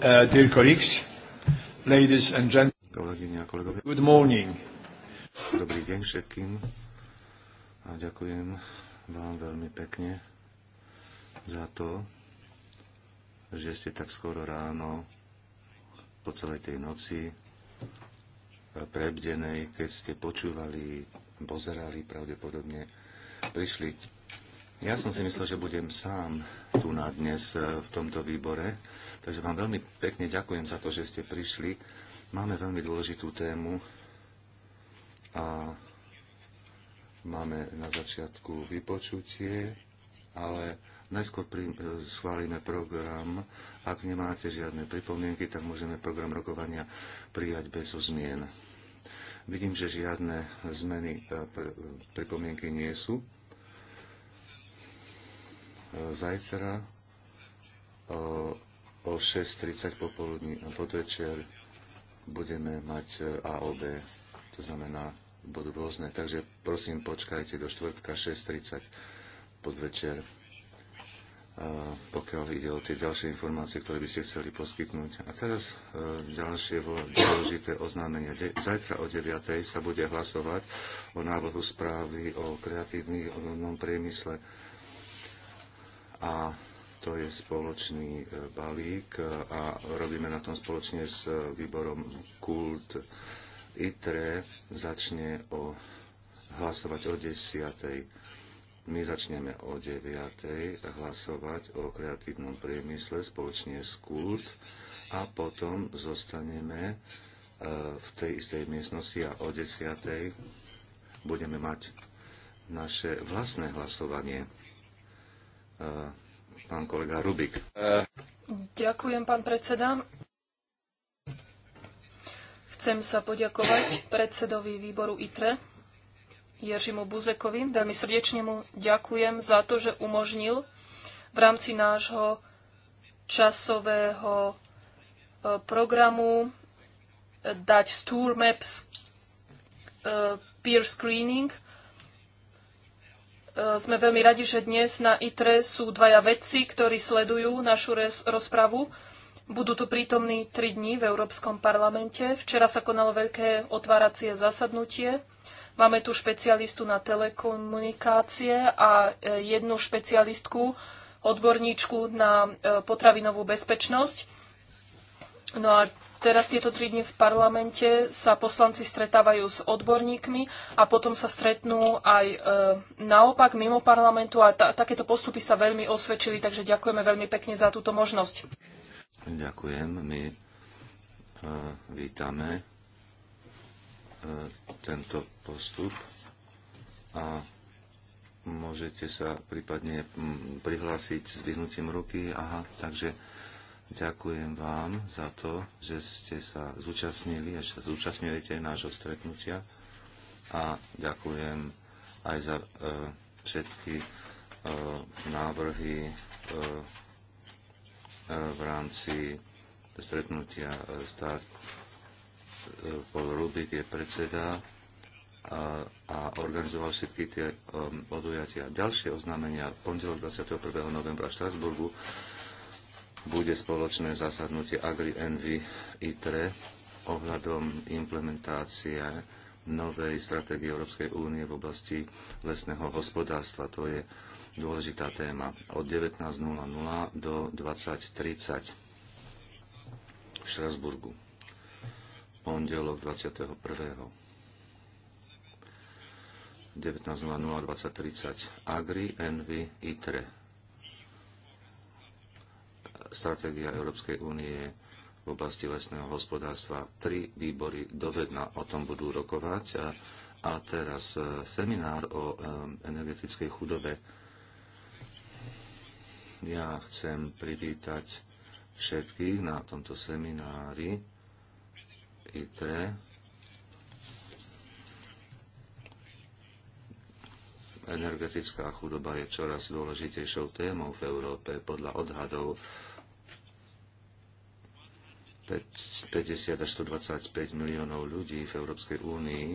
Uh, dear colleagues, ladies and gentlemen, good morning. Dobrý deň všetkým a ďakujem vám veľmi pekne za to, že ste tak skoro ráno po celej tej noci eh, prebdenej, keď ste počúvali, pozerali pravdepodobne, prišli ja som si myslel, že budem sám tu na dnes e, v tomto výbore, takže vám veľmi pekne ďakujem za to, že ste prišli. Máme veľmi dôležitú tému a máme na začiatku vypočutie, ale najskôr pri, e, schválime program. Ak nemáte žiadne pripomienky, tak môžeme program rokovania prijať bez zmien. Vidím, že žiadne zmeny pripomienky nie sú zajtra o 6.30 popoludní a podvečer budeme mať e, AOB, to znamená budú rôzne, takže prosím počkajte do štvrtka 6.30 podvečer, e, pokiaľ ide o tie ďalšie informácie, ktoré by ste chceli poskytnúť. A teraz e, ďalšie dôležité oznámenie. Zajtra o 9.00 sa bude hlasovať o návrhu správy o kreatívnom priemysle a to je spoločný e, balík a robíme na tom spoločne s e, výborom Kult ITRE. Začne o hlasovať o 10. My začneme o 9. hlasovať o kreatívnom priemysle spoločne s Kult a potom zostaneme e, v tej istej miestnosti a o 10. budeme mať naše vlastné hlasovanie Eh, pán kolega Rubik. Ďakujem, pán predseda. Chcem sa poďakovať predsedovi výboru ITRE, Jeržimu Buzekovi. Veľmi srdečne mu ďakujem za to, že umožnil v rámci nášho časového eh, programu eh, dať z Tour Maps peer screening – Eh, sme veľmi radi, že dnes na ITRE sú dvaja vedci, ktorí sledujú našu rozpravu. Budú tu prítomní tri dni v Európskom parlamente. Včera sa konalo veľké otváracie zasadnutie. Máme tu špecialistu na telekomunikácie a eh, jednu špecialistku, odborníčku na eh, potravinovú bezpečnosť. No a Teraz tieto tri dni v parlamente sa poslanci stretávajú s odborníkmi a potom sa stretnú aj e, naopak mimo parlamentu a takéto postupy sa veľmi osvedčili, takže ďakujeme veľmi pekne za túto možnosť. Ďakujem. My e, vítame e, tento postup a môžete sa prípadne prihlásiť s vyhnutím ruky. Aha, takže Ďakujem vám za to, že ste sa zúčastnili a že sa zúčastňujete nášho stretnutia a ďakujem aj za e, všetky e, návrhy e, e v rámci stretnutia e, e, Paul Rubik je predseda a, a organizoval všetky tie e, odujatia. Ďalšie oznámenia pondelok 21. novembra v Štrasburgu bude spoločné zasadnutie Agri Envy ITRE ohľadom implementácie novej stratégie Európskej únie v oblasti lesného hospodárstva. To je dôležitá téma. Od 19.00 do 20.30 v Štrasburgu. Pondelok 21. 19.00 20.30 Agri, Envy, ITRE stratégia Európskej únie v oblasti lesného hospodárstva. Tri výbory dovedna o tom budú rokovať. A, a teraz e, seminár o e, energetickej chudobe. Ja chcem privítať všetkých na tomto seminári ITRE. Energetická chudoba je čoraz dôležitejšou témou v Európe podľa odhadov 50 až 125 miliónov ľudí v Európskej únii,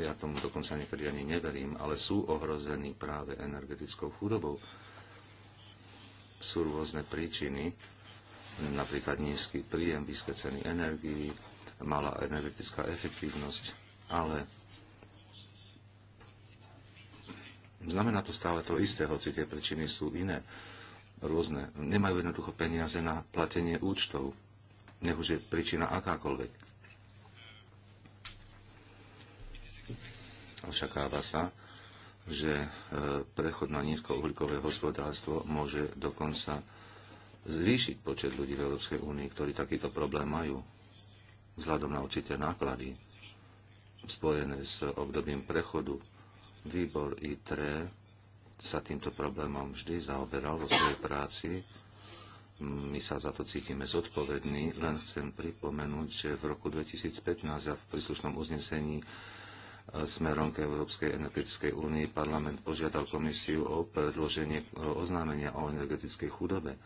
ja tomu dokonca niekedy ani neverím, ale sú ohrození práve energetickou chudobou. Sú rôzne príčiny, napríklad nízky príjem, vysoké ceny energii, malá energetická efektívnosť, ale znamená to stále to isté, hoci tie príčiny sú iné rôzne, nemajú jednoducho peniaze na platenie účtov, nech už je príčina akákoľvek. Očakáva sa, že e, prechod na nízkouhlíkové hospodárstvo môže dokonca zvýšiť počet ľudí v Európskej únii, ktorí takýto problém majú, vzhľadom na určité náklady spojené s obdobím prechodu. Výbor ITRE sa týmto problémom vždy zaoberal vo svojej práci. My sa za to cítime zodpovední, len chcem pripomenúť, že v roku 2015 a v príslušnom uznesení e, smerom k Európskej energetickej únii parlament požiadal komisiu o predloženie e, oznámenia o energetickej chudobe.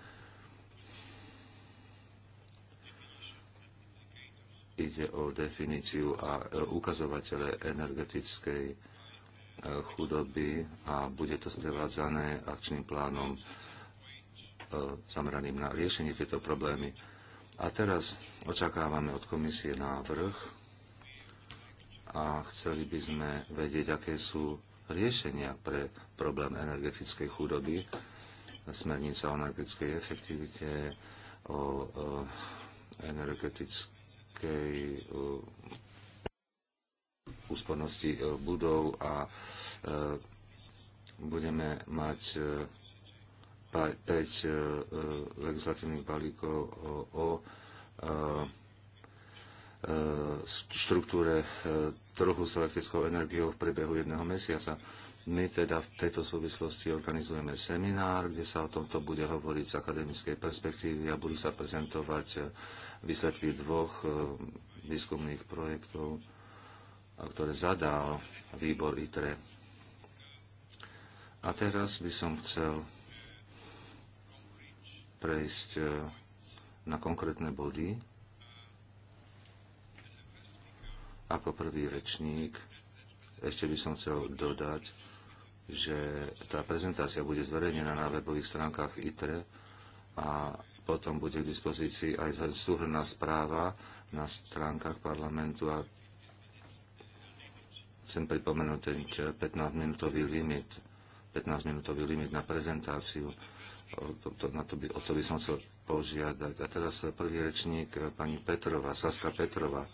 Ide o definíciu a e, ukazovatele energetickej chudoby a bude to sprevádzané akčným plánom e, zameraným na riešenie tieto problémy. A teraz očakávame od komisie návrh a chceli by sme vedieť, aké sú riešenia pre problém energetickej chudoby, smernica o energetickej efektivite, o e, energetickej úspornosti e, budov a e, budeme mať 5 e, legislatívnych balíkov o štruktúre trhu s elektrickou energiou v priebehu jedného mesiaca. My teda v tejto súvislosti organizujeme seminár, kde sa o tomto bude hovoriť z akademickej perspektívy a budú sa prezentovať výsledky dvoch výskumných projektov ktoré zadal výbor ITRE. A teraz by som chcel prejsť e, na konkrétne body. Ako prvý rečník ešte by som chcel dodať, že tá prezentácia bude zverejnená na webových stránkach ITRE a potom bude k dispozícii aj súhrná správa na stránkach parlamentu a Chcem pripomenúť ten 15-minútový limit, 15-minútový limit na prezentáciu. O to, na to by, o to by som chcel požiadať. A teraz prvý rečník, pani Petrova, Saska Petrova,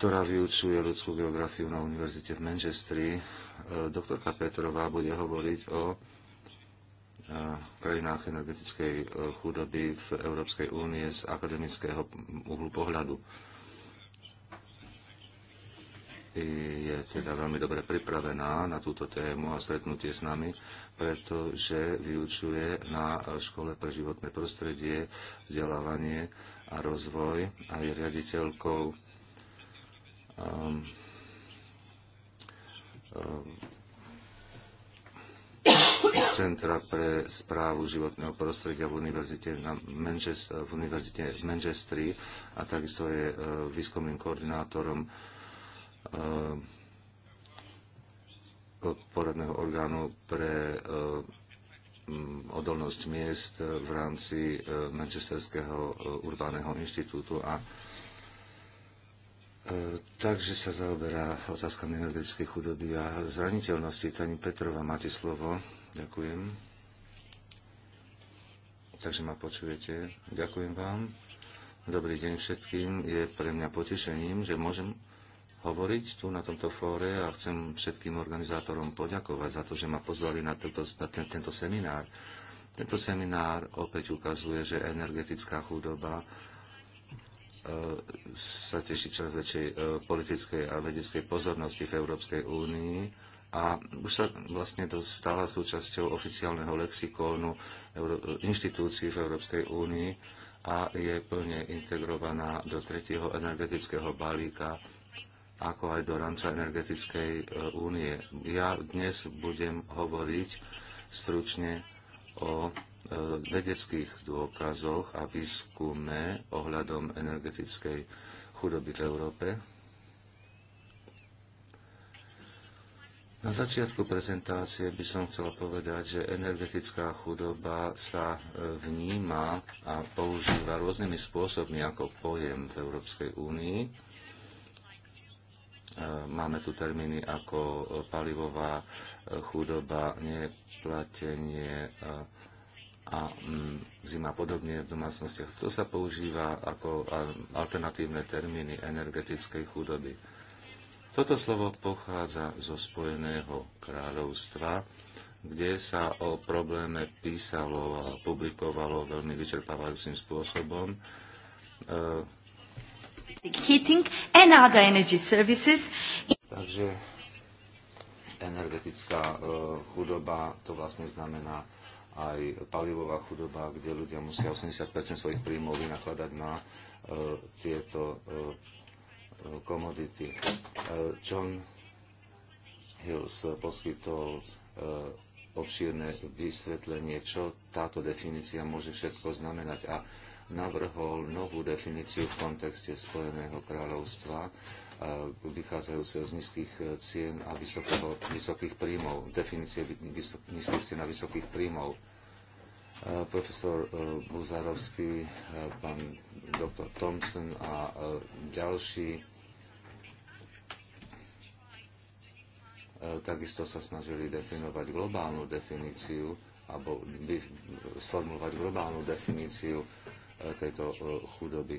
ktorá vyučuje ľudskú geografiu na univerzite v Manchestri. E, doktorka Petrova bude hovoriť o e, krajinách energetickej e, chudoby v Európskej únie z akademického uhlu pohľadu je teda veľmi dobre pripravená na túto tému a stretnutie s nami, pretože vyučuje na škole pre životné prostredie, vzdelávanie a rozvoj a je riaditeľkou um, um Centra pre správu životného prostredia v univerzite, na Manchester, v univerzite v a takisto je uh, výskumným koordinátorom Eh, poradného orgánu pre eh, odolnosť miest v rámci eh, Manchesterského urbáneho inštitútu a Takže sa zaoberá otázkami energetickej chudoby a zraniteľnosti. Pani Petrova, máte slovo. Ďakujem. Takže ma počujete. Ďakujem vám. Dobrý deň všetkým. Je pre mňa potešením, že môžem hovoriť tu na tomto fóre a chcem všetkým organizátorom poďakovať za to, že ma pozvali na, tento, na ten, tento seminár. Tento seminár opäť ukazuje, že energetická chudoba e, sa teší čoraz väčšej e, politickej a vedeckej pozornosti v Európskej únii a už sa vlastne stala súčasťou oficiálneho lexikónu inštitúcií v Európskej únii a je plne integrovaná do tretieho energetického balíka ako aj do rámca energetickej e, únie. Ja dnes budem hovoriť stručne o e, vedeckých dôkazoch a výskume ohľadom energetickej chudoby v Európe. Na začiatku prezentácie by som chcela povedať, že energetická chudoba sa e, vníma a používa rôznymi spôsobmi ako pojem v Európskej únii E, máme tu termíny ako palivová e, chudoba, neplatenie e, a mm, zima podobne v domácnostiach. To sa používa ako alternatívne termíny energetickej chudoby. Toto slovo pochádza zo Spojeného kráľovstva, kde sa o probléme písalo a publikovalo veľmi vyčerpávajúcim spôsobom heating and other energy services. Takže energetická e, chudoba, to vlastne znamená aj palivová chudoba, kde ľudia musia 80 svojich príjmov vynakladať na e, tieto e, komodity. John Hills poskytol obšírne vysvetlenie, čo táto definícia môže všetko znamenať. A navrhol novú definíciu v kontexte Spojeného kráľovstva, e, vychádzajúceho z nízkych e, cien a vysokého, vysokých príjmov, definície vysok, nízkych cien a vysokých príjmov. E, profesor Buzarovský, pán doktor Thompson a ďalší takisto sa snažili definovať globálnu definíciu alebo sformulovať globálnu definíciu E, tejto e, chudoby.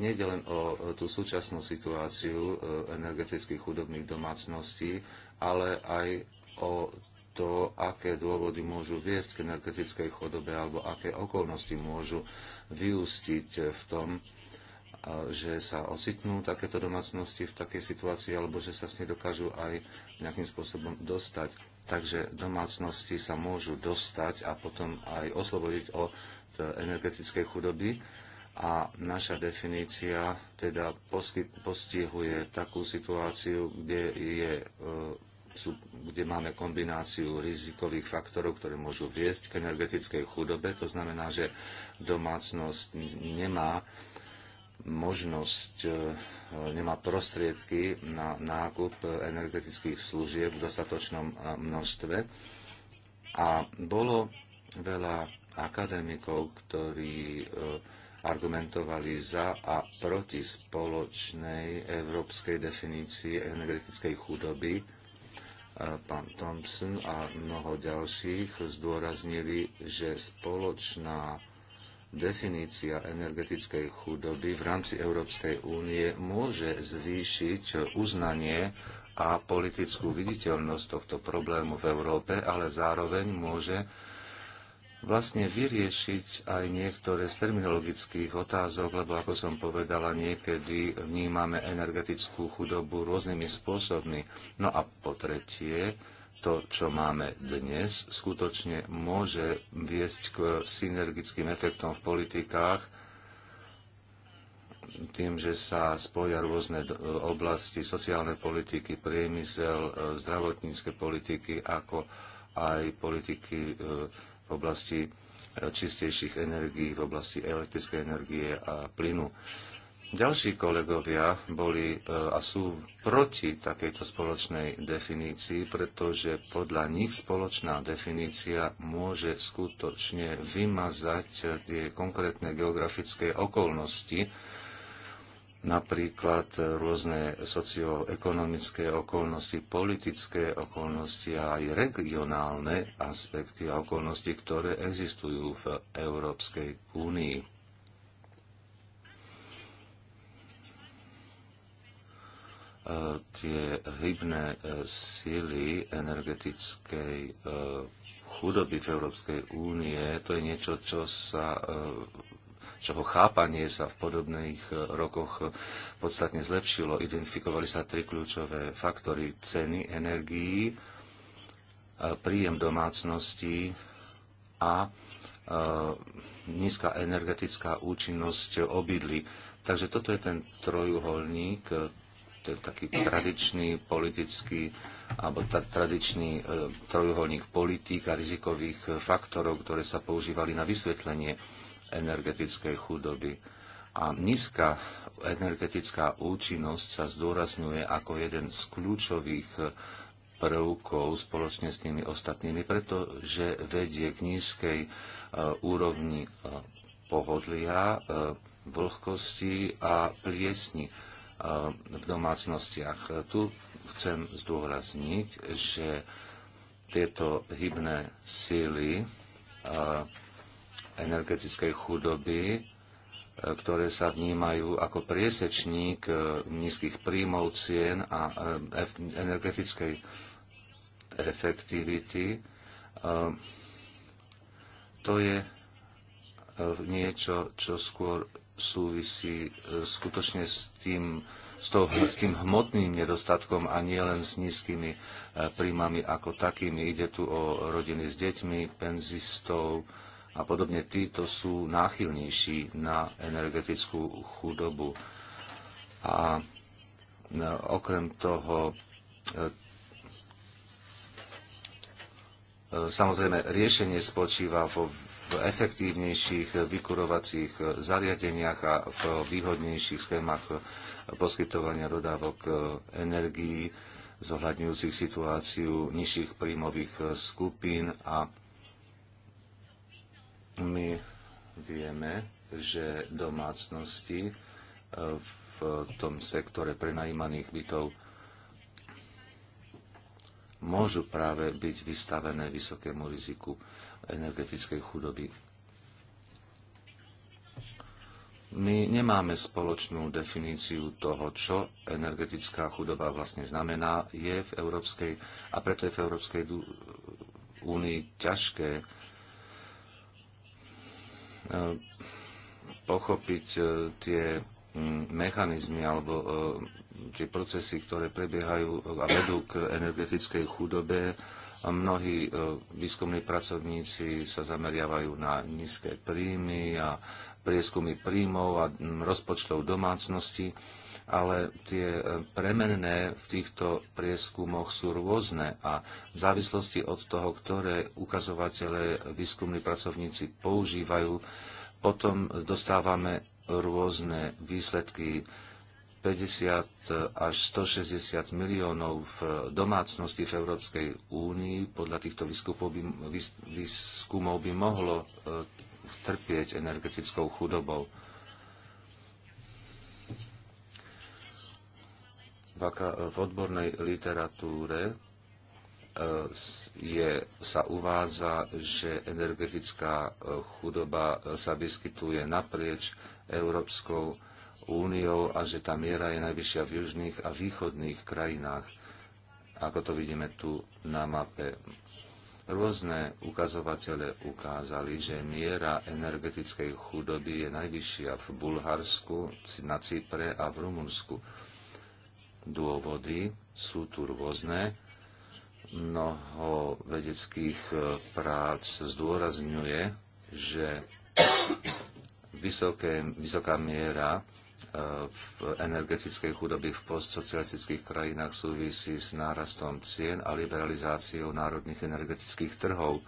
Nejde len o e, tú súčasnú situáciu energetických chudobných domácností, ale aj o to, aké dôvody môžu viesť k energetickej chodobe alebo aké okolnosti môžu vyústiť v tom, že sa ocitnú takéto domácnosti v takej situácii alebo že sa s nej dokážu aj nejakým spôsobom dostať takže domácnosti sa môžu dostať a potom aj oslobodiť od e, energetickej chudoby. A naša definícia teda postihuje takú situáciu, kde, je, e, sú, kde máme kombináciu rizikových faktorov, ktoré môžu viesť k energetickej chudobe. To znamená, že domácnosť nemá možnosť, e, nemá prostriedky na nákup energetických služieb v dostatočnom e, množstve. A bolo veľa akademikov, ktorí e, argumentovali za a proti spoločnej európskej definícii energetickej chudoby. Pán Thompson a mnoho ďalších zdôraznili, že spoločná definícia energetickej chudoby v rámci Európskej únie môže zvýšiť uznanie a politickú viditeľnosť tohto problému v Európe, ale zároveň môže vlastne vyriešiť aj niektoré z terminologických otázok, lebo ako som povedala, niekedy vnímame energetickú chudobu rôznymi spôsobmi. No a po tretie, to, čo máme dnes, skutočne môže viesť k synergickým efektom v politikách, tým, že sa spoja rôzne oblasti sociálnej politiky, priemysel, e, zdravotnícke politiky, ako aj politiky e, v oblasti e, čistejších energií, v oblasti elektrickej energie a plynu. Ďalší kolegovia boli e, a sú proti takejto spoločnej definícii, pretože podľa nich spoločná definícia môže skutočne vymazať tie konkrétne geografické okolnosti, napríklad rôzne socioekonomické okolnosti, politické okolnosti a aj regionálne aspekty a okolnosti, ktoré existujú v Európskej únii. tie hybné e, sily energetickej e, chudoby v Európskej únie, to je niečo, čo sa e, čoho chápanie sa v podobných rokoch podstatne zlepšilo. Identifikovali sa tri kľúčové faktory ceny energií, príjem domácností a nízka energetická účinnosť obydlí. Takže toto je ten trojuholník, ten taký tradičný politický alebo tá tradičný e, trojuholník politík a rizikových e, faktorov, ktoré sa používali na vysvetlenie energetickej chudoby. A nízka energetická účinnosť sa zdôrazňuje ako jeden z kľúčových e, prvkov spoločne s tými ostatnými, pretože vedie k nízkej e, úrovni e, pohodlia, e, vlhkosti a pliesni Eh, v domácnostiach. Tu chcem zdôrazniť, že tieto hybné síly eh, energetickej chudoby, eh, ktoré sa vnímajú ako priesečník nízkych príjmov cien a energetickej efektivity, to je niečo, čo skôr súvisí e, skutočne s tým, s, to, s tým hmotným nedostatkom a nie len s nízkymi e, príjmami ako takými. Ide tu o rodiny s deťmi, penzistov a podobne. Títo sú náchylnejší na energetickú chudobu. A e, okrem toho Samozrejme, riešenie spočíva vo v efektívnejších vykurovacích zariadeniach a v výhodnejších schémach poskytovania dodávok energií, zohľadňujúcich situáciu nižších príjmových skupín a my vieme, že domácnosti v tom sektore prenajímaných bytov môžu práve byť vystavené vysokému riziku energetickej chudoby. My nemáme spoločnú definíciu toho, čo energetická chudoba vlastne znamená. Je v Európskej, a preto je v Európskej únii ťažké eh, pochopiť eh, tie mm, mechanizmy alebo eh, tie procesy, ktoré prebiehajú a vedú k energetickej chudobe mnohí e, výskumní pracovníci sa zameriavajú na nízke príjmy a prieskumy príjmov a rozpočtov domácnosti, ale tie e, premenné v týchto prieskumoch sú rôzne a v závislosti od toho, ktoré ukazovatele výskumní pracovníci používajú, potom dostávame rôzne výsledky 50 až 160 miliónov v domácnosti v Európskej únii podľa týchto výskumov by, výskumov by mohlo e, trpieť energetickou chudobou. V odbornej literatúre e, je, sa uvádza, že energetická e, chudoba sa vyskytuje naprieč Európskou úniou a že tá miera je najvyššia v južných a východných krajinách, ako to vidíme tu na mape. Rôzne ukazovatele ukázali, že miera energetickej chudoby je najvyššia v Bulharsku, na Cypre a v Rumunsku. Dôvody sú tu rôzne. Mnoho vedeckých e, prác zdôrazňuje, že vysoké, vysoká miera v energetickej chudoby v postsocialistických krajinách súvisí s nárastom cien a liberalizáciou národných energetických trhov.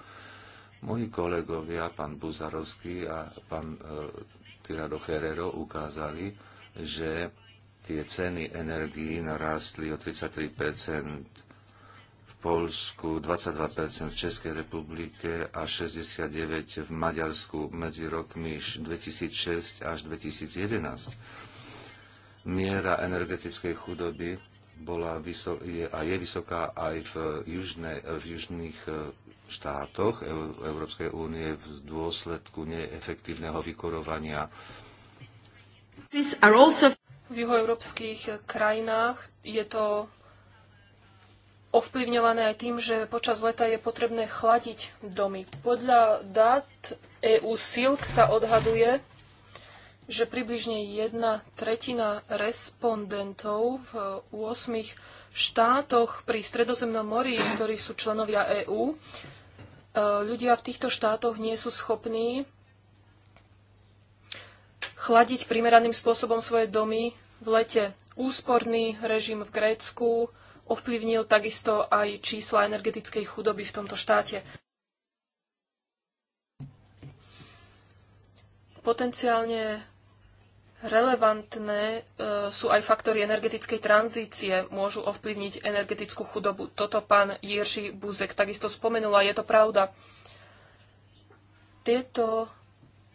Moji kolegovia, pán Buzarovský a pán e, Tirado Herrero, ukázali, že tie ceny energií narástli o 33 v Polsku, 22 v Českej republike a 69 v Maďarsku medzi rokmi 2006 až 2011 miera energetickej chudoby bola je, a je vysoká aj v, južne, v južných e, štátoch Európskej únie v dôsledku neefektívneho vykorovania. V juhoeurópskych krajinách je to ovplyvňované aj tým, že počas leta je potrebné chladiť domy. Podľa dát EU Silk sa odhaduje, že približne jedna tretina respondentov v 8 štátoch pri Stredozemnom mori, ktorí sú členovia EÚ, e, ľudia v týchto štátoch nie sú schopní chladiť primeraným spôsobom svoje domy v lete. Úsporný režim v Grécku ovplyvnil takisto aj čísla energetickej chudoby v tomto štáte. Potenciálne Relevantné e, sú aj faktory energetickej tranzície, môžu ovplyvniť energetickú chudobu. Toto pán Jirži Buzek takisto spomenul, a je to pravda. Tieto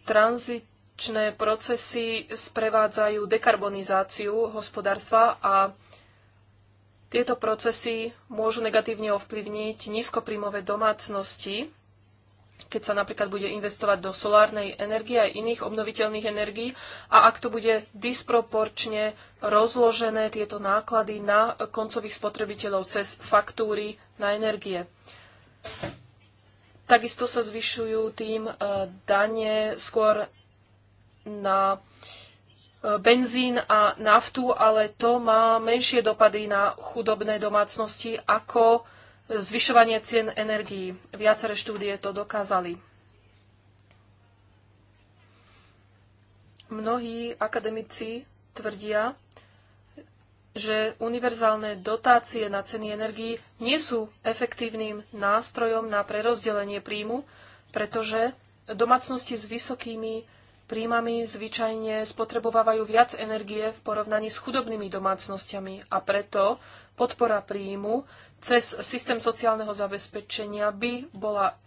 tranzičné procesy sprevádzajú dekarbonizáciu hospodárstva a tieto procesy môžu negatívne ovplyvniť nízkoprímové domácnosti, keď sa napríklad bude investovať do solárnej energie a iných obnoviteľných energií a ak to bude disproporčne rozložené tieto náklady na koncových spotrebiteľov cez faktúry na energie. Takisto sa zvyšujú tým e, dane skôr na e, benzín a naftu, ale to má menšie dopady na chudobné domácnosti ako zvyšovanie cien energií. Viaceré štúdie to dokázali. Mnohí akademici tvrdia, že univerzálne dotácie na ceny energií nie sú efektívnym nástrojom na prerozdelenie príjmu, pretože domácnosti s vysokými príjmami zvyčajne spotrebovávajú viac energie v porovnaní s chudobnými domácnosťami a preto podpora príjmu cez systém sociálneho zabezpečenia by bola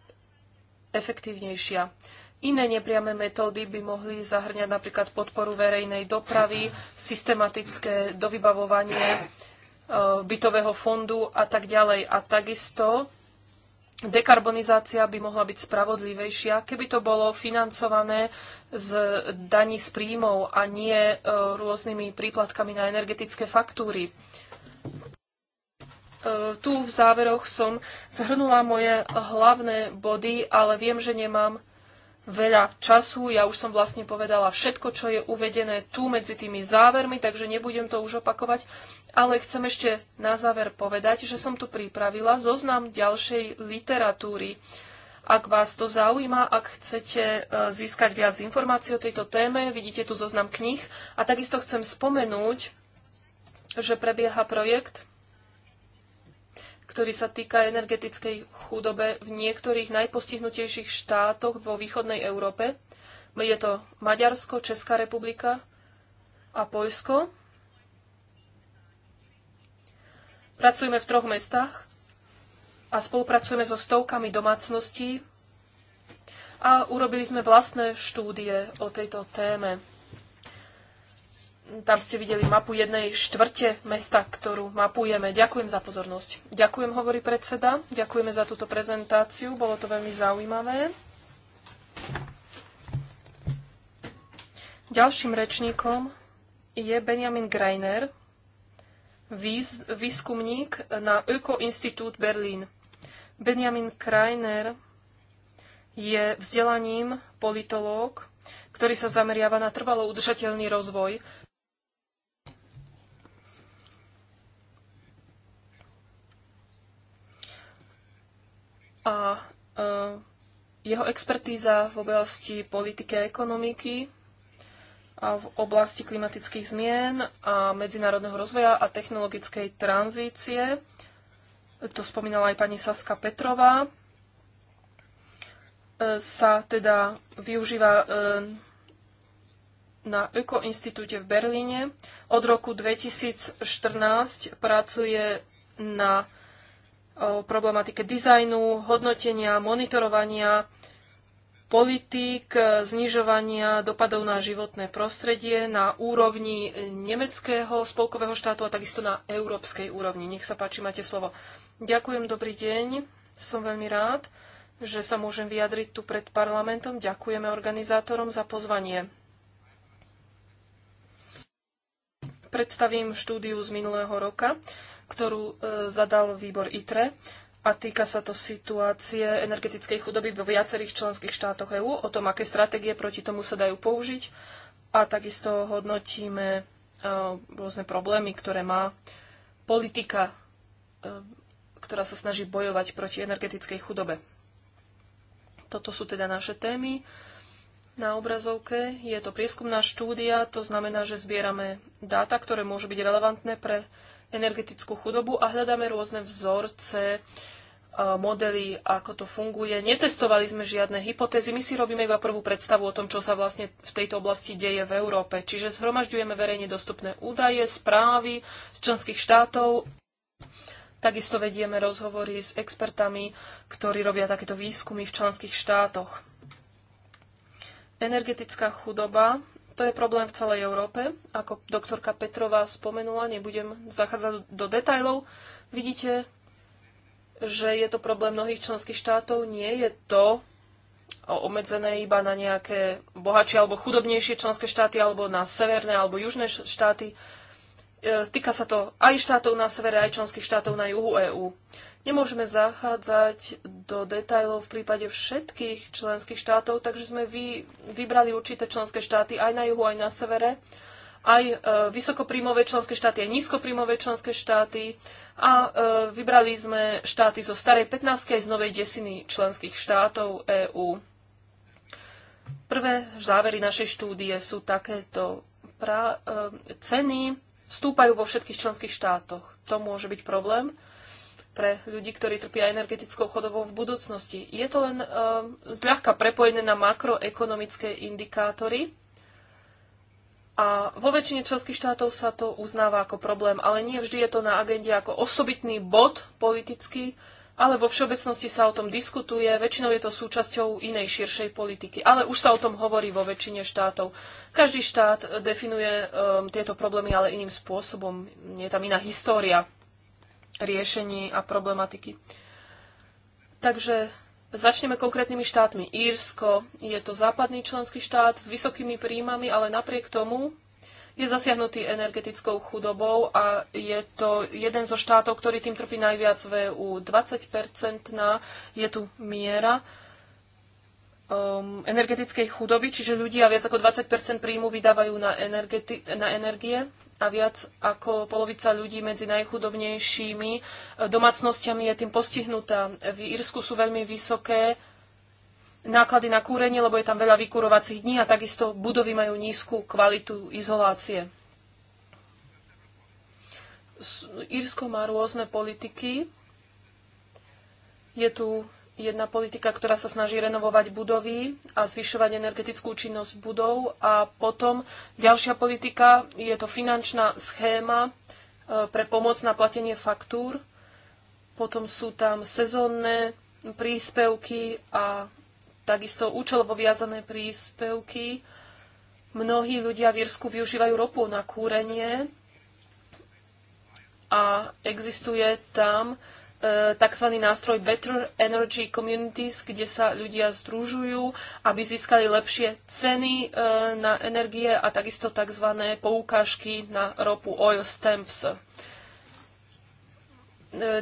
efektívnejšia. Iné nepriame metódy by mohli zahrňať napríklad podporu verejnej dopravy, systematické dovybavovanie e, bytového fondu a tak ďalej. A takisto dekarbonizácia by mohla byť spravodlivejšia, keby to bolo financované z daní z príjmov a nie e, rôznymi príplatkami na energetické faktúry. E, tu v záveroch som zhrnula moje hlavné body, ale viem, že nemám veľa času. Ja už som vlastne povedala všetko, čo je uvedené tu medzi tými závermi, takže nebudem to už opakovať. Ale chcem ešte na záver povedať, že som tu pripravila zoznam ďalšej literatúry. Ak vás to zaujíma, ak chcete e, získať viac informácií o tejto téme, vidíte tu zoznam kníh. A takisto chcem spomenúť, že prebieha projekt ktorý sa týka energetickej chudobe v niektorých najpostihnutejších štátoch vo východnej Európe. Je to Maďarsko, Česká republika a Poľsko. Pracujeme v troch mestách a spolupracujeme so stovkami domácností a urobili sme vlastné štúdie o tejto téme. Tam ste videli mapu jednej štvrte mesta, ktorú mapujeme. Ďakujem za pozornosť. Ďakujem, hovorí predseda. Ďakujeme za túto prezentáciu. Bolo to veľmi zaujímavé. Ďalším rečníkom je Benjamin Greiner, výskumník na Ökoinstitút Berlín. Benjamin Greiner je vzdelaním politológ, ktorý sa zameriava na trvalo udržateľný rozvoj. Jeho expertíza v oblasti politiky a ekonomiky a v oblasti klimatických zmien a medzinárodného rozvoja a technologickej tranzície. To spomínala aj pani Saska Petrová. E, sa teda využíva e, na Ökoinstitúte v Berlíne. Od roku 2014 pracuje na o problematike dizajnu, hodnotenia, monitorovania, politík, znižovania dopadov na životné prostredie na úrovni nemeckého spolkového štátu a takisto na európskej úrovni. Nech sa páči, máte slovo. Ďakujem, dobrý deň. Som veľmi rád, že sa môžem vyjadriť tu pred parlamentom. Ďakujeme organizátorom za pozvanie. Predstavím štúdiu z minulého roka ktorú e, zadal výbor ITRE a týka sa to situácie energetickej chudoby vo viacerých členských štátoch EÚ, o tom, aké stratégie proti tomu sa dajú použiť a takisto hodnotíme e, rôzne problémy, ktoré má politika, e, ktorá sa snaží bojovať proti energetickej chudobe. Toto sú teda naše témy. Na obrazovke je to prieskumná štúdia, to znamená, že zbierame dáta, ktoré môžu byť relevantné pre energetickú chudobu a hľadáme rôzne vzorce, e, modely, ako to funguje. Netestovali sme žiadne hypotézy, my si robíme iba prvú predstavu o tom, čo sa vlastne v tejto oblasti deje v Európe. Čiže zhromažďujeme verejne dostupné údaje, správy z členských štátov. Takisto vedieme rozhovory s expertami, ktorí robia takéto výskumy v členských štátoch. Energetická chudoba to je problém v celej Európe. Ako doktorka Petrová spomenula, nebudem zachádzať do detajlov. Vidíte, že je to problém mnohých členských štátov. Nie je to obmedzené iba na nejaké bohatšie alebo chudobnejšie členské štáty, alebo na severné alebo južné štáty. E, týka sa to aj štátov na severe, aj členských štátov na juhu EÚ. Nemôžeme zachádzať do detajlov v prípade všetkých členských štátov, takže sme vy, vybrali určité členské štáty aj na juhu, aj na severe, aj e, vysokopríjmové členské štáty, aj nízkopríjmové členské štáty a e, vybrali sme štáty zo starej 15 aj z novej desiny členských štátov EÚ. Prvé závery našej štúdie sú takéto pra, e, ceny stúpajú vo všetkých členských štátoch. To môže byť problém pre ľudí, ktorí trpia energetickou chodobou v budúcnosti. Je to len uh, zľahka prepojené na makroekonomické indikátory a vo väčšine členských štátov sa to uznáva ako problém, ale nie vždy je to na agende ako osobitný bod politický, ale vo všeobecnosti sa o tom diskutuje, väčšinou je to súčasťou inej širšej politiky, ale už sa o tom hovorí vo väčšine štátov. Každý štát definuje um, tieto problémy ale iným spôsobom, je tam iná história riešení a problematiky. Takže začneme konkrétnymi štátmi. Írsko je to západný členský štát s vysokými príjmami, ale napriek tomu je zasiahnutý energetickou chudobou a je to jeden zo štátov, ktorý tým trpí najviac v EU. 20-percentná je tu miera um, energetickej chudoby, čiže ľudia viac ako 20 príjmu vydávajú na, na energie a viac ako polovica ľudí medzi najchudobnejšími eh, domácnosťami je tým postihnutá. V Írsku sú veľmi vysoké náklady na kúrenie, lebo je tam veľa vykurovacích dní a takisto budovy majú nízku kvalitu izolácie. Írsko má rôzne politiky. Je tu jedna politika, ktorá sa snaží renovovať budovy a zvyšovať energetickú činnosť budov a potom ďalšia politika je to finančná schéma e, pre pomoc na platenie faktúr. Potom sú tam sezónne príspevky a takisto účelovo viazané príspevky. Mnohí ľudia v Írsku využívajú ropu na kúrenie a existuje tam e, tzv. nástroj Better Energy Communities, kde sa ľudia združujú, aby získali lepšie ceny e, na energie a takisto tzv. poukážky na ropu Oil Stamps. E,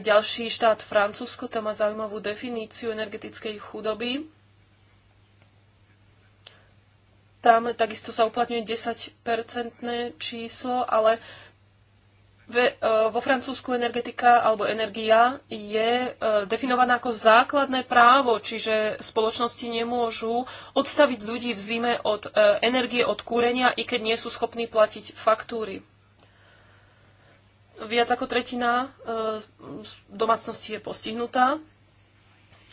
ďalší štát Francúzsko, tam má zaujímavú definíciu energetickej chudoby. Tam takisto sa uplatňuje 10-percentné číslo, ale ve, e, vo Francúzsku energetika alebo energia je e, definovaná ako základné právo, čiže spoločnosti nemôžu odstaviť ľudí v zime od e, energie, od kúrenia, i keď nie sú schopní platiť faktúry. Viac ako tretina domácnosti je postihnutá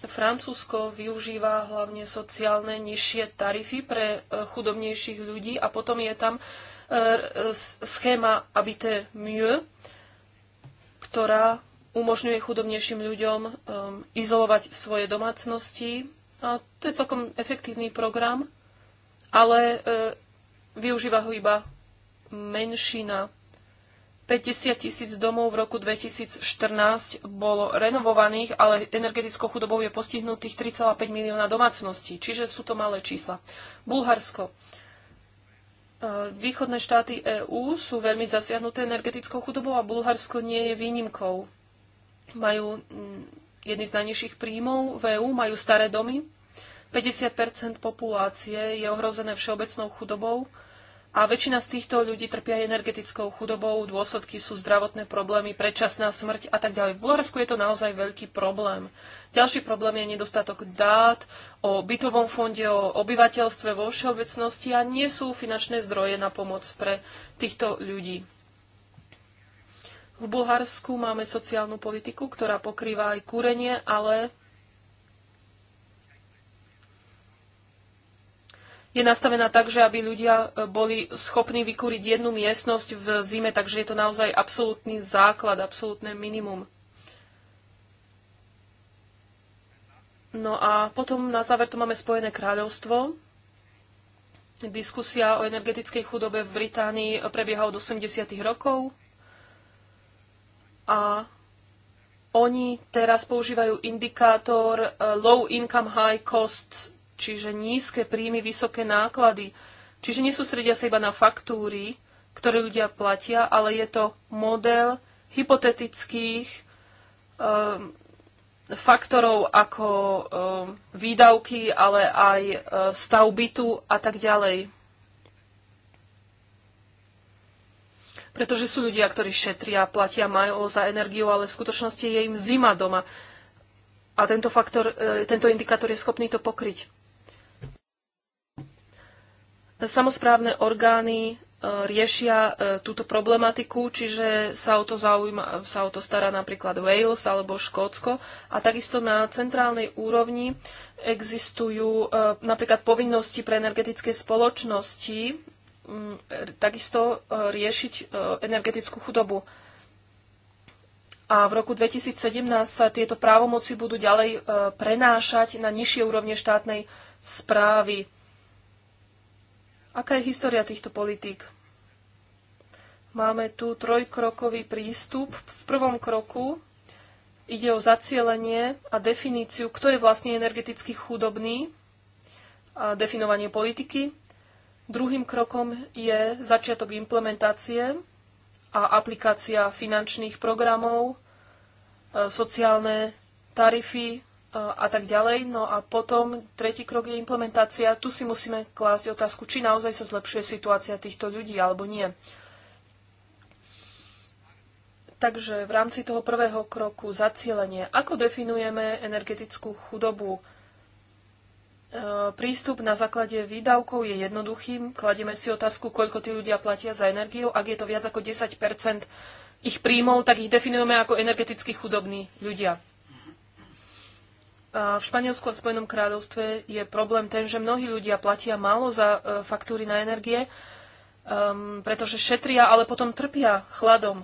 Francúzsko využíva hlavne sociálne nižšie tarify pre e, chudobnejších ľudí a potom je tam e, e, schéma Habité mieux, ktorá umožňuje chudobnejším ľuďom izolovať svoje domácnosti. A to je celkom efektívny program, ale využíva ho iba menšina 50 tisíc domov v roku 2014 bolo renovovaných, ale energetickou chudobou je postihnutých 3,5 milióna domácností, čiže sú to malé čísla. Bulharsko. E, východné štáty EÚ sú veľmi zasiahnuté energetickou chudobou a Bulharsko nie je výnimkou. Majú jedny z najnižších príjmov v EÚ, majú staré domy, 50 populácie je ohrozené všeobecnou chudobou a väčšina z týchto ľudí trpia energetickou chudobou, dôsledky sú zdravotné problémy, predčasná smrť a tak ďalej. V Bulharsku je to naozaj veľký problém. Ďalší problém je nedostatok dát o bytovom fonde, o obyvateľstve vo všeobecnosti a nie sú finančné zdroje na pomoc pre týchto ľudí. V Bulharsku máme sociálnu politiku, ktorá pokrýva aj kúrenie, ale je nastavená tak, že aby ľudia e, boli schopní vykúriť jednu miestnosť v zime, takže je to naozaj absolútny základ, absolútne minimum. No a potom na záver tu máme Spojené kráľovstvo. Diskusia o energetickej chudobe v Británii prebieha od 80. rokov. A oni teraz používajú indikátor e, low income high cost čiže nízke príjmy, vysoké náklady. Čiže nesústredia sa iba na faktúry, ktoré ľudia platia, ale je to model hypotetických um, faktorov ako um, výdavky, ale aj uh, stav bytu a tak ďalej. Pretože sú ľudia, ktorí šetria, platia majú za energiu, ale v skutočnosti je im zima doma. A tento, faktor, e, tento indikátor je schopný to pokryť. Samozprávne orgány e, riešia e, túto problematiku, čiže sa o to, zaujíma, sa o to stará napríklad Wales alebo Škótsko. A takisto na centrálnej úrovni existujú e, napríklad povinnosti pre energetické spoločnosti takisto riešiť energetickú chudobu. A v roku 2017 sa tieto právomoci budú ďalej prenášať na nižšie úrovne štátnej správy. Aká je história týchto politík? Máme tu trojkrokový prístup. V prvom kroku ide o zacielenie a definíciu, kto je vlastne energeticky chudobný a definovanie politiky. Druhým krokom je začiatok implementácie a aplikácia finančných programov, e, sociálne tarify, a tak ďalej. No a potom tretí krok je implementácia. Tu si musíme klásť otázku, či naozaj sa zlepšuje situácia týchto ľudí alebo nie. Takže v rámci toho prvého kroku zacielenie, ako definujeme energetickú chudobu? E, prístup na základe výdavkov je jednoduchý. Kladieme si otázku, koľko tí ľudia platia za energiu. Ak je to viac ako 10 ich príjmov, tak ich definujeme ako energeticky chudobní ľudia v Španielsku a Spojenom kráľovstve je problém ten, že mnohí ľudia platia málo za e, faktúry na energie, um, pretože šetria, ale potom trpia chladom.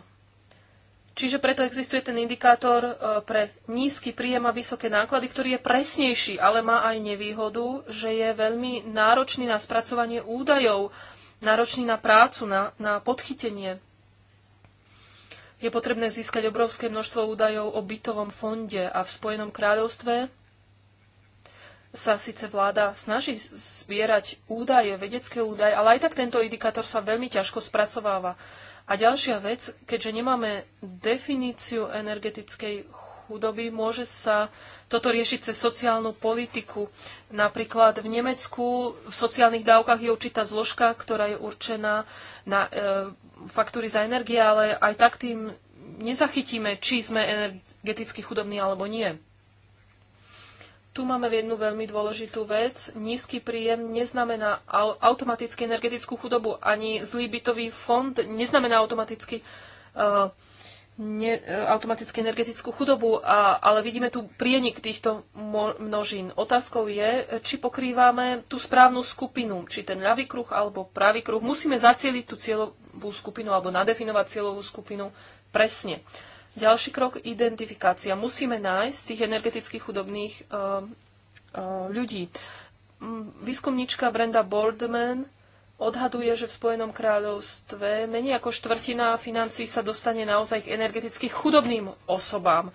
Čiže preto existuje ten indikátor e, pre nízky príjem a vysoké náklady, ktorý je presnejší, ale má aj nevýhodu, že je veľmi náročný na spracovanie údajov, náročný na prácu, na, na podchytenie je potrebné získať obrovské množstvo údajov o bytovom fonde a v Spojenom kráľovstve sa síce vláda snaží zbierať údaje, vedecké údaje, ale aj tak tento indikátor sa veľmi ťažko spracováva. A ďalšia vec, keďže nemáme definíciu energetickej chudoby. Môže sa toto riešiť cez sociálnu politiku. Napríklad v Nemecku v sociálnych dávkach je určitá zložka, ktorá je určená na e, faktúry za energie, ale aj tak tým nezachytíme, či sme energeticky chudobní alebo nie. Tu máme jednu veľmi dôležitú vec. Nízky príjem neznamená automaticky energetickú chudobu, ani zlý bytový fond neznamená automaticky uh, ne, e, automaticky energetickú chudobu, a, ale vidíme tu prienik týchto množín. Otázkou je, či pokrývame tú správnu skupinu, či ten ľavý kruh alebo pravý kruh. Musíme zacieliť tú cieľovú skupinu alebo nadefinovať cieľovú skupinu presne. Ďalší krok, identifikácia. Musíme nájsť tých energeticky chudobných uh, uh, ľudí. Výskumníčka Brenda Boardman odhaduje, že v Spojenom kráľovstve menej ako štvrtina financí sa dostane naozaj k energeticky chudobným osobám.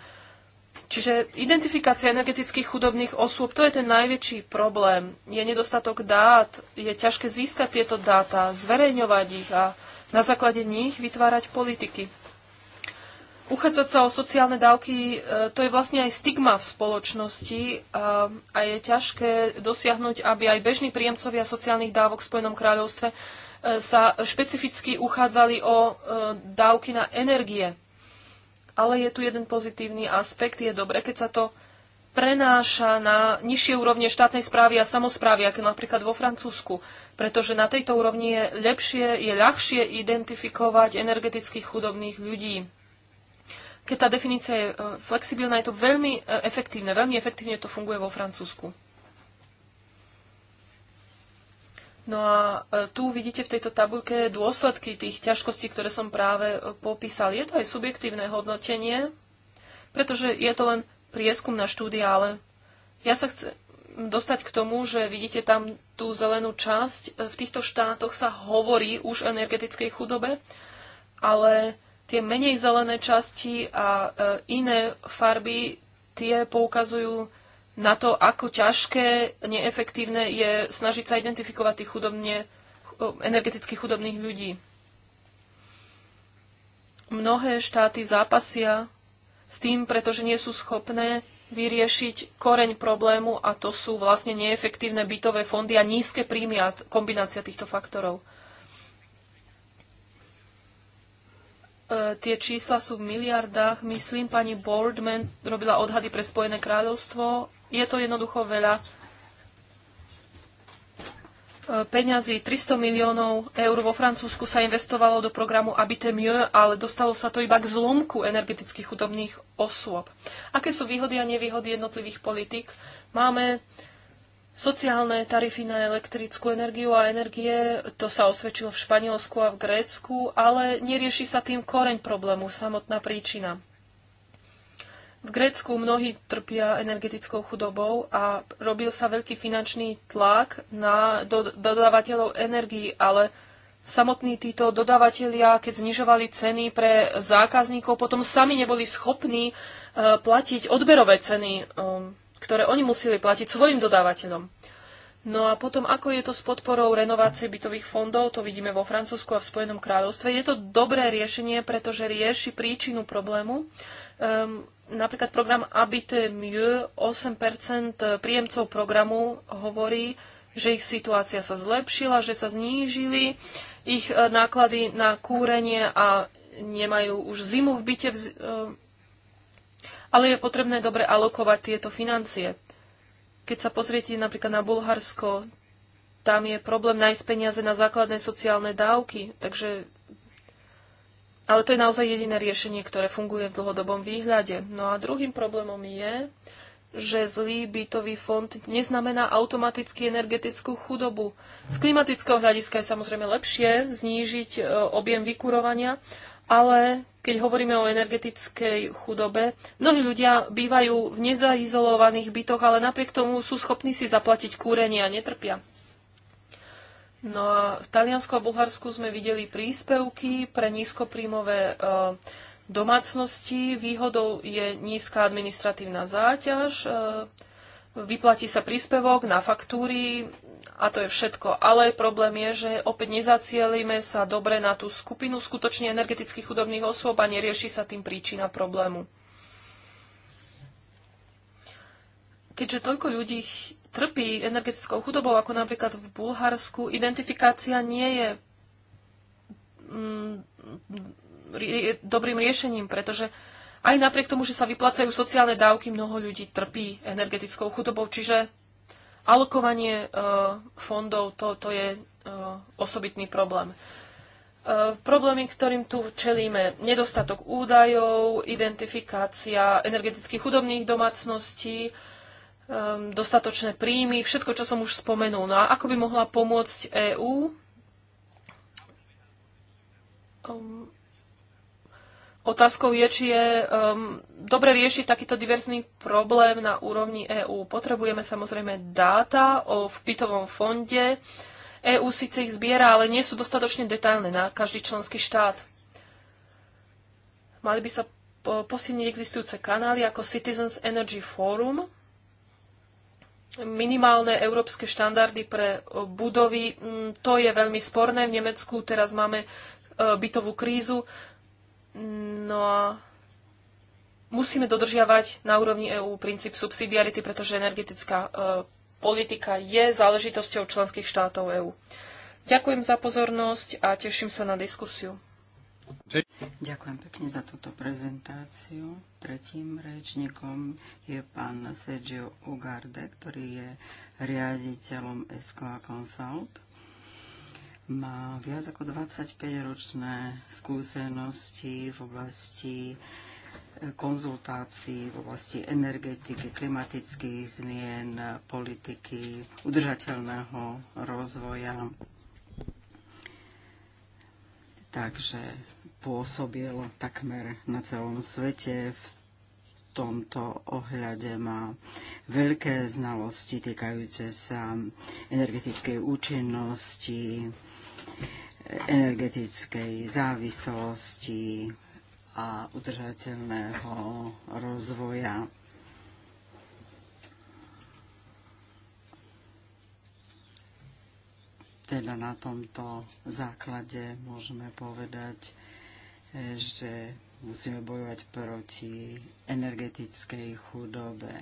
Čiže identifikácia energetických chudobných osôb, to je ten najväčší problém. Je nedostatok dát, je ťažké získať tieto dáta, zverejňovať ich a na základe nich vytvárať politiky. Uchádzať sa o sociálne dávky, e, to je vlastne aj stigma v spoločnosti a, je ťažké dosiahnuť, aby aj bežní príjemcovia sociálnych dávok v Spojenom kráľovstve e, sa špecificky uchádzali o e, dávky na energie. Ale je tu jeden pozitívny aspekt. Je dobre, keď sa to prenáša na nižšie úrovne štátnej správy a samozprávy, ako napríklad vo Francúzsku. Pretože na tejto úrovni je lepšie, je ľahšie identifikovať energetických chudobných ľudí. Keď tá definícia je e, flexibilná, je to veľmi e, efektívne. Veľmi efektívne to funguje vo Francúzsku. No a e, tu vidíte v tejto tabulke dôsledky tých ťažkostí, ktoré som práve popísal. Je to aj subjektívne hodnotenie, pretože je to len prieskum na štúdia, ale ja sa chcem dostať k tomu, že vidíte tam tú zelenú časť. V týchto štátoch sa hovorí už o energetickej chudobe, ale tie menej zelené časti a e, iné farby, tie poukazujú na to, ako ťažké, neefektívne je snažiť sa identifikovať tých chudobne, e, energeticky chudobných ľudí. Mnohé štáty zápasia s tým, pretože nie sú schopné vyriešiť koreň problému a to sú vlastne neefektívne bytové fondy a nízke príjmy a kombinácia týchto faktorov. E, tie čísla sú v miliardách. Myslím, pani Boardman robila odhady pre Spojené kráľovstvo. Je to jednoducho veľa e, peňazí. 300 miliónov eur vo Francúzsku sa investovalo do programu Habité mieux, ale dostalo sa to iba k zlomku energetických chudobných osôb. Aké sú výhody a nevýhody jednotlivých politik? Máme Sociálne tarify na elektrickú energiu a energie, to sa osvedčilo v Španielsku a v Grécku, ale nerieši sa tým koreň problému, samotná príčina. V Grécku mnohí trpia energetickou chudobou a robil sa veľký finančný tlak na dodávateľov energii, ale samotní títo dodávateľia, keď znižovali ceny pre zákazníkov, potom sami neboli schopní eh, platiť odberové ceny. Ehm, ktoré oni museli platiť svojim dodávateľom. No a potom, ako je to s podporou renovácie bytových fondov, to vidíme vo Francúzsku a v Spojenom kráľovstve. Je to dobré riešenie, pretože rieši príčinu problému. Um, napríklad program Habité Mieux, 8% príjemcov programu hovorí, že ich situácia sa zlepšila, že sa znížili ich e, náklady na kúrenie a nemajú už zimu v byte v, e, ale je potrebné dobre alokovať tieto financie. Keď sa pozriete napríklad na Bulharsko, tam je problém nájsť peniaze na základné sociálne dávky, takže ale to je naozaj jediné riešenie, ktoré funguje v dlhodobom výhľade. No a druhým problémom je, že zlý bytový fond neznamená automaticky energetickú chudobu. Z klimatického hľadiska je samozrejme lepšie znížiť e, objem vykurovania, ale keď hovoríme o energetickej chudobe, mnohí ľudia bývajú v nezaizolovaných bytoch, ale napriek tomu sú schopní si zaplatiť kúrenie a netrpia. No a v Taliansku a Bulharsku sme videli príspevky pre nízkopríjmové e, domácnosti. Výhodou je nízka administratívna záťaž. E, vyplatí sa príspevok na faktúry, a to je všetko. Ale problém je, že opäť nezacielíme sa dobre na tú skupinu skutočne energetických chudobných osôb a nerieši sa tým príčina problému. Keďže toľko ľudí trpí energetickou chudobou, ako napríklad v Bulharsku, identifikácia nie mm, je dobrým riešením, pretože aj napriek tomu, že sa vyplácajú sociálne dávky, mnoho ľudí trpí energetickou chudobou, čiže Alokovanie e, fondov, to, to je e, osobitný problém. E, problémy, ktorým tu čelíme, nedostatok údajov, identifikácia energetických chudobných domácností, dostatočné príjmy, všetko, čo som už spomenul. No a ako by mohla pomôcť EÚ? Otázkou je, či je um, dobre riešiť takýto diverzný problém na úrovni EÚ. Potrebujeme samozrejme dáta o vpytovom fonde. EÚ síce ich zbiera, ale nie sú dostatočne detailné na každý členský štát. Mali by sa posilniť existujúce kanály ako Citizens Energy Forum, minimálne európske štandardy pre e, budovy. Mm, to je veľmi sporné. V Nemecku teraz máme e, bytovú krízu. No a musíme dodržiavať na úrovni EÚ princíp subsidiarity, pretože energetická e, politika je záležitosťou členských štátov EÚ. Ďakujem za pozornosť a teším sa na diskusiu. Ďakujem pekne za túto prezentáciu. Tretím rečníkom je pán Sergio Ugarde, ktorý je riaditeľom SKA Consult má viac ako 25-ročné skúsenosti v oblasti e, konzultácií v oblasti energetiky, klimatických zmien, politiky, udržateľného rozvoja. Takže pôsobil takmer na celom svete v tomto ohľade má veľké znalosti týkajúce sa energetickej účinnosti, energetickej závislosti a udržateľného rozvoja. Teda na tomto základe môžeme povedať, že musíme bojovať proti energetickej chudobe.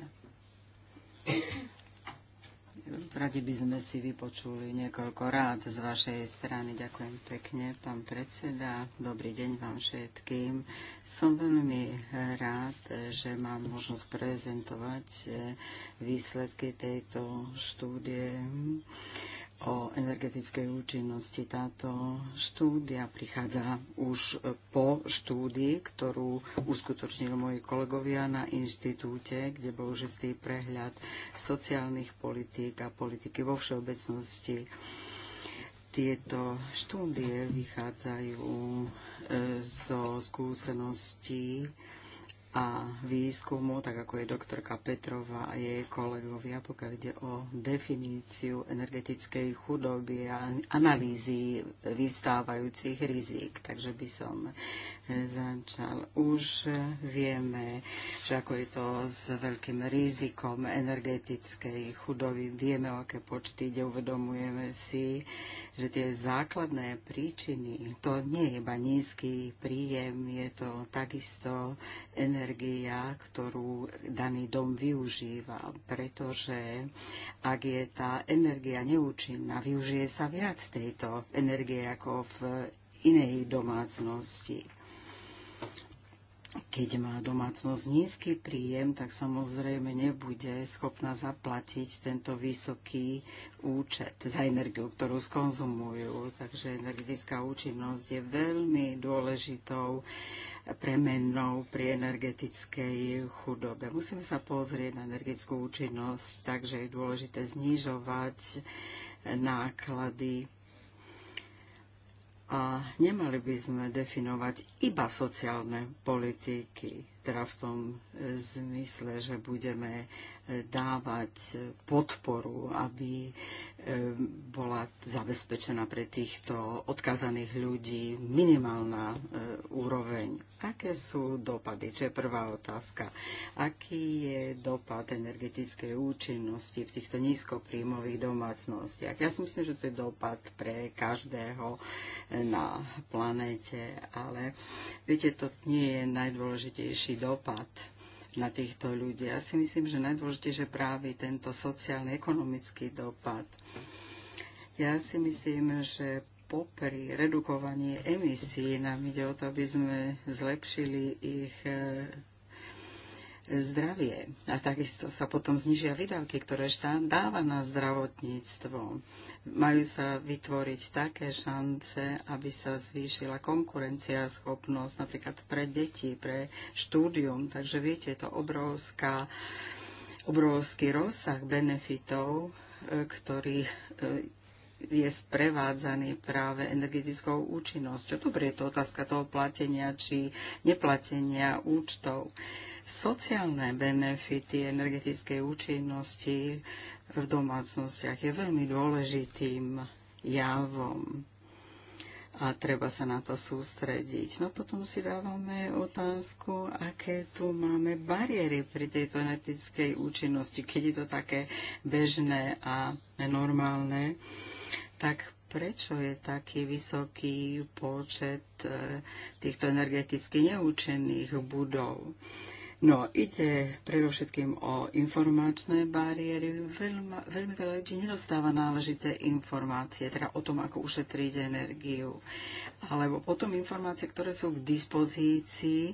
Radi by sme si vypočuli niekoľko rád z vašej strany. Ďakujem pekne, pán predseda. Dobrý deň vám všetkým. Som veľmi rád, že mám možnosť prezentovať eh, výsledky tejto štúdie o energetickej účinnosti. Táto štúdia prichádza už po štúdii, ktorú uskutočnili moji kolegovia na inštitúte, kde bol už istý prehľad sociálnych politík a politiky vo všeobecnosti. Tieto štúdie vychádzajú e, zo skúseností a výskumu, tak ako je doktorka Petrova a jej kolegovia, pokiaľ ide o definíciu energetickej chudoby a analýzy vystávajúcich rizik. Takže by som e, začal. Už vieme, že ako je to s veľkým rizikom energetickej chudoby, vieme, o aké počty ide, uvedomujeme si, že tie základné príčiny, to nie je iba nízky príjem, je to takisto energetické energia, ktorú daný dom využíva, pretože ak je tá energia neúčinná, využije sa viac tejto energie ako v inej domácnosti keď má domácnosť nízky príjem, tak samozrejme nebude schopná zaplatiť tento vysoký účet za energiu, ktorú skonzumujú. Takže energetická účinnosť je veľmi dôležitou premennou pri energetickej chudobe. Musíme sa pozrieť na energetickú účinnosť, takže je dôležité znižovať náklady a nemali by sme definovať iba sociálne politiky, teda v tom e, zmysle, že budeme dávať podporu, aby e, bola zabezpečená pre týchto odkazaných ľudí minimálna e, úroveň. Aké sú dopady? Čo je prvá otázka. Aký je dopad energetickej účinnosti v týchto nízkopríjmových domácnostiach? Ja si myslím, že to je dopad pre každého e, na planete, ale viete, to nie je najdôležitejší dopad na týchto ľudí. Ja si myslím, že najdôležitejšie práve tento sociálny-ekonomický dopad. Ja si myslím, že popri redukovaní emisí nám ide o to, aby sme zlepšili ich eh, zdravie. A takisto sa potom znižia výdavky, ktoré štát dáva na zdravotníctvo. Majú sa vytvoriť také šance, aby sa zvýšila konkurencia, schopnosť napríklad pre deti, pre štúdium. Takže viete, je to obrovská, obrovský rozsah benefitov, e, ktorý e, je sprevádzaný práve energetickou účinnosťou. Dobre, je to otázka toho platenia či neplatenia účtov. Sociálne benefity energetickej účinnosti v domácnostiach je veľmi dôležitým javom a treba sa na to sústrediť. No potom si dávame otázku, aké tu máme bariéry pri tejto energetickej účinnosti, keď je to také bežné a normálne, tak prečo je taký vysoký počet eh, týchto energeticky neúčených budov. No, ide predovšetkým o informačné bariéry. Veľma, veľmi veľa ľudí nedostáva náležité informácie, teda o tom, ako ušetriť energiu. Alebo potom informácie, ktoré sú k dispozícii,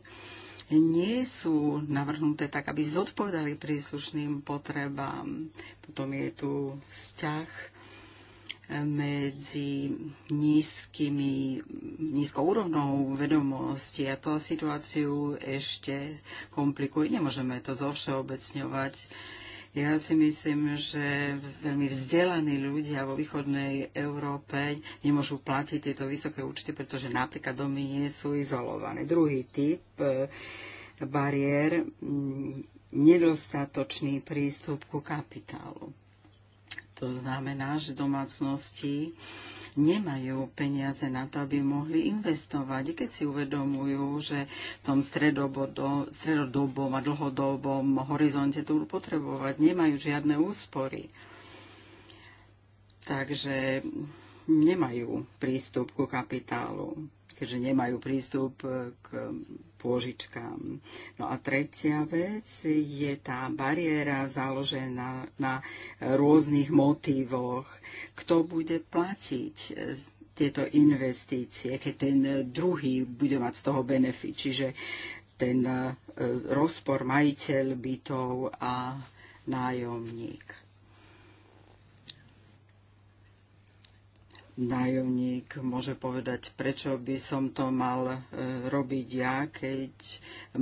nie sú navrhnuté tak, aby zodpovedali príslušným potrebám. Potom je tu vzťah medzi nízkymi, nízkou úrovnou vedomosti a to situáciu ešte komplikuje. Nemôžeme to zovšeobecňovať. Ja si myslím, že veľmi vzdelaní ľudia vo východnej Európe nemôžu platiť tieto vysoké účty, pretože napríklad domy nie sú izolované. Druhý typ e, bariér, mm, nedostatočný prístup ku kapitálu. To znamená, že domácnosti nemajú peniaze na to, aby mohli investovať. Keď si uvedomujú, že v tom stredodobom a dlhodobom horizonte to budú potrebovať, nemajú žiadne úspory. Takže nemajú prístup ku kapitálu, keďže nemajú prístup k pôžičkám. No a tretia vec je tá bariéra založená na rôznych motívoch. Kto bude platiť tieto investície, keď ten druhý bude mať z toho benefit. Čiže ten eh, rozpor majiteľ bytov a nájomník. nájomník môže povedať, prečo by som to mal e, robiť ja, keď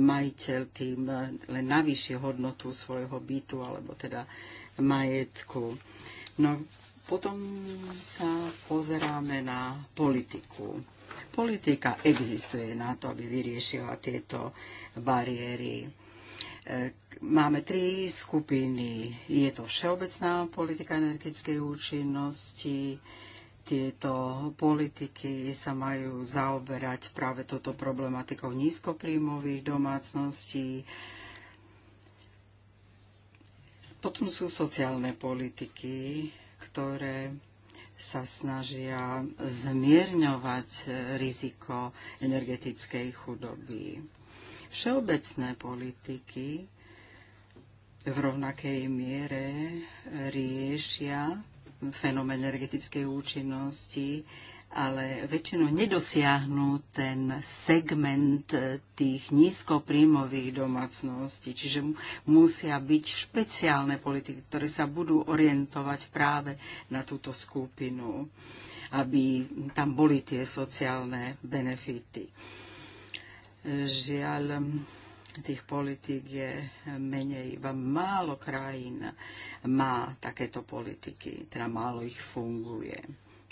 majiteľ tým e, len navýši hodnotu svojho bytu alebo teda majetku. No potom sa pozeráme na politiku. Politika existuje na to, aby vyriešila tieto bariéry. E, máme tri skupiny. Je to všeobecná politika energetickej účinnosti, tieto politiky sa majú zaoberať práve touto problematikou nízkopríjmových domácností. Potom sú sociálne politiky, ktoré sa snažia zmierňovať riziko energetickej chudoby. Všeobecné politiky v rovnakej miere riešia fenomén energetickej účinnosti, ale väčšinou nedosiahnu ten segment tých nízkopríjmových domácností. Čiže musia byť špeciálne politiky, ktoré sa budú orientovať práve na túto skupinu, aby tam boli tie sociálne benefity. Žiaľ, tých politik je menej. Iba málo krajín má takéto politiky, teda málo ich funguje.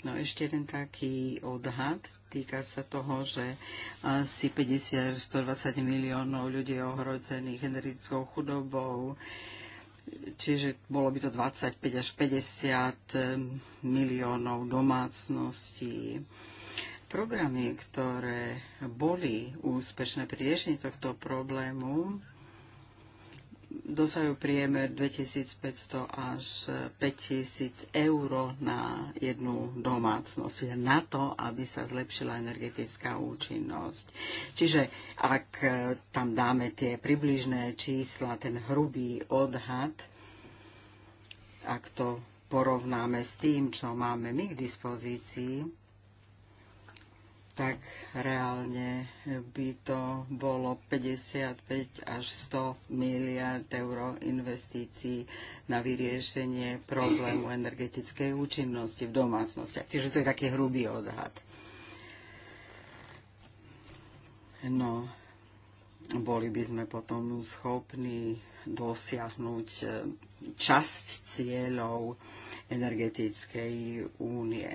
No ešte jeden taký odhad, týka sa toho, že asi 50 120 miliónov ľudí je ohrozených energetickou chudobou, čiže bolo by to 25 až 50 miliónov domácností Programy, ktoré boli úspešné pri riešení tohto problému, dosahujú priemer 2500 až 5000 eur na jednu domácnosť na to, aby sa zlepšila energetická účinnosť. Čiže ak e, tam dáme tie približné čísla, ten hrubý odhad, ak to porovnáme s tým, čo máme my k dispozícii, tak reálne by to bolo 55 až 100 miliard eur investícií na vyriešenie problému energetickej účinnosti v domácnostiach. Čiže to je taký hrubý odhad. No, boli by sme potom schopní dosiahnuť e, časť cieľov energetickej únie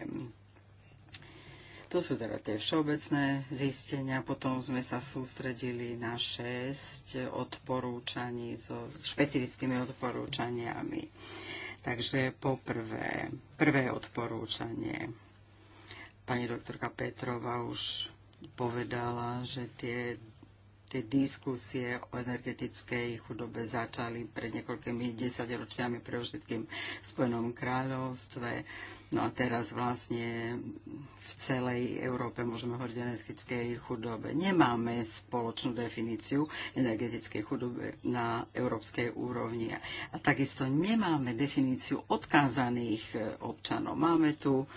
to sú teda tie všeobecné zistenia. Potom sme sa sústredili na 6 odporúčaní so špecifickými odporúčaniami. Takže poprvé, prvé odporúčanie. Pani doktorka Petrova už povedala, že tie, tie diskusie o energetickej chudobe začali pred niekoľkými desaťročiami pre všetkým Spojenom kráľovstve No a teraz vlastne v celej Európe môžeme hovoriť o energetickej chudobe. Nemáme spoločnú definíciu energetickej chudoby na európskej úrovni. A takisto nemáme definíciu odkázaných e, občanov. Máme tu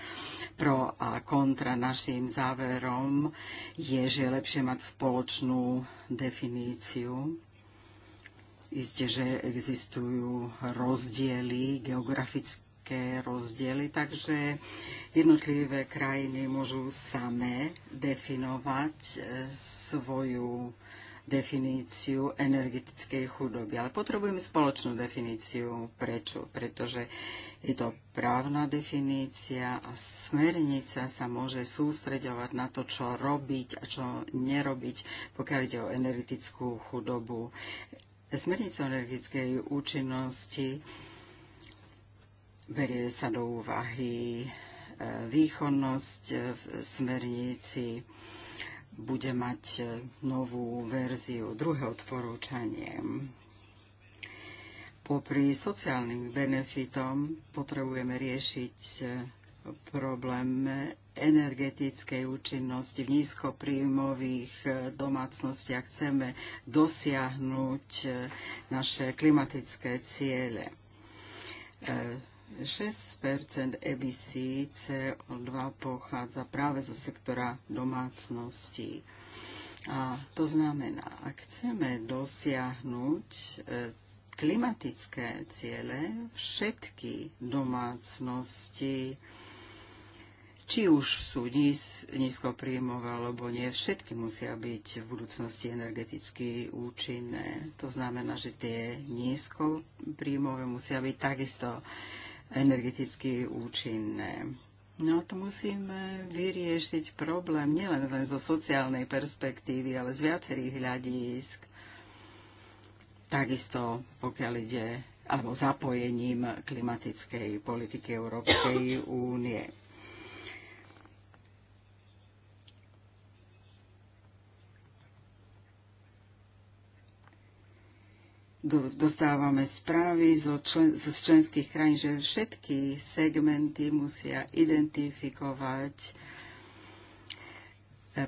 pro a kontra našim záverom je, že je lepšie mať spoločnú definíciu Isté, že existujú rozdiely geografické veľké rozdiely, takže jednotlivé krajiny môžu samé definovať e, svoju definíciu energetickej chudoby. Ale potrebujeme spoločnú definíciu. Prečo? Pretože je to právna definícia a smernica sa môže sústreďovať na to, čo robiť a čo nerobiť, pokiaľ ide o energetickú chudobu. Smernica o energetickej účinnosti Berie sa do úvahy e, výkonnosť e, v smernici, bude mať e, novú verziu, druhé odporúčanie. Popri sociálnym benefitom potrebujeme riešiť problém energetickej účinnosti v nízkopríjmových domácnostiach. Chceme dosiahnuť naše klimatické ciele 6 emisí CO2 pochádza práve zo sektora domácností. A to znamená, ak chceme dosiahnuť e, klimatické ciele, všetky domácnosti, či už sú níz, nízkopríjmové alebo nie, všetky musia byť v budúcnosti energeticky účinné. To znamená, že tie nízkopríjmové musia byť takisto energeticky účinné. No to musíme vyriešiť problém nielen len zo sociálnej perspektívy, ale z viacerých hľadísk. Takisto, pokiaľ ide alebo zapojením klimatickej politiky Európskej únie. dostávame správy zo, člen, z členských krajín, že všetky segmenty musia identifikovať e,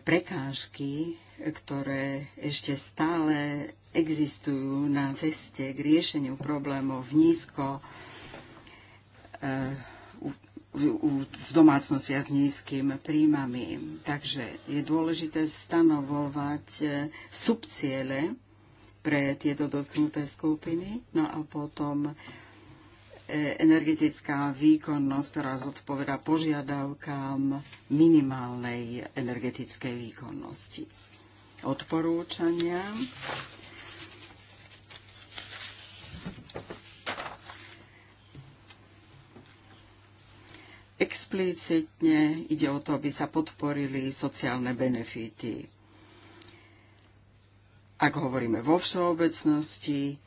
prekážky, ktoré ešte stále existujú na ceste k riešeniu problémov v nízko e, v domácnosti a s nízkym príjmami. Takže je dôležité stanovovať e, subciele pre tieto dotknuté skupiny. No a potom e, energetická výkonnosť, ktorá zodpoveda požiadavkám minimálnej energetickej výkonnosti. Odporúčania. Explicitne ide o to, aby sa podporili sociálne benefity ak hovoríme vo všeobecnosti,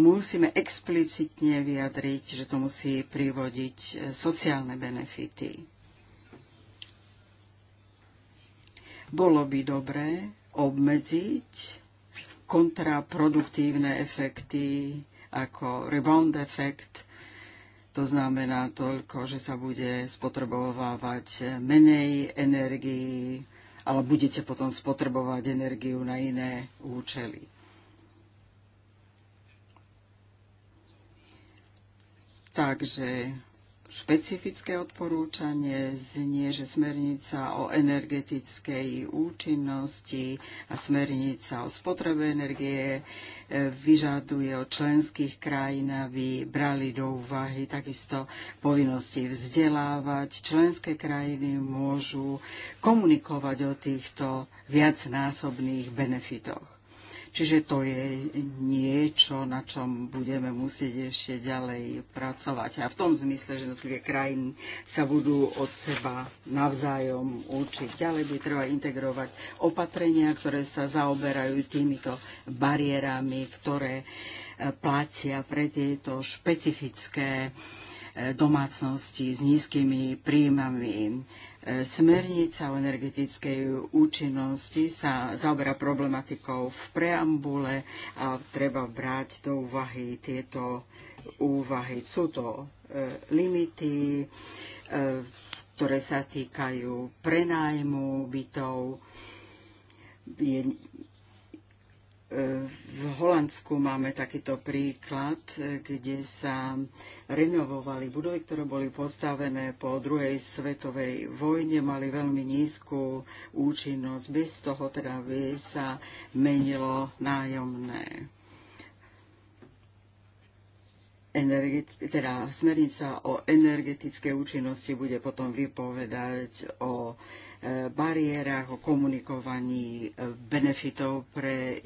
musíme explicitne vyjadriť, že to musí privodiť e, sociálne benefity. Bolo by dobré obmedziť kontraproduktívne efekty ako rebound efekt, to znamená toľko, že sa bude spotrebovávať menej energii, ale budete potom spotrebovať energiu na iné účely. Takže špecifické odporúčanie znie, že smernica o energetickej účinnosti a smernica o spotrebe energie e, vyžaduje od členských krajín, aby brali do úvahy takisto povinnosti vzdelávať. Členské krajiny môžu komunikovať o týchto viacnásobných benefitoch. Čiže to je niečo, na čom budeme musieť ešte ďalej pracovať. A v tom zmysle, že jednotlivé krajiny sa budú od seba navzájom učiť. Ďalej bude treba integrovať opatrenia, ktoré sa zaoberajú týmito bariérami, ktoré e, platia pre tieto špecifické e, domácnosti s nízkymi príjmami. Smernica o energetickej účinnosti sa zaoberá problematikou v preambule a treba brať do úvahy tieto úvahy. Sú to e, limity, e, ktoré sa týkajú prenájmu bytov. Je v Holandsku máme takýto príklad, kde sa renovovali budovy, ktoré boli postavené po druhej svetovej vojne, mali veľmi nízku účinnosť, bez toho teda by sa menilo nájomné. Energeti- teda smernica o energetickej účinnosti bude potom vypovedať o bariérach, o komunikovaní e, benefitov pre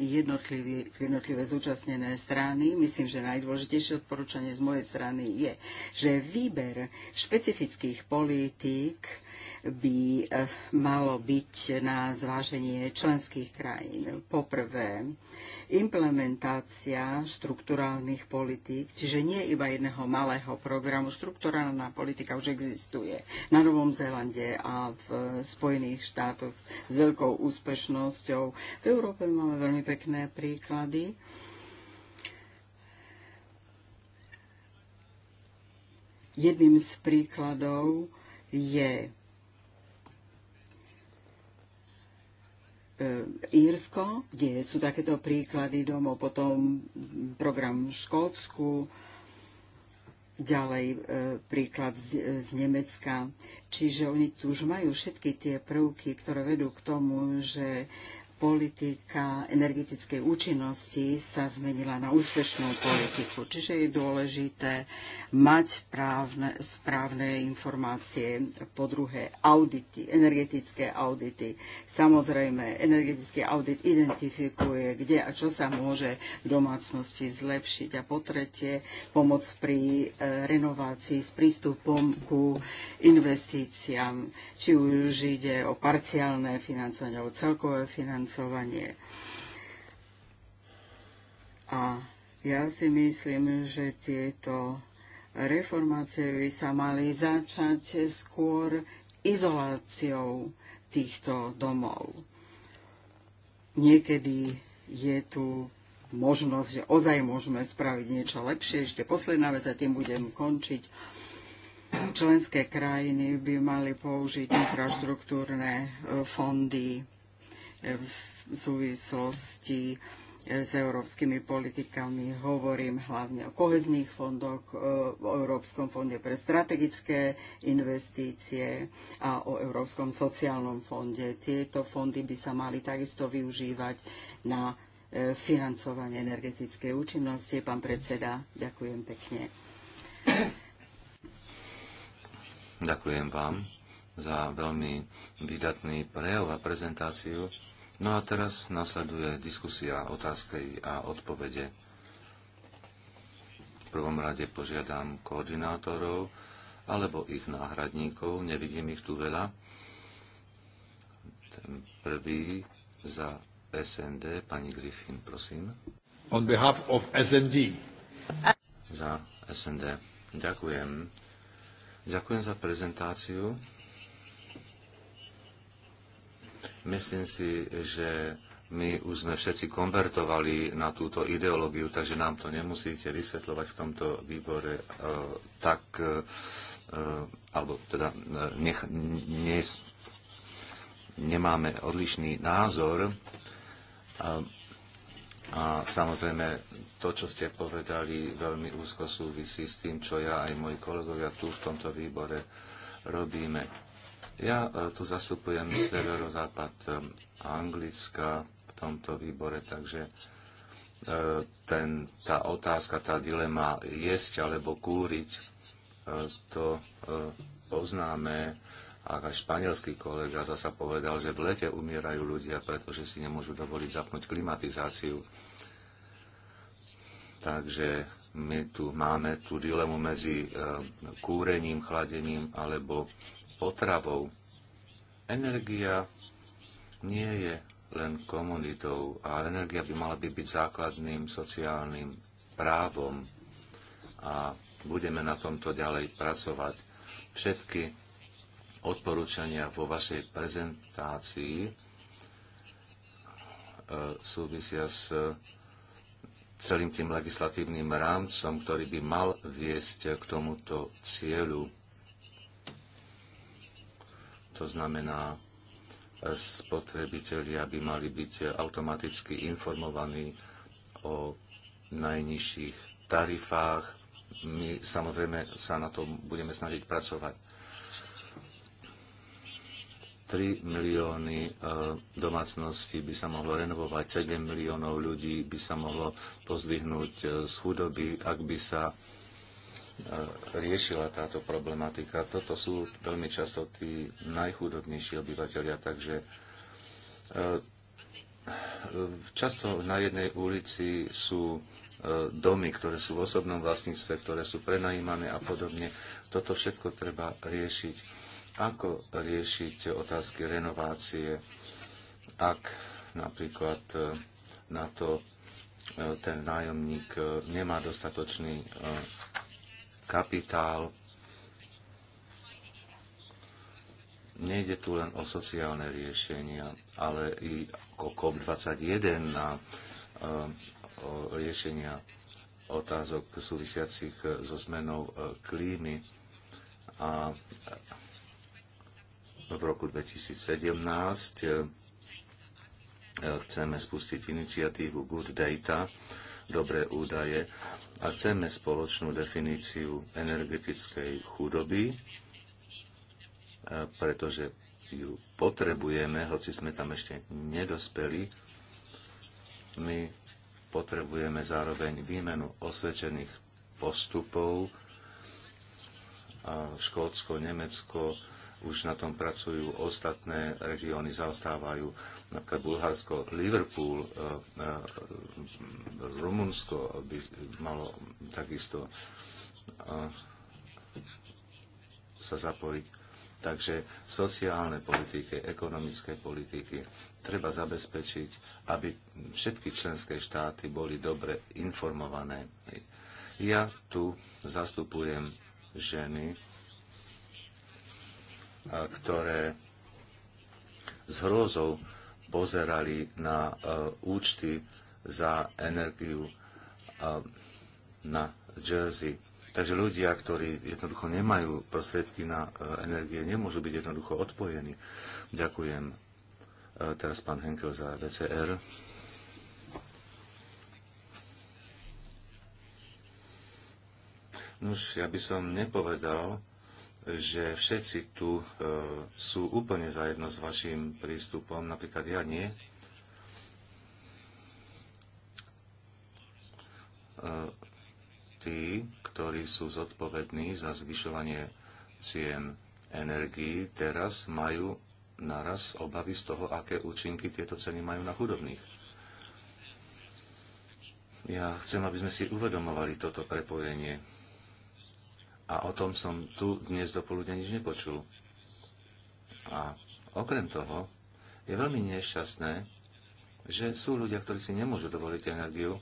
jednotlivé, zúčastnené strany. Myslím, že najdôležitejšie odporúčanie z mojej strany je, že výber špecifických politík by eh, malo byť na zváženie členských krajín. Poprvé, implementácia štrukturálnych politík, čiže nie iba jedného malého programu. Štrukturálna politika už existuje na Novom Zélande a v Spojených štátoch s veľkou úspešnosťou. V Európe máme veľmi pekné príklady. Jedným z príkladov je E, Írsko, kde sú takéto príklady domov, potom program v Škótsku, ďalej e, príklad z, z Nemecka. Čiže oni tu už majú všetky tie prvky, ktoré vedú k tomu, že politika energetickej účinnosti sa zmenila na úspešnú politiku, čiže je dôležité mať právne, správne informácie, po druhé audity, energetické audity. Samozrejme, energetický audit identifikuje, kde a čo sa môže v domácnosti zlepšiť. A po tretie, pomoc pri e, renovácii s prístupom ku investíciám, či už ide o parciálne financovanie alebo celkové financovanie financovanie. A ja si myslím, že tieto reformácie by sa mali začať skôr izoláciou týchto domov. Niekedy je tu možnosť, že ozaj môžeme spraviť niečo lepšie. Ešte posledná vec, a tým budem končiť. Členské krajiny by mali použiť infraštruktúrne e, fondy E, v súvislosti e, s európskymi politikami. Hovorím hlavne o kohezných fondoch, e, o Európskom fonde pre strategické investície a o Európskom sociálnom fonde. Tieto fondy by sa mali takisto využívať na financovanie energetickej účinnosti. Pán predseda, ďakujem pekne. Ďakujem vám za veľmi výdatný prejav a prezentáciu No a teraz nasleduje diskusia otázky a odpovede. V prvom rade požiadam koordinátorov alebo ich náhradníkov, nevidím ich tu veľa. Ten prvý za SND, pani Griffin, prosím. On behalf of SND. Za SND. Ďakujem. Ďakujem za prezentáciu. Myslím si, že my už sme všetci konvertovali na túto ideológiu, takže nám to nemusíte vysvetľovať v tomto výbore e, tak, e, e, alebo teda nech, ne, nemáme odlišný názor. A, a samozrejme, to, čo ste povedali, veľmi úzko súvisí s tým, čo ja aj moji kolegovia tu v tomto výbore robíme ja e, tu zastupujem severozápad e, Anglicka v tomto výbore, takže e, ten, tá otázka, tá dilema jesť alebo kúriť, to poznáme. A španielský kolega zasa povedal, že v lete umierajú ľudia, pretože si nemôžu dovoliť zapnúť klimatizáciu. Takže my tu máme tú dilemu medzi kúrením, chladením alebo potravou. Energia nie je len komunitou a energia by mala by byť základným sociálnym právom a budeme na tomto ďalej pracovať. Všetky odporúčania vo vašej prezentácii e, súvisia s celým tým legislatívnym rámcom, ktorý by mal viesť k tomuto cieľu. To znamená, e, spotrebitelia by mali byť automaticky informovaní o najnižších tarifách. My samozrejme sa na tom budeme snažiť pracovať. 3 milióny e, domácností by sa mohlo renovovať, 7 miliónov ľudí by sa mohlo pozdvihnúť e, z chudoby, ak by sa E, riešila táto problematika. Toto sú veľmi často tí najchudobnejší obyvateľia, takže e, e, často na jednej ulici sú domy, ktoré sú v osobnom vlastníctve, ktoré sú prenajímané a podobne. Toto všetko treba riešiť. Ako riešiť otázky renovácie, ak napríklad na to ten nájomník nemá dostatočný kapitál. Nejde tu len o sociálne riešenia, ale i o COP21 na eh, riešenia otázok súvisiacich so zmenou eh, klímy. A v roku 2017 eh, chceme spustiť iniciatívu Good Data, dobré údaje, a chceme spoločnú definíciu energetickej chudoby, e, pretože ju potrebujeme, hoci sme tam ešte nedospeli. My potrebujeme zároveň výmenu osvedčených postupov. Škótsko, Nemecko, už na tom pracujú, ostatné regióny zaostávajú, napríklad Bulharsko, Liverpool, e, e, Rumunsko by malo takisto e, sa zapojiť. Takže sociálne politiky, ekonomické politiky treba zabezpečiť, aby všetky členské štáty boli dobre informované. Ja tu zastupujem ženy, ktoré s hrôzou pozerali na e, účty za energiu e, na Jersey. Takže ľudia, ktorí jednoducho nemajú prostriedky na e, energie, nemôžu byť jednoducho odpojení. Ďakujem teraz pán Henkel za VCR. Nuž, ja by som nepovedal, že všetci tu e, sú úplne zajedno s vašim prístupom, napríklad ja nie. E, tí, ktorí sú zodpovední za zvyšovanie cien energií, teraz majú naraz obavy z toho, aké účinky tieto ceny majú na chudobných. Ja chcem, aby sme si uvedomovali toto prepojenie a o tom som tu dnes do poludia nič nepočul. A okrem toho je veľmi nešťastné, že sú ľudia, ktorí si nemôžu dovoliť energiu,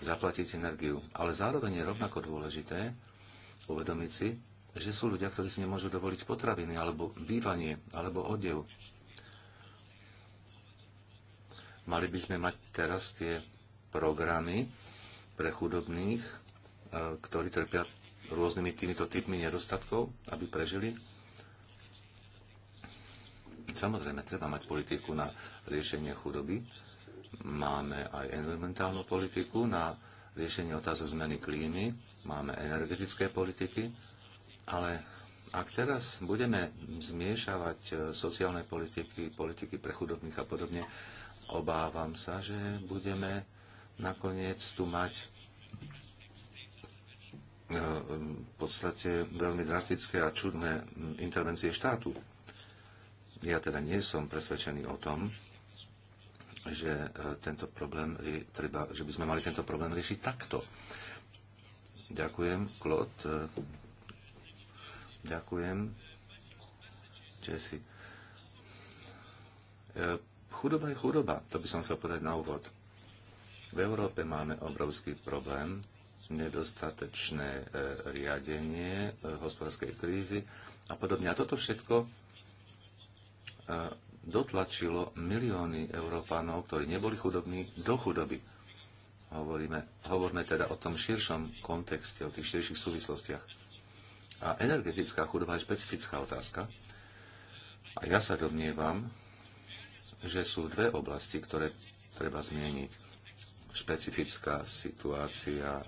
zaplatiť energiu. Ale zároveň je rovnako dôležité uvedomiť si, že sú ľudia, ktorí si nemôžu dovoliť potraviny, alebo bývanie, alebo odev. Mali by sme mať teraz tie programy pre chudobných, e, ktorí trpia rôznymi týmito typmi nedostatkov, aby prežili. Samozrejme, treba mať politiku na riešenie chudoby. Máme aj environmentálnu politiku na riešenie otázok zmeny klímy, máme energetické politiky, ale ak teraz budeme zmiešavať e, sociálne politiky, politiky pre chudobných a podobne, obávam sa, že budeme nakoniec tu mať v podstate veľmi drastické a čudné intervencie štátu. Ja teda nie som presvedčený o tom, že, e, tento problém, treba, že by sme mali tento problém riešiť takto. Ďakujem, Klod. E, ďakujem, Jesse. E, chudoba je chudoba, to by som chcel povedať na úvod. V Európe máme obrovský problém nedostatečné e, riadenie e, hospodárskej krízy a podobne. A toto všetko e, dotlačilo milióny Európanov, ktorí neboli chudobní, do chudoby. Hovoríme, hovoríme teda o tom širšom kontexte, o tých širších súvislostiach. A energetická chudoba je špecifická otázka. A ja sa domnievam, že sú dve oblasti, ktoré treba zmieniť špecifická situácia e,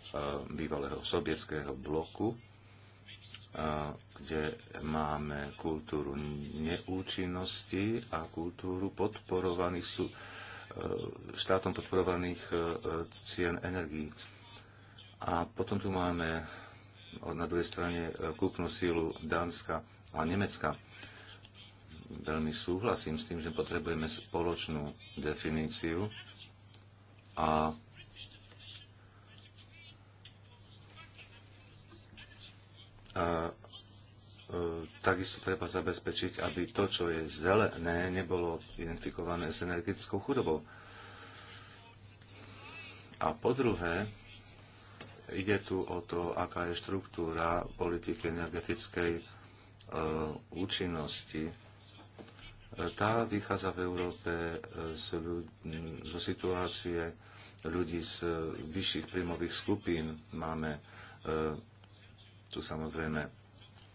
bývalého sovietského bloku, e, kde máme kultúru neúčinnosti a kultúru podporovaných sú e, štátom podporovaných cien energií. A potom tu máme na druhej strane kúpnu sílu Dánska a Nemecka. Veľmi súhlasím s tým, že potrebujeme spoločnú definíciu a a e, takisto treba zabezpečiť, aby to, čo je zelené, nebolo identifikované s energetickou chudobou. A po druhé, ide tu o to, aká je štruktúra politiky energetickej e, účinnosti. Tá vychádza v Európe eh, z, zo situácie ľudí z eh, vyšších príjmových skupín. Máme eh, tu samozrejme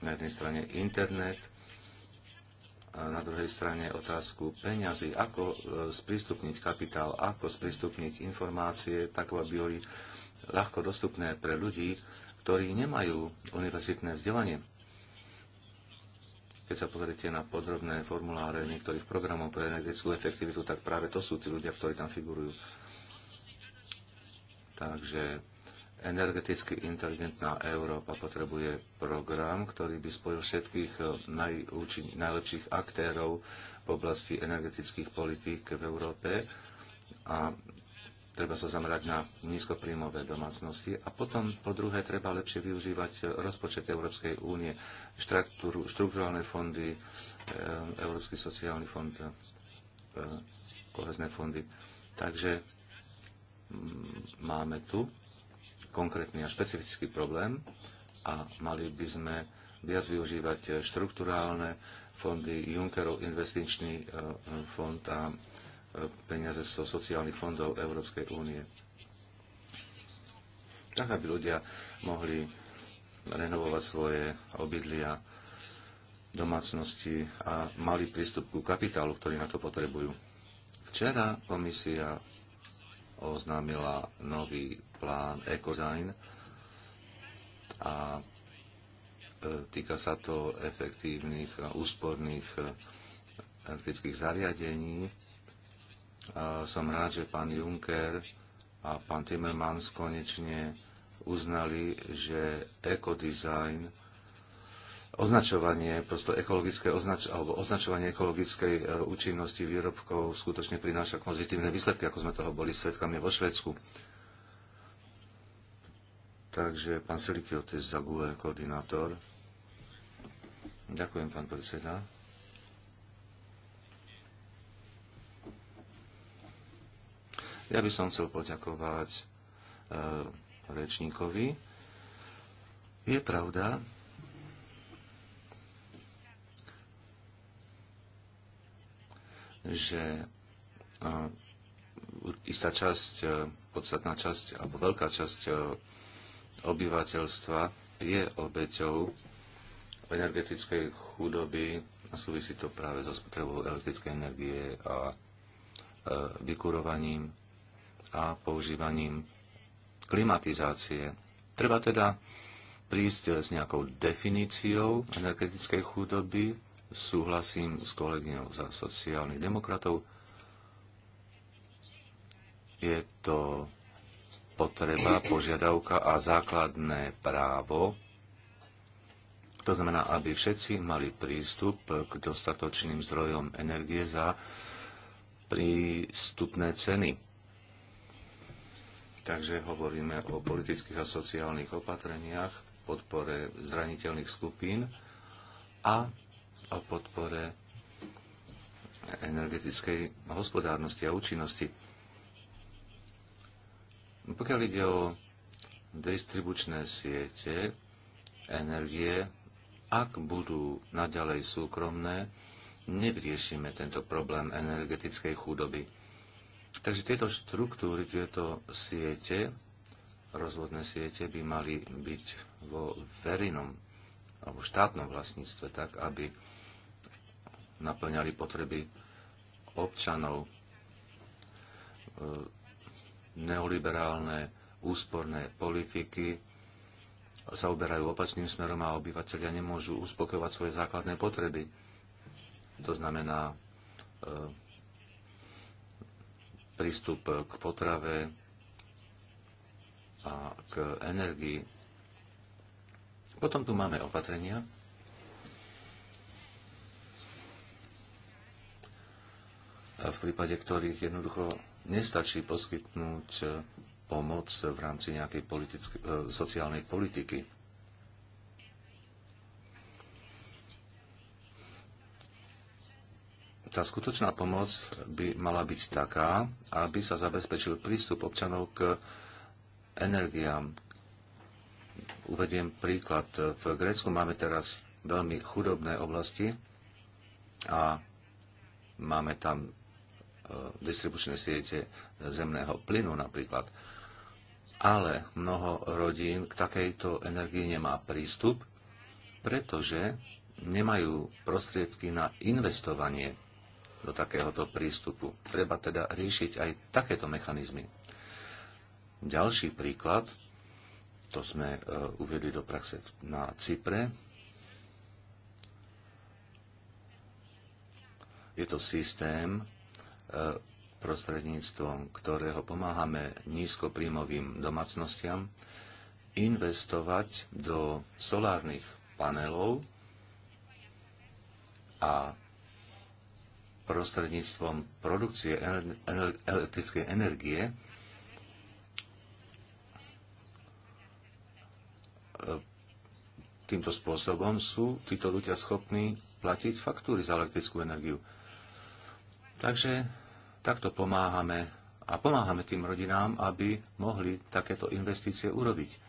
na jednej strane internet, a na druhej strane otázku peňazí, ako sprístupniť kapitál, ako sprístupniť informácie, tak aby boli ľahko dostupné pre ľudí, ktorí nemajú univerzitné vzdelanie keď sa pozrite na podrobné formuláre niektorých programov pre energetickú efektivitu, tak práve to sú tí ľudia, ktorí tam figurujú. Takže energeticky inteligentná Európa potrebuje program, ktorý by spojil všetkých eh, najlepších aktérov v oblasti energetických politík v Európe a treba sa zamerať na nízkopríjmové domácnosti a potom po druhé treba lepšie využívať rozpočet Európskej únie, štruktúru, štruktúrálne fondy, e, Európsky sociálny fond, e, kohezné fondy. Takže mm, máme tu konkrétny a špecifický problém a mali by sme viac využívať štruktúrálne fondy, Junckerov investičný e, fond a peniaze zo so sociálnych fondov Európskej únie. Tak, aby ľudia mohli renovovať svoje obydlia, domácnosti a mali prístup ku kapitálu, ktorý na to potrebujú. Včera komisia oznámila nový plán EcoZine a e, týka sa to efektívnych a úsporných e, energetických zariadení som rád, že pán Juncker a pán Timmermans konečne uznali, že ekodizajn, označovanie, prosto ekologické označ- alebo označovanie ekologickej e, účinnosti výrobkov skutočne prináša pozitívne výsledky, ako sme toho boli svetkami vo Švedsku. Takže pán Silikiotis Zague, koordinátor. Ďakujem, pán predseda. Ja by som chcel poďakovať e, rečníkovi. Je pravda, že e, istá časť, e, podstatná časť alebo veľká časť e, obyvateľstva je obeťou energetickej chudoby a súvisí to práve so spotrebou elektrickej energie a vykurovaním a používaním klimatizácie. Treba teda prísť s nejakou definíciou energetickej chudoby. Súhlasím s kolegyňou za sociálnych demokratov. Je to potreba, požiadavka a základné právo. To znamená, aby všetci mali prístup k dostatočným zdrojom energie za prístupné ceny. Takže hovoríme o politických a sociálnych opatreniach, podpore zraniteľných skupín a o podpore energetickej hospodárnosti a účinnosti. Pokiaľ ide o distribučné siete energie, ak budú naďalej súkromné, nevyriešime tento problém energetickej chudoby. Takže tieto štruktúry, tieto siete, rozvodné siete by mali byť vo verejnom alebo štátnom vlastníctve tak, aby naplňali potreby občanov. E, neoliberálne úsporné politiky sa uberajú opačným smerom a obyvateľia nemôžu uspokojovať svoje základné potreby. To znamená e, prístup k potrave a k energii. Potom tu máme opatrenia. v prípade ktorých jednoducho nestačí poskytnúť eh, pomoc v rámci nejakej politicky, eh, sociálnej politiky. tá skutočná pomoc by mala byť taká, aby sa zabezpečil prístup občanov k energiám. Uvediem príklad. V Grécku máme teraz veľmi chudobné oblasti a máme tam e, distribučné siete zemného plynu napríklad. Ale mnoho rodín k takejto energii nemá prístup, pretože nemajú prostriedky na investovanie do takéhoto prístupu. Treba teda riešiť aj takéto mechanizmy. Ďalší príklad, to sme e, uviedli do praxe na Cypre. Je to systém, e, prostredníctvom ktorého pomáhame nízkopríjmovým domácnostiam investovať do solárnych panelov a prostredníctvom produkcie elektrickej energie e, týmto spôsobom sú títo ľudia schopní platiť faktúry za elektrickú energiu. Takže takto pomáhame a pomáhame tým rodinám, aby mohli takéto investície urobiť.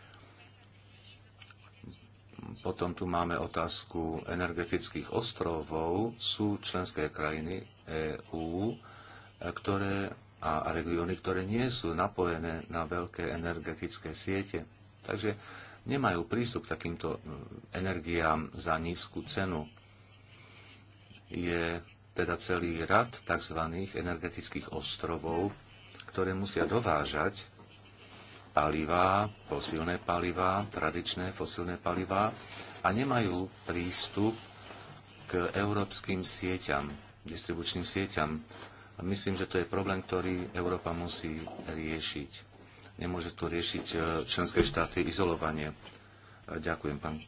Potom tu máme otázku energetických ostrovov. Sú členské krajiny EÚ, e, ktoré a regióny, ktoré nie sú napojené na veľké energetické siete. Takže nemajú prístup k takýmto e, energiám za nízku cenu. Je teda celý rad tzv. energetických ostrovov, ktoré musia dovážať palivá, fosilné palivá, tradičné fosilné palivá a nemajú prístup k európskym sieťam, distribučným sieťam. A myslím, že to je problém, ktorý Európa musí riešiť. Nemôže to riešiť e, členské štáty izolovanie. Ďakujem, pán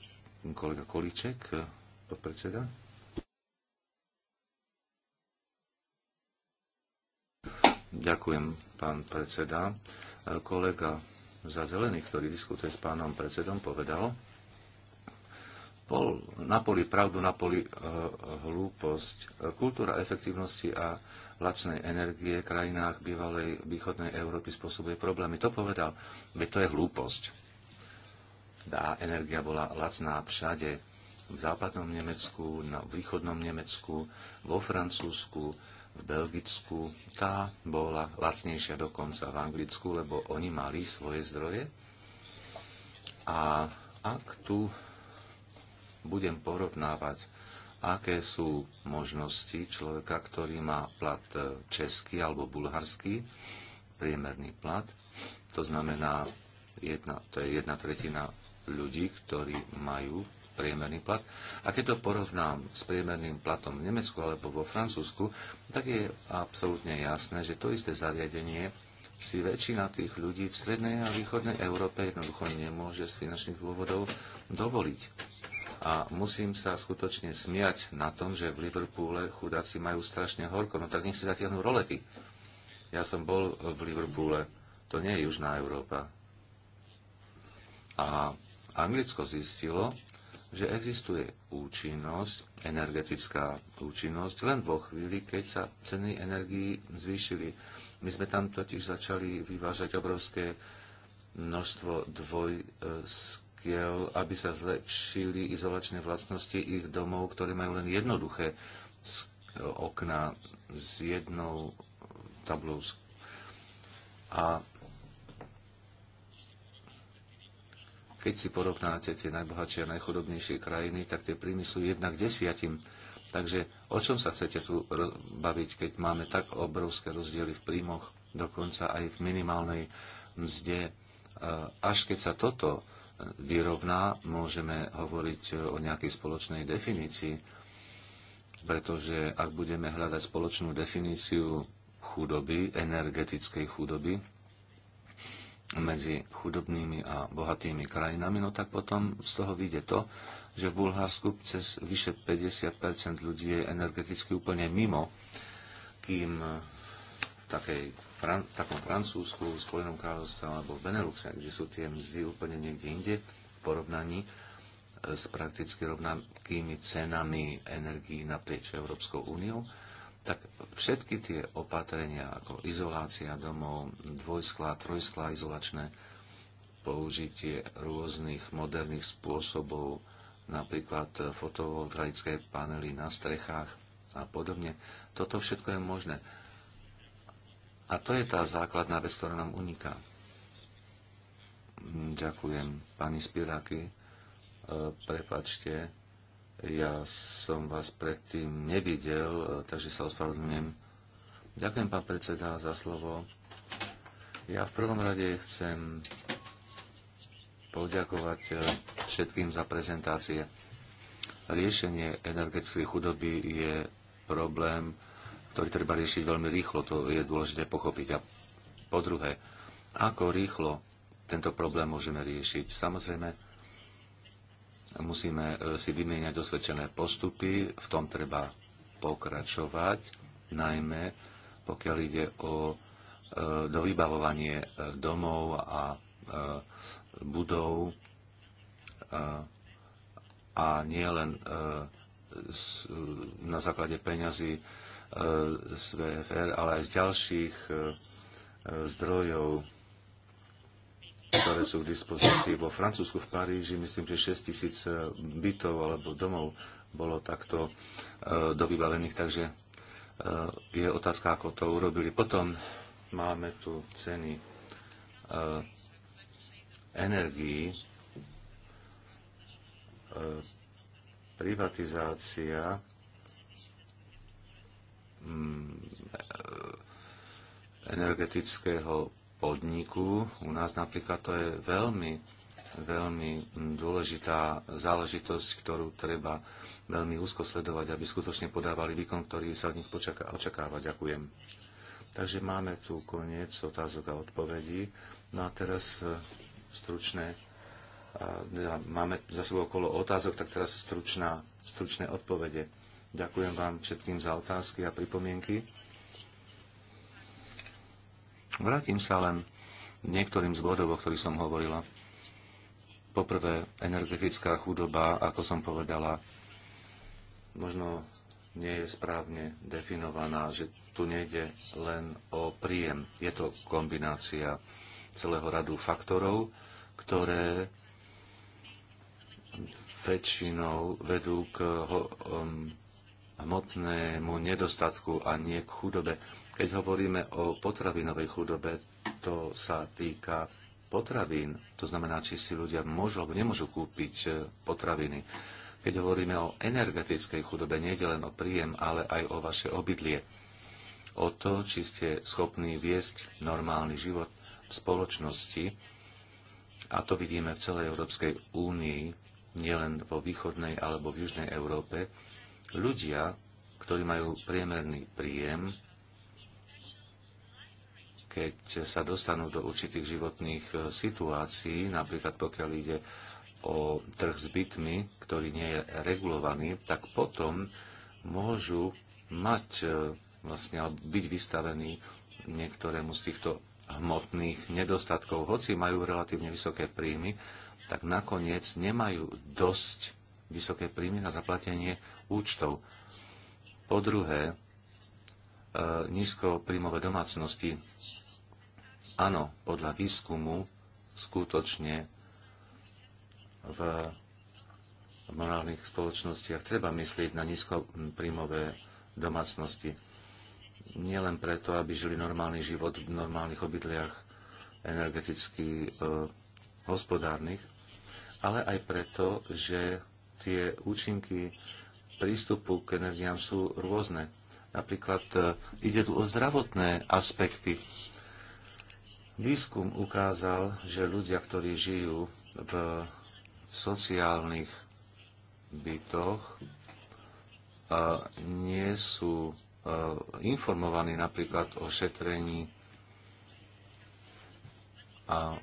kolega Kolíček, e, podpredseda. Ďakujem, pán predseda. E, kolega za zelených, ktorý diskutuje s pánom predsedom, povedal, bol na poli pravdu, na poli e, hlúposť. Kultúra efektívnosti a lacnej energie v krajinách bývalej východnej Európy spôsobuje problémy. To povedal, veď to je hlúposť. Tá energia bola lacná všade. V západnom Nemecku, na východnom Nemecku, vo Francúzsku, v Belgicku, tá bola lacnejšia dokonca v Anglicku, lebo oni mali svoje zdroje. A ak tu budem porovnávať, aké sú možnosti človeka, ktorý má plat e, český alebo bulharský, priemerný plat, to znamená, jedna, to je jedna tretina ľudí, ktorí majú priemerný plat. A keď to porovnám s priemerným platom v Nemecku alebo vo Francúzsku, tak je absolútne jasné, že to isté zariadenie si väčšina tých ľudí v strednej a východnej Európe jednoducho nemôže z finančných dôvodov dovoliť. A musím sa skutočne smiať na tom, že v Liverpoole chudáci majú strašne horko, no tak nech si zatiahnu rolety. Ja som bol v Liverpoole, to nie je Južná Európa. A Anglicko zistilo, že existuje účinnosť, energetická účinnosť, len vo chvíli, keď sa ceny energií zvýšili. My sme tam totiž začali vyvážať obrovské množstvo dvojskiel, e, aby sa zlepšili izolačné vlastnosti ich domov, ktoré majú len jednoduché e, okna s jednou tablou. A Keď si porovnáte tie najbohatšie a najchudobnejšie krajiny, tak tie príjmy sú jednak desiatim. Takže o čom sa chcete tu baviť, keď máme tak obrovské rozdiely v príjmoch, dokonca aj v minimálnej mzde? E, až keď sa toto e, vyrovná, môžeme hovoriť e, o nejakej spoločnej definícii, pretože ak budeme hľadať spoločnú definíciu chudoby, energetickej chudoby, medzi chudobnými a bohatými krajinami, no tak potom z toho vyjde to, že v Bulharsku cez vyše 50 ľudí je energeticky úplne mimo, kým v takej, fran, takom Francúzsku, v Spojenom kráľovstve alebo v Beneluxe, kde sú tie mzdy úplne niekde inde v porovnaní s prakticky rovnakými cenami energií naprieč Európskou úniou, tak všetky tie opatrenia ako izolácia domov, dvojsklá, trojsklá izolačné, použitie rôznych moderných spôsobov, napríklad fotovoltaické panely na strechách a podobne. Toto všetko je možné. A to je tá základná vec, ktorá nám uniká. Hm, ďakujem, pani Spiráky. E, prepačte, ja som vás predtým nevidel, e, takže sa ospravedlňujem. Ďakujem, pán predseda, za slovo. Ja v prvom rade chcem poďakovať e, všetkým za prezentácie. Riešenie energetickej chudoby je problém, ktorý treba riešiť veľmi rýchlo, to je dôležité pochopiť. A po druhé, ako rýchlo tento problém môžeme riešiť? Samozrejme, Musíme e, si vymieňať osvedčené postupy, v tom treba pokračovať, najmä pokiaľ ide o e, dovybavovanie e, domov a budov a nie len na základe peňazí z VFR, ale aj z ďalších zdrojov ktoré sú k dispozícii. Vo Francúzsku v Paríži myslím, že 6 tisíc eh, bytov alebo domov bolo takto eh, dovybavených, takže eh, je otázka, ako to urobili. Potom máme tu ceny energií, privatizácia mm, energetického podniku. U nás napríklad to je veľmi, veľmi dôležitá záležitosť, ktorú treba veľmi úzko sledovať, aby skutočne podávali výkon, ktorý sa od nich počaká, očakáva. Ďakujem. Takže máme tu koniec otázok a odpovedí. No a teraz eh, stručné, eh, máme za sebou okolo otázok, tak teraz stručná, stručné odpovede. Ďakujem vám všetkým za otázky a pripomienky. Vrátim sa len niektorým z bodov, o ktorých som hovorila. Poprvé, energetická chudoba, ako som povedala, možno nie je správne definovaná, že tu nejde len o príjem. Je to kombinácia celého radu faktorov, ktoré väčšinou vedú k um, hmotnému nedostatku a nie k chudobe. Keď hovoríme o potravinovej chudobe, to sa týka potravín, to znamená, či si ľudia môžu alebo nemôžu kúpiť e, potraviny. Keď hovoríme o energetickej chudobe, nie je len o príjem, ale aj o vaše obydlie. O to, či ste schopní viesť normálny život v spoločnosti. A to vidíme v celej Európskej únii, nielen vo východnej alebo v južnej Európe. Ľudia, ktorí majú priemerný príjem, keď sa dostanú do určitých životných e, situácií, napríklad pokiaľ ide o trh s bytmi, ktorý nie je regulovaný, tak potom môžu mať e, vlastne byť vystavení niektorému z týchto hmotných nedostatkov. Hoci majú relatívne vysoké príjmy, tak nakoniec nemajú dosť vysoké príjmy na zaplatenie účtov. Po druhé, e, príjmové domácnosti Áno, podľa výskumu skutočne v morálnych spoločnostiach treba myslieť na nízkoprímové domácnosti. Nielen preto, aby žili normálny život v normálnych obydliach energeticky e, hospodárnych, ale aj preto, že tie účinky prístupu k energiám sú rôzne. Napríklad e, ide tu o zdravotné aspekty Výskum ukázal, že ľudia, ktorí žijú v sociálnych bytoch, nie sú informovaní napríklad o šetrení a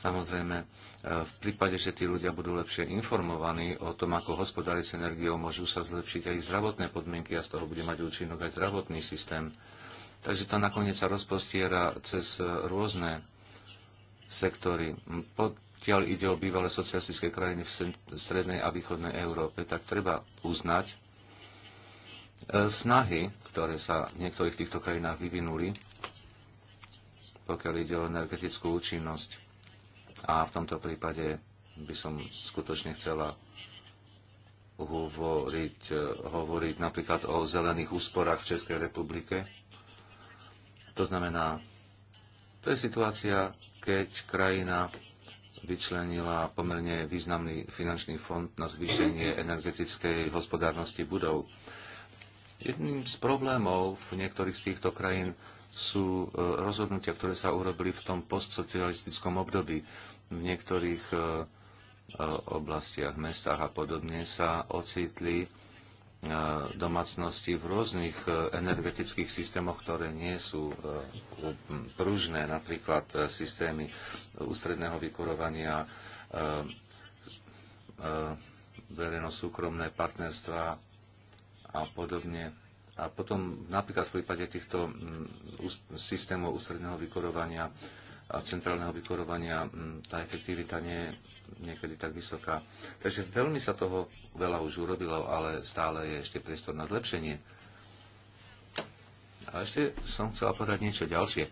Samozrejme, v prípade, že tí ľudia budú lepšie informovaní o tom, ako hospodáriť s energiou, môžu sa zlepšiť aj zdravotné podmienky a z toho bude mať účinok aj zdravotný systém. Takže to nakoniec sa rozpostiera cez rôzne sektory. Pokiaľ ide o bývalé socialistické krajiny v strednej a východnej Európe, tak treba uznať e, snahy, ktoré sa v niektorých týchto krajinách vyvinuli, pokiaľ ide o energetickú účinnosť a v tomto prípade by som skutočne chcela hovoriť, eh, hovoriť napríklad o zelených úsporách v Českej republike. To znamená, to je situácia, keď krajina vyčlenila pomerne významný finančný fond na zvýšenie energetickej hospodárnosti budov. Jedným z problémov v niektorých z týchto krajín sú eh, rozhodnutia, ktoré sa urobili v tom postsocialistickom období v niektorých e, e, oblastiach, mestách a podobne sa ocitli e, domácnosti v rôznych energetických systémoch, ktoré nie sú pružné, napríklad systémy ústredného vykurovania, verejno-súkromné partnerstva a podobne. A potom napríklad v prípade týchto mm, systémov ústredného vykurovania a centrálneho vykorovania tá efektivita nie je niekedy tak vysoká. Takže veľmi sa toho veľa už urobilo, ale stále je ešte priestor na zlepšenie. A ešte som chcela povedať niečo ďalšie.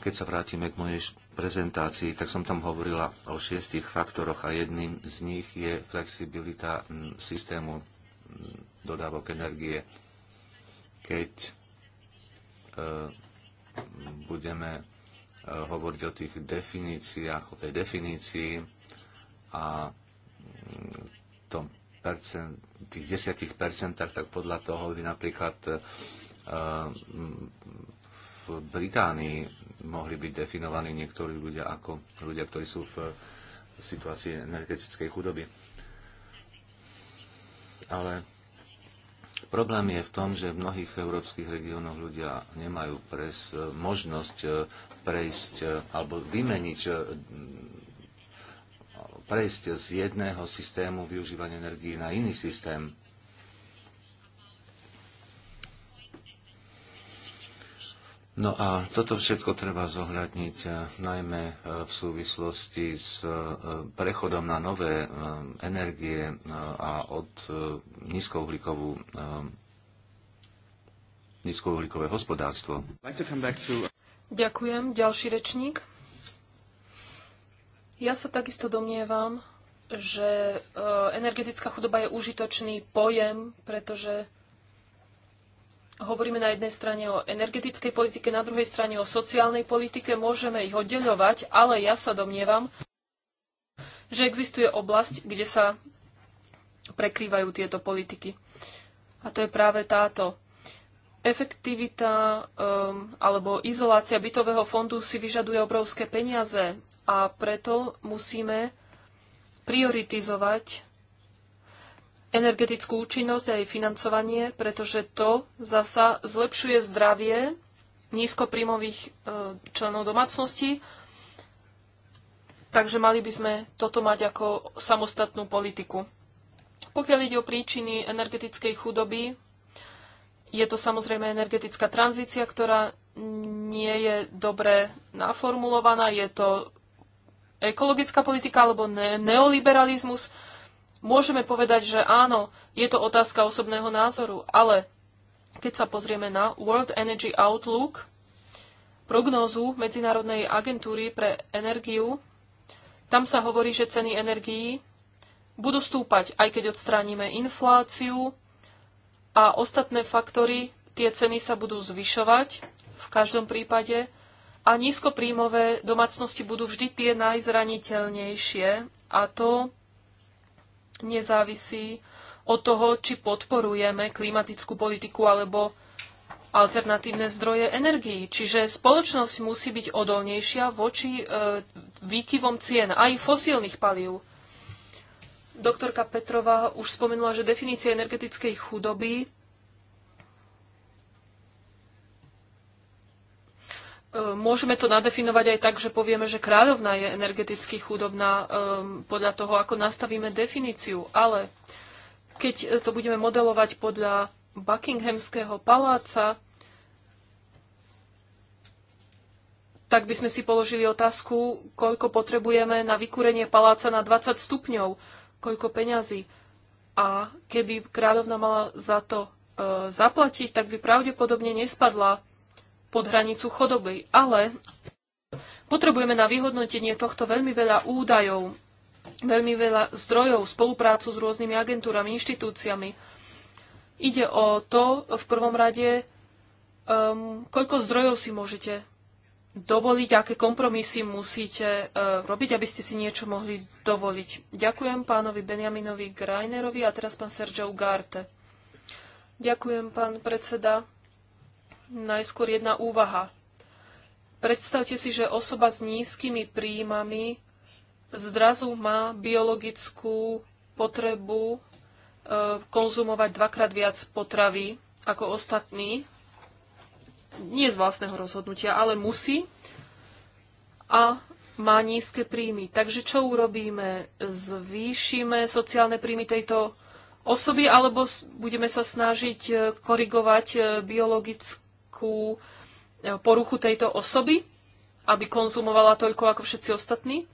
Keď sa vrátime k mojej prezentácii, tak som tam hovorila o šiestich faktoroch a jedným z nich je flexibilita systému dodávok energie. Keď e, budeme Eh, hovoriť o tých definíciách, o tej definícii a mm, tom percent, tých desiatich percentách, tak podľa toho by napríklad eh, mm, v Británii mohli byť definovaní niektorí ľudia ako ľudia, ktorí sú v situácii energetickej chudoby. Ale Problém je v tom, že v mnohých európskych regiónoch ľudia nemajú pres, eh, možnosť prejsť e, alebo vymeniť e, prejsť z jedného systému využívania energii na iný systém. No a toto všetko treba zohľadniť e, najmä v súvislosti s prechodom na nové energie a od nízkouhlíkovú nízkouhlíkové hospodárstvo. Ďakujem. Ďalší rečník. Ja sa takisto domnievam, že e, energetická chudoba je užitočný pojem, pretože hovoríme na jednej strane o energetickej politike, na druhej strane o sociálnej politike, môžeme ich oddeľovať, ale ja sa domnievam, že existuje oblasť, kde sa prekrývajú tieto politiky. A to je práve táto efektivita um, alebo izolácia bytového fondu si vyžaduje obrovské peniaze a preto musíme prioritizovať energetickú účinnosť a jej financovanie, pretože to zasa zlepšuje zdravie nízkoprímových uh, členov domácnosti. Takže mali by sme toto mať ako samostatnú politiku. Pokiaľ ide o príčiny energetickej chudoby, je to samozrejme energetická tranzícia, ktorá nie je dobre naformulovaná. Je to ekologická politika alebo ne- neoliberalizmus. Môžeme povedať, že áno, je to otázka osobného názoru, ale keď sa pozrieme na World Energy Outlook, prognózu Medzinárodnej agentúry pre energiu, tam sa hovorí, že ceny energií budú stúpať, aj keď odstránime infláciu, a ostatné faktory, tie ceny sa budú zvyšovať v každom prípade a nízkopríjmové domácnosti budú vždy tie najzraniteľnejšie a to nezávisí od toho, či podporujeme klimatickú politiku alebo alternatívne zdroje energií. Čiže spoločnosť musí byť odolnejšia voči e, výkyvom cien aj fosílnych palív. Doktorka Petrová už spomenula, že definícia energetickej chudoby e, Môžeme to nadefinovať aj tak, že povieme, že kráľovna je energeticky chudobná e, podľa toho, ako nastavíme definíciu. Ale keď to budeme modelovať podľa Buckinghamského paláca, tak by sme si položili otázku, koľko potrebujeme na vykúrenie paláca na 20 stupňov koľko peňazí. A keby kráľovna mala za to e, zaplatiť, tak by pravdepodobne nespadla pod hranicu chodoby. Ale potrebujeme na vyhodnotenie tohto veľmi veľa údajov, veľmi veľa zdrojov, spoluprácu s rôznymi agentúrami, inštitúciami. Ide o to v prvom rade, um, koľko zdrojov si môžete dovoliť, aké kompromisy musíte uh, robiť, aby ste si niečo mohli dovoliť. Ďakujem pánovi Benjaminovi Grajnerovi a teraz pán Sergio Ugarte. Ďakujem, pán predseda. Najskôr jedna úvaha. Predstavte si, že osoba s nízkymi príjmami zdrazu má biologickú potrebu e, konzumovať dvakrát viac potravy ako ostatní nie z vlastného rozhodnutia, ale musí a má nízke príjmy. Takže čo urobíme? Zvýšime sociálne príjmy tejto osoby alebo budeme sa snažiť e, korigovať e, biologickú e, poruchu tejto osoby, aby konzumovala toľko ako všetci ostatní?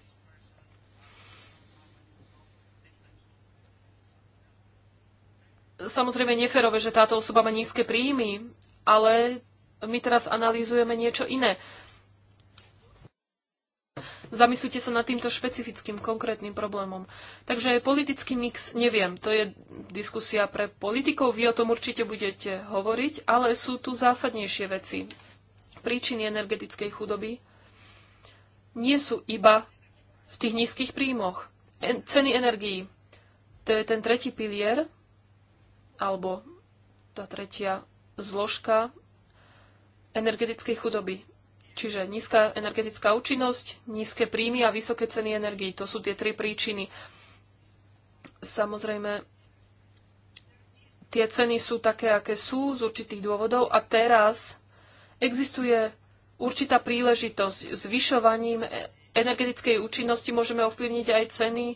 Samozrejme, neférové, že táto osoba má nízke príjmy, ale my teraz analýzujeme niečo iné. Zamyslite sa nad týmto špecifickým konkrétnym problémom. Takže politický mix neviem, to je diskusia pre politikov, vy o tom určite budete hovoriť, ale sú tu zásadnejšie veci. Príčiny energetickej chudoby nie sú iba v tých nízkych príjmoch. En- ceny energií, to je ten tretí pilier, alebo tá tretia zložka energetickej chudoby. Čiže nízka energetická účinnosť, nízke príjmy a vysoké ceny energií. To sú tie tri príčiny. Samozrejme, tie ceny sú také, aké sú z určitých dôvodov a teraz existuje určitá príležitosť. Zvyšovaním e- energetickej účinnosti môžeme ovplyvniť aj ceny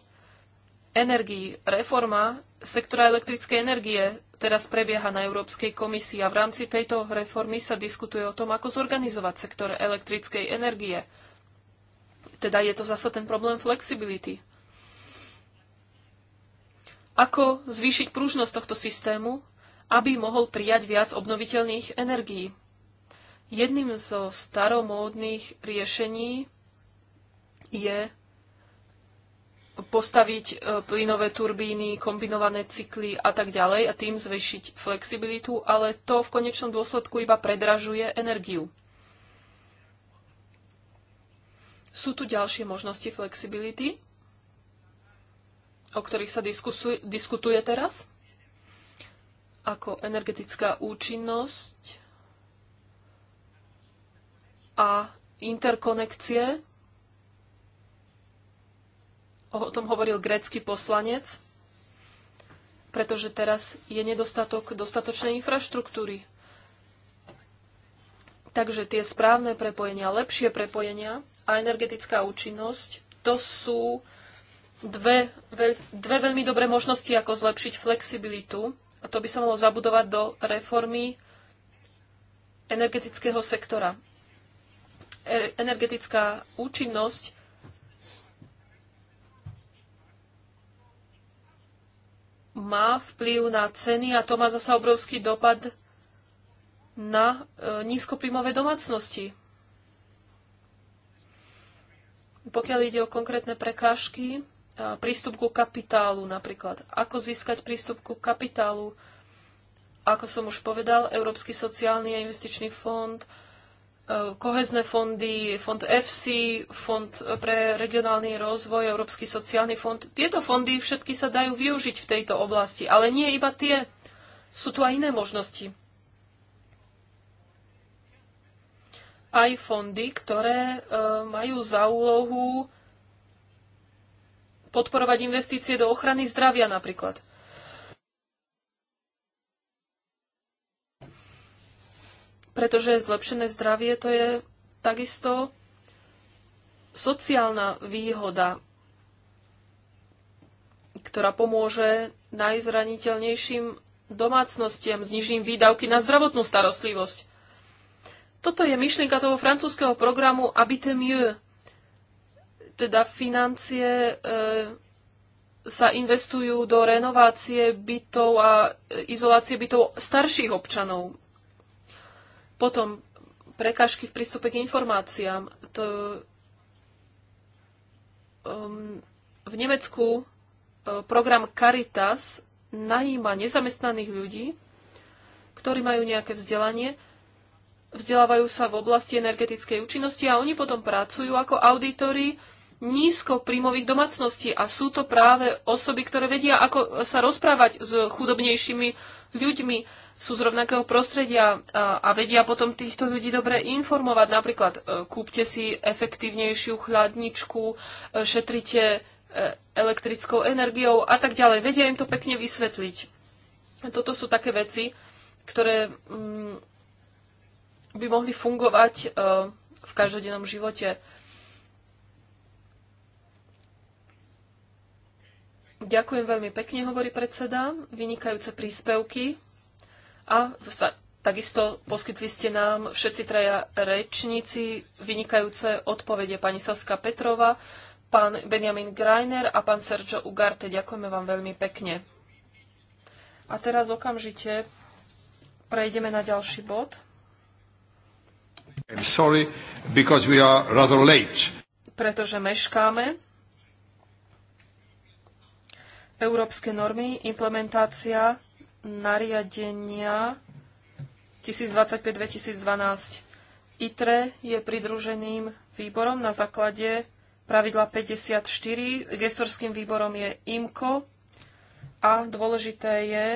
energií. Reforma sektora elektrickej energie teraz prebieha na Európskej komisii a v rámci tejto reformy sa diskutuje o tom, ako zorganizovať sektor elektrickej energie. Teda je to zasa ten problém flexibility. Ako zvýšiť pružnosť tohto systému, aby mohol prijať viac obnoviteľných energií. Jedným zo staromódnych riešení je postaviť e, plynové turbíny, kombinované cykly a tak ďalej a tým zvešiť flexibilitu, ale to v konečnom dôsledku iba predražuje energiu. Sú tu ďalšie možnosti flexibility, o ktorých sa diskutuje teraz, ako energetická účinnosť a interkonekcie o tom hovoril grécky poslanec, pretože teraz je nedostatok dostatočnej infraštruktúry. Takže tie správne prepojenia, lepšie prepojenia a energetická účinnosť, to sú dve, veľ, dve veľmi dobré možnosti, ako zlepšiť flexibilitu. A to by sa malo zabudovať do reformy energetického sektora. E energetická účinnosť má vplyv na ceny a to má zasa obrovský dopad na e, nízkoprímové domácnosti. Pokiaľ ide o konkrétne prekážky, e, prístup ku kapitálu napríklad. Ako získať prístup ku kapitálu? Ako som už povedal, Európsky sociálny a investičný fond, Eh, kohezné fondy, fond FC, fond eh, pre regionálny rozvoj, Európsky sociálny fond. Tieto fondy všetky sa dajú využiť v tejto oblasti, ale nie iba tie. Sú tu aj iné možnosti. Aj fondy, ktoré eh, majú za úlohu podporovať investície do ochrany zdravia napríklad. pretože zlepšené zdravie to je takisto sociálna výhoda, ktorá pomôže najzraniteľnejším domácnostiam s nižším výdavky na zdravotnú starostlivosť. Toto je myšlienka toho francúzského programu Habite mieux. Teda financie e, sa investujú do renovácie bytov a izolácie bytov starších občanov. Potom prekážky v prístupe k informáciám. To, um, v Nemecku uh, program Caritas najíma nezamestnaných ľudí, ktorí majú nejaké vzdelanie, vzdelávajú sa v oblasti energetickej účinnosti a oni potom pracujú ako auditori nízko príjmových domácností a sú to práve osoby, ktoré vedia, ako sa rozprávať s chudobnejšími ľuďmi, sú z rovnakého prostredia a, a vedia potom týchto ľudí dobre informovať. Napríklad e, kúpte si efektívnejšiu chladničku, e, šetrite e, elektrickou energiou a tak ďalej. Vedia im to pekne vysvetliť. Toto sú také veci, ktoré mm, by mohli fungovať v každodennom živote. Ďakujem veľmi pekne, hovorí predseda. Vynikajúce príspevky. A sa, takisto poskytli ste nám všetci traja rečníci vynikajúce odpovede pani Saska Petrova, pán Benjamin Greiner a pán Sergio Ugarte. Ďakujeme vám veľmi pekne. A teraz okamžite prejdeme na ďalší bod. I'm sorry, because we are rather late. Pretože meškáme európske normy, implementácia nariadenia 1025-2012. ITRE je pridruženým výborom na základe pravidla 54. Gestorským výborom je IMCO a dôležité je,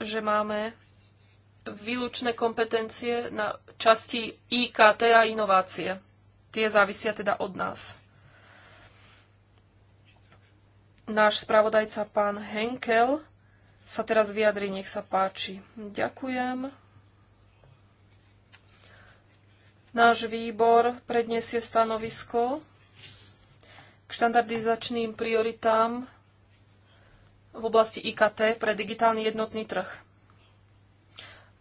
že máme výlučné kompetencie na časti IKT a inovácie. Tie závisia teda od nás. Náš spravodajca pán Henkel sa teraz vyjadri, nech sa páči. Ďakujem. Náš výbor predniesie stanovisko k štandardizačným prioritám v oblasti IKT pre digitálny jednotný trh.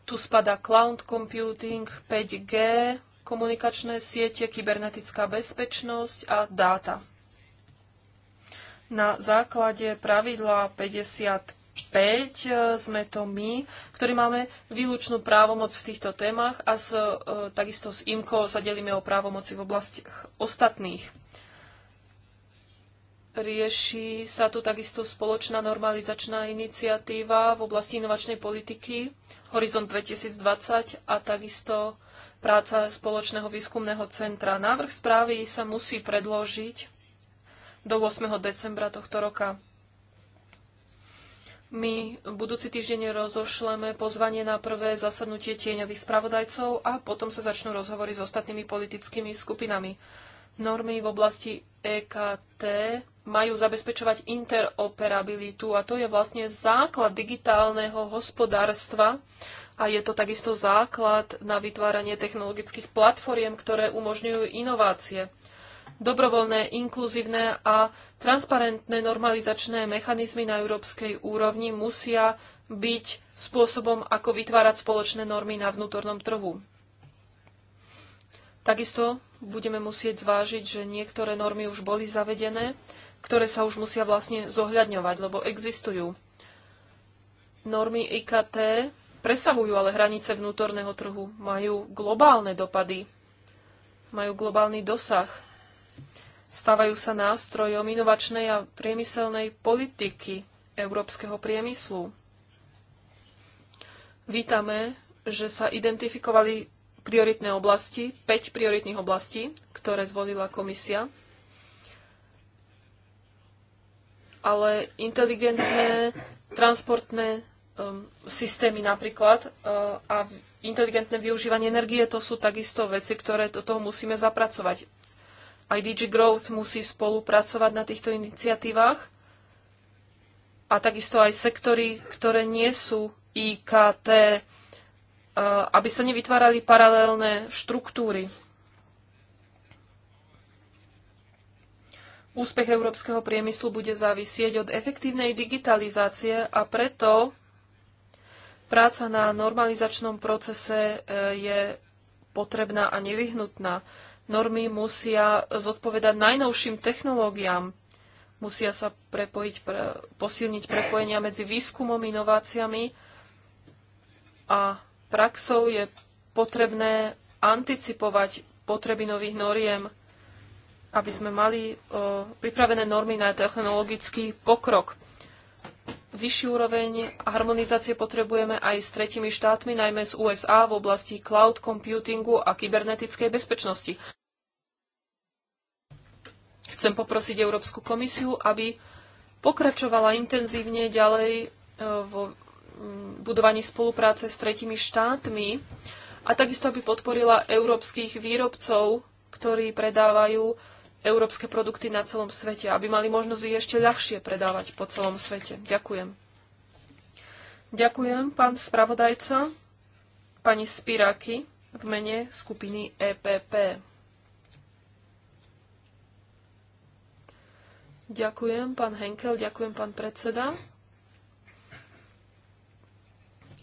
Tu spada cloud computing, 5G, komunikačné siete, kybernetická bezpečnosť a dáta. Na základe pravidla 55 e, sme to my, ktorí máme výlučnú právomoc v týchto témach a s, e, takisto s IMCO sa delíme o právomoci v oblastiach ostatných. Rieši sa tu takisto spoločná normalizačná iniciatíva v oblasti inovačnej politiky Horizont 2020 a takisto práca spoločného výskumného centra. Návrh správy sa musí predložiť do 8. decembra tohto roka. My budúci týždeň rozošleme pozvanie na prvé zasadnutie tieňových spravodajcov a potom sa začnú rozhovory s ostatnými politickými skupinami. Normy v oblasti EKT majú zabezpečovať interoperabilitu a to je vlastne základ digitálneho hospodárstva a je to takisto základ na vytváranie technologických platformiem, ktoré umožňujú inovácie dobrovoľné, inkluzívne a transparentné normalizačné mechanizmy na európskej úrovni musia byť spôsobom, ako vytvárať spoločné normy na vnútornom trhu. Takisto budeme musieť zvážiť, že niektoré normy už boli zavedené, ktoré sa už musia vlastne zohľadňovať, lebo existujú. Normy IKT presahujú ale hranice vnútorného trhu, majú globálne dopady, majú globálny dosah stávajú sa nástrojom inovačnej a priemyselnej politiky európskeho priemyslu. Vítame, že sa identifikovali prioritné oblasti, 5 prioritných oblastí, ktoré zvolila komisia. Ale inteligentné transportné um, systémy napríklad uh, a inteligentné využívanie energie, to sú takisto veci, ktoré do toho musíme zapracovať. Aj DG Growth musí spolupracovať na týchto iniciatívach a takisto aj sektory, ktoré nie sú IKT, eh, aby sa nevytvárali paralelné štruktúry. Úspech európskeho priemyslu bude závisieť od efektívnej digitalizácie a preto práca na normalizačnom procese eh, je potrebná a nevyhnutná normy musia zodpovedať najnovším technológiám. Musia sa prepojiť, pre, posilniť prepojenia medzi výskumom, inováciami a praxou je potrebné anticipovať potreby nových noriem, aby sme mali o, pripravené normy na technologický pokrok vyšší úroveň harmonizácie potrebujeme aj s tretimi štátmi, najmä z USA v oblasti cloud computingu a kybernetickej bezpečnosti. Chcem poprosiť Európsku komisiu, aby pokračovala intenzívne ďalej e, v mm, budovaní spolupráce s tretimi štátmi a takisto aby podporila európskych výrobcov, ktorí predávajú európske produkty na celom svete, aby mali možnosť ich ešte ľahšie predávať po celom svete. Ďakujem. Ďakujem, pán spravodajca, pani Spiráky v mene skupiny EPP. Ďakujem, pán Henkel, ďakujem, pán predseda.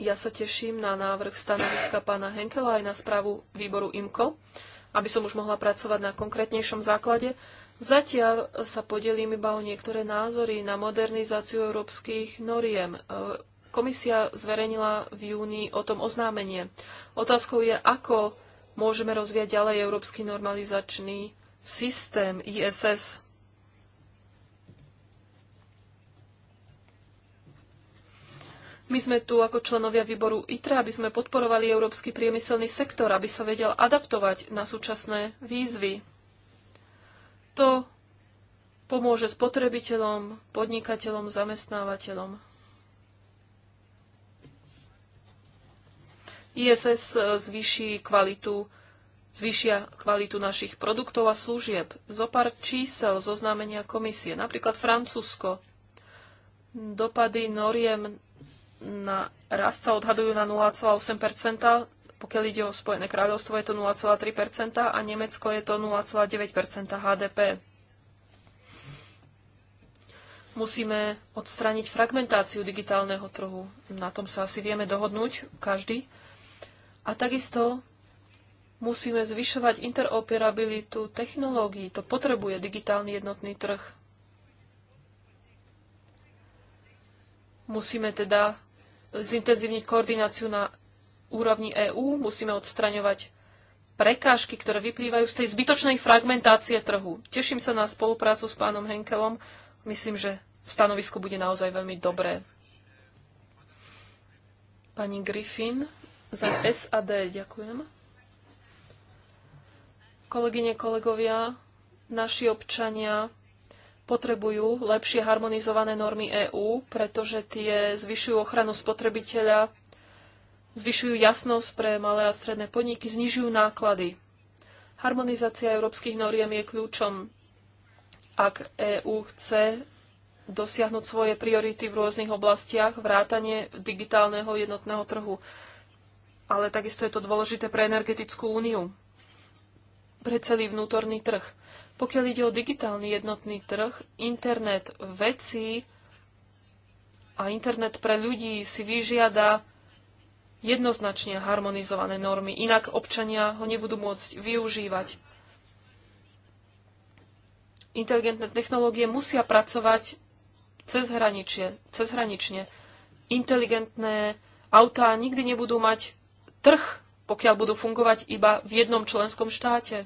Ja sa teším na návrh stanoviska pána Henkela aj na správu výboru IMKO aby som už mohla pracovať na konkrétnejšom základe. Zatiaľ sa podelím iba o niektoré názory na modernizáciu európskych noriem. E, Komisia zverejnila v júni o tom oznámenie. Otázkou je, ako môžeme rozvíjať ďalej európsky normalizačný systém ISS. My sme tu ako členovia výboru ITRA, aby sme podporovali európsky priemyselný sektor, aby sa vedel adaptovať na súčasné výzvy. To pomôže spotrebiteľom, podnikateľom, zamestnávateľom. ISS zvýši kvalitu, zvýšia kvalitu našich produktov a služieb. Zopár čísel zoznámenia komisie, napríklad Francúzsko. Dopady noriem na rast sa odhadujú na 0,8 pokiaľ ide o Spojené kráľovstvo je to 0,3 a Nemecko je to 0,9 HDP. Musíme odstrániť fragmentáciu digitálneho trhu. Na tom sa asi vieme dohodnúť každý. A takisto musíme zvyšovať interoperabilitu technológií. To potrebuje digitálny jednotný trh. Musíme teda zintenzívniť koordináciu na úrovni EÚ, musíme odstraňovať prekážky, ktoré vyplývajú z tej zbytočnej fragmentácie trhu. Teším sa na spoluprácu s pánom Henkelom. Myslím, že stanovisko bude naozaj veľmi dobré. Pani Griffin za SAD, ďakujem. Kolegyne, kolegovia, naši občania potrebujú lepšie harmonizované normy EÚ, pretože tie zvyšujú ochranu spotrebiteľa, zvyšujú jasnosť pre malé a stredné podniky, znižujú náklady. Harmonizácia európskych noriem je kľúčom, ak EÚ chce dosiahnuť svoje priority v rôznych oblastiach, vrátanie digitálneho jednotného trhu. Ale takisto je to dôležité pre energetickú úniu pre celý vnútorný trh. Pokiaľ ide o digitálny jednotný trh, internet vecí a internet pre ľudí si vyžiada jednoznačne harmonizované normy, inak občania ho nebudú môcť využívať. Inteligentné technológie musia pracovať cezhranične. hranične. Inteligentné autá nikdy nebudú mať trh pokiaľ budú fungovať iba v jednom členskom štáte.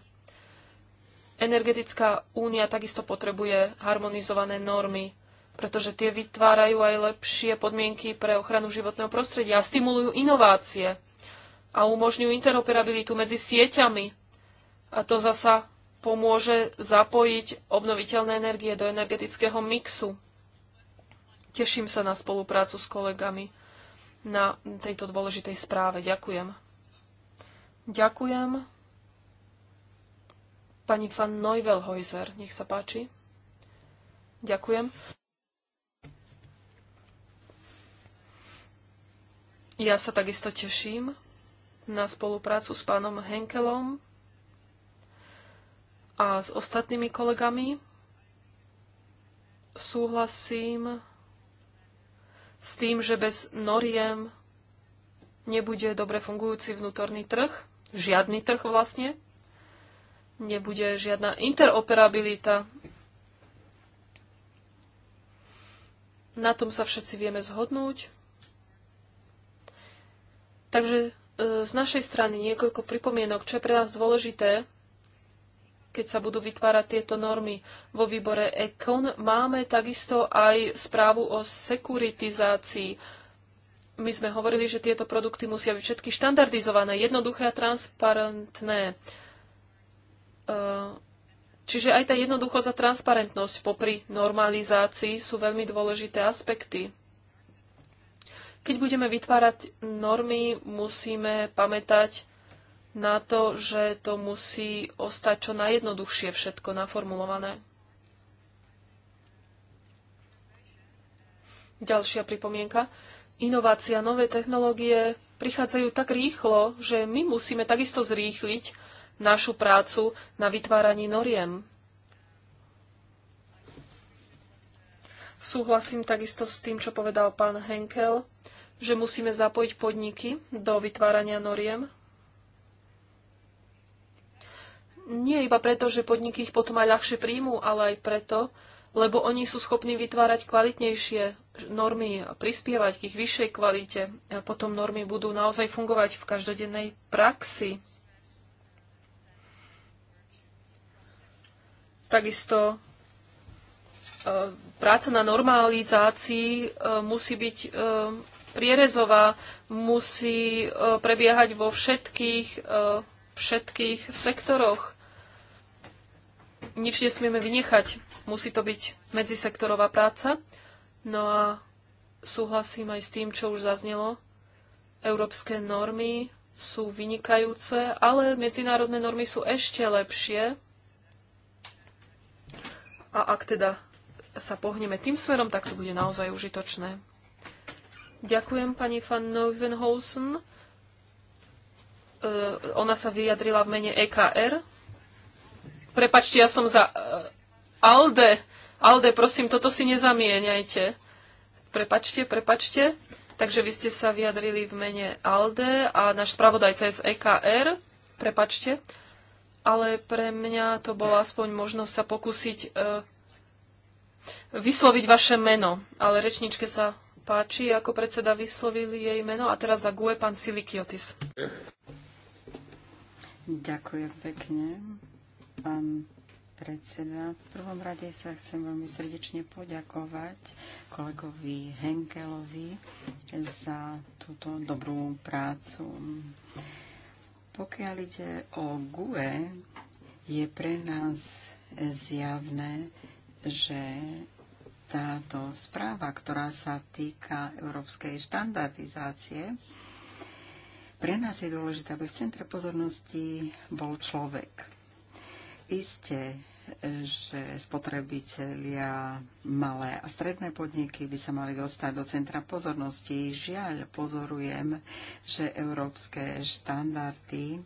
Energetická únia takisto potrebuje harmonizované normy, pretože tie vytvárajú aj lepšie podmienky pre ochranu životného prostredia a stimulujú inovácie a umožňujú interoperabilitu medzi sieťami. A to zasa pomôže zapojiť obnoviteľné energie do energetického mixu. Teším sa na spoluprácu s kolegami na tejto dôležitej správe. Ďakujem. Ďakujem. Pani van Neuvelhäuser, nech sa páči. Ďakujem. Ja sa takisto teším na spoluprácu s pánom Henkelom a s ostatnými kolegami. Súhlasím s tým, že bez noriem nebude dobre fungujúci vnútorný trh žiadny trh vlastne, nebude žiadna interoperabilita. Na tom sa všetci vieme zhodnúť. Takže e, z našej strany niekoľko pripomienok, čo je pre nás dôležité, keď sa budú vytvárať tieto normy. Vo výbore ECON máme takisto aj správu o sekuritizácii my sme hovorili, že tieto produkty musia byť všetky štandardizované, jednoduché a transparentné. E, čiže aj tá jednoduchosť a transparentnosť popri normalizácii sú veľmi dôležité aspekty. Keď budeme vytvárať normy, musíme pamätať na to, že to musí ostať čo najjednoduchšie všetko naformulované. Ďalšia pripomienka inovácia, nové technológie prichádzajú tak rýchlo, že my musíme takisto zrýchliť našu prácu na vytváraní noriem. Súhlasím takisto s tým, čo povedal pán Henkel, že musíme zapojiť podniky do vytvárania noriem, nie iba preto, že podniky ich potom aj ľahšie príjmú, ale aj preto, lebo oni sú schopní vytvárať kvalitnejšie normy prispievať k ich vyššej kvalite. A potom normy budú naozaj fungovať v každodennej praxi. Takisto e, práca na normalizácii e, musí byť e, prierezová, musí prebiehať vo všetkých, všetkých sektoroch. Nič nesmieme vynechať. Musí to byť medzisektorová práca. No a súhlasím aj s tým, čo už zaznelo. Európske normy sú vynikajúce, ale medzinárodné normy sú ešte lepšie. A ak teda sa pohneme tým smerom, tak to bude naozaj užitočné. Ďakujem pani van Neuvenhausen. Uh, e, ona sa vyjadrila v mene EKR. Prepačte, ja som za uh, ALDE. Alde, prosím, toto si nezamieňajte. Prepačte, prepačte. Takže vy ste sa vyjadrili v mene Alde a náš spravodajca je z EKR. Prepačte. Ale pre mňa to bola aspoň možnosť sa pokúsiť e, vysloviť vaše meno. Ale rečničke sa páči, ako predseda vyslovili jej meno. A teraz za GUE pán Silikiotis. Ďakujem pekne, pán predseda. V prvom rade sa chcem veľmi srdečne poďakovať kolegovi Henkelovi za túto dobrú prácu. Pokiaľ ide o GUE, je pre nás zjavné, že táto správa, ktorá sa týka európskej štandardizácie, pre nás je dôležité, aby v centre pozornosti bol človek Isté, že spotrebitelia, malé a stredné podniky by sa mali dostať do centra pozornosti. Žiaľ, pozorujem, že európske štandardy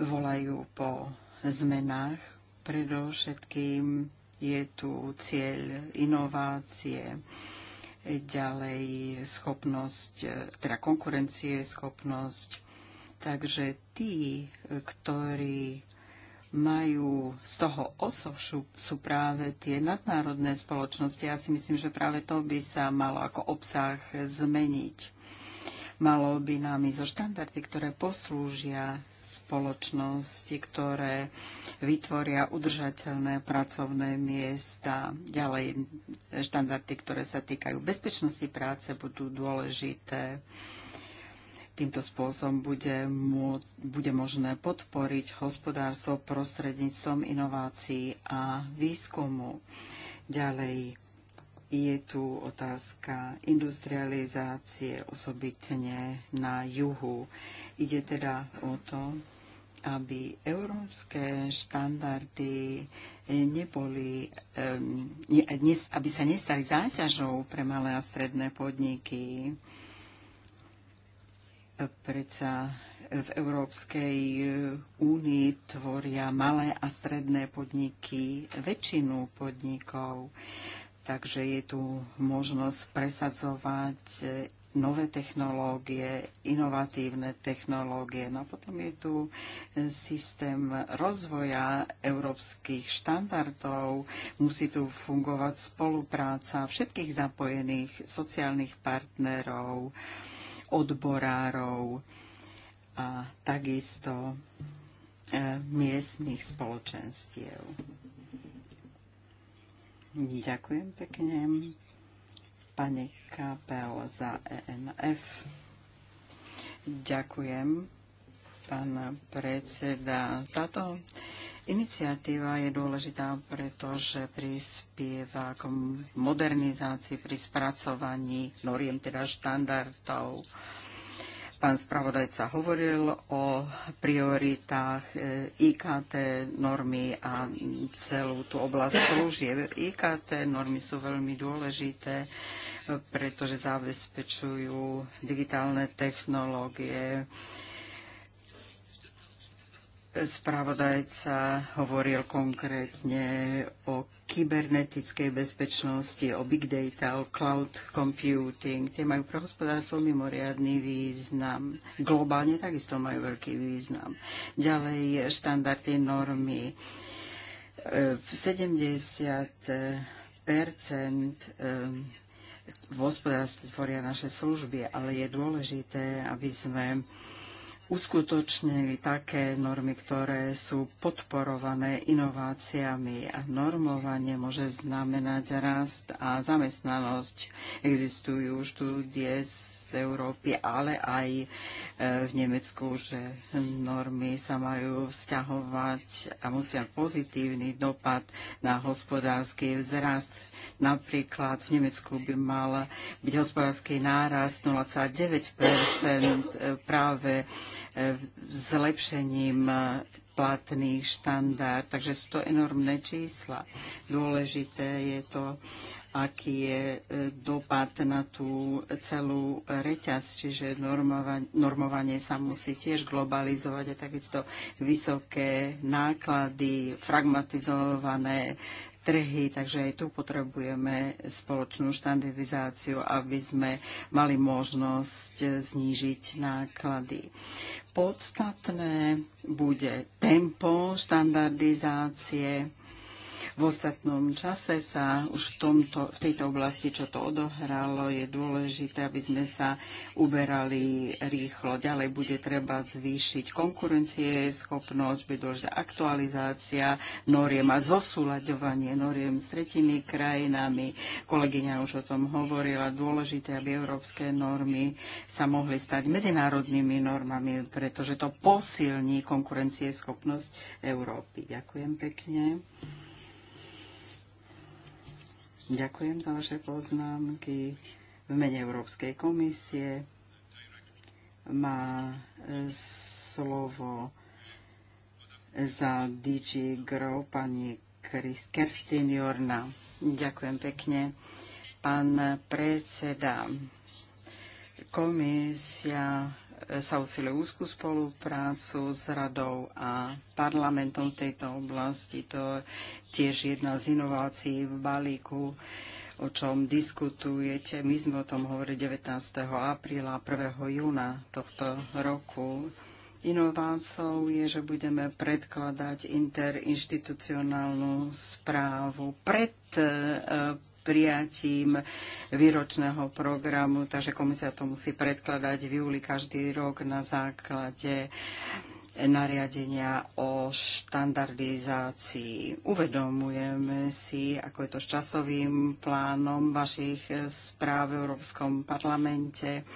volajú po zmenách. Predovšetkým je tu cieľ inovácie, ďalej schopnosť, teda konkurencie, schopnosť. Takže tí, ktorí majú z toho osob, sú práve tie nadnárodné spoločnosti. Ja si myslím, že práve to by sa malo ako obsah zmeniť. Malo by nám ísť o štandardy, ktoré poslúžia spoločnosti, ktoré vytvoria udržateľné pracovné miesta. Ďalej štandardy, ktoré sa týkajú bezpečnosti práce, budú dôležité Týmto spôsobom bude, bude možné podporiť hospodárstvo prostredníctvom inovácií a výskumu. Ďalej je tu otázka industrializácie, osobitne na juhu. Ide teda o to, aby európske štandardy neboli, aby sa nestali záťažou pre malé a stredné podniky predsa v Európskej eh, únii tvoria malé a stredné podniky väčšinu podnikov, takže je tu možnosť presadzovať eh, nové technológie, inovatívne technológie. No a potom je tu eh, systém rozvoja európskych štandardov, musí tu fungovať spolupráca všetkých zapojených sociálnych partnerov odborárov a takisto e, miestných spoločenstiev. Ďakujem pekne pani Kapel za ENF. Ďakujem pán predseda. Táto iniciatíva je dôležitá, pretože prispieva k modernizácii pri spracovaní noriem, teda štandardov. Pán spravodajca hovoril o prioritách e, IKT normy a celú tú oblasť služieb. IKT normy sú veľmi dôležité, pretože zabezpečujú digitálne technológie, Spravodajca hovoril konkrétne o kybernetickej bezpečnosti, o big data, o cloud computing. Tie majú pre hospodárstvo mimoriadný význam. Globálne takisto majú veľký význam. Ďalej štandardy, normy. V eh, 70 eh, v hospodárstve tvoria naše služby, ale je dôležité, aby sme uskutočnili také normy, ktoré sú podporované inováciami a normovanie môže znamenať rast a zamestnanosť. Existujú štúdie z Európy, ale aj e, v Nemecku, že normy sa majú vzťahovať a musia pozitívny dopad na hospodársky vzrast. Napríklad v Nemecku by mal byť hospodársky nárast 0,9 e, práve e, zlepšením platný štandard, takže sú to enormné čísla. Dôležité je to, aký je e, dopad na tú celú reťaz, čiže normovanie, normovanie sa musí tiež globalizovať a takisto vysoké náklady, fragmatizované trhy, takže aj tu potrebujeme spoločnú štandardizáciu, aby sme mali možnosť e, znížiť náklady. Podstatné bude tempo štandardizácie, v ostatnom čase sa už v, tomto, v tejto oblasti, čo to odohralo, je dôležité, aby sme sa uberali rýchlo. Ďalej bude treba zvýšiť konkurencie, schopnosť, bude dôležitá aktualizácia noriem a zosúľaďovanie noriem s tretimi krajinami. Kolegyňa už o tom hovorila. Dôležité, aby európske normy sa mohli stať medzinárodnými normami, pretože to posilní schopnosť Európy. Ďakujem pekne. Ďakujem za vaše poznámky. V mene Európskej komisie má e, slovo za DG Grow pani Kerstin Jorna. Ďakujem pekne. Pán predseda, komisia sa usiluje úzkú spoluprácu s radou a parlamentom v tejto oblasti. To je tiež jedna z inovácií v balíku, o čom diskutujete. My sme o tom hovorili 19. apríla 1. júna tohto roku inováciou je, že budeme predkladať interinstitucionálnu správu pred e, prijatím výročného programu, takže komisia to musí predkladať v júli každý rok na základe nariadenia o štandardizácii. Uvedomujeme si, ako je to s časovým plánom vašich správ v Európskom parlamente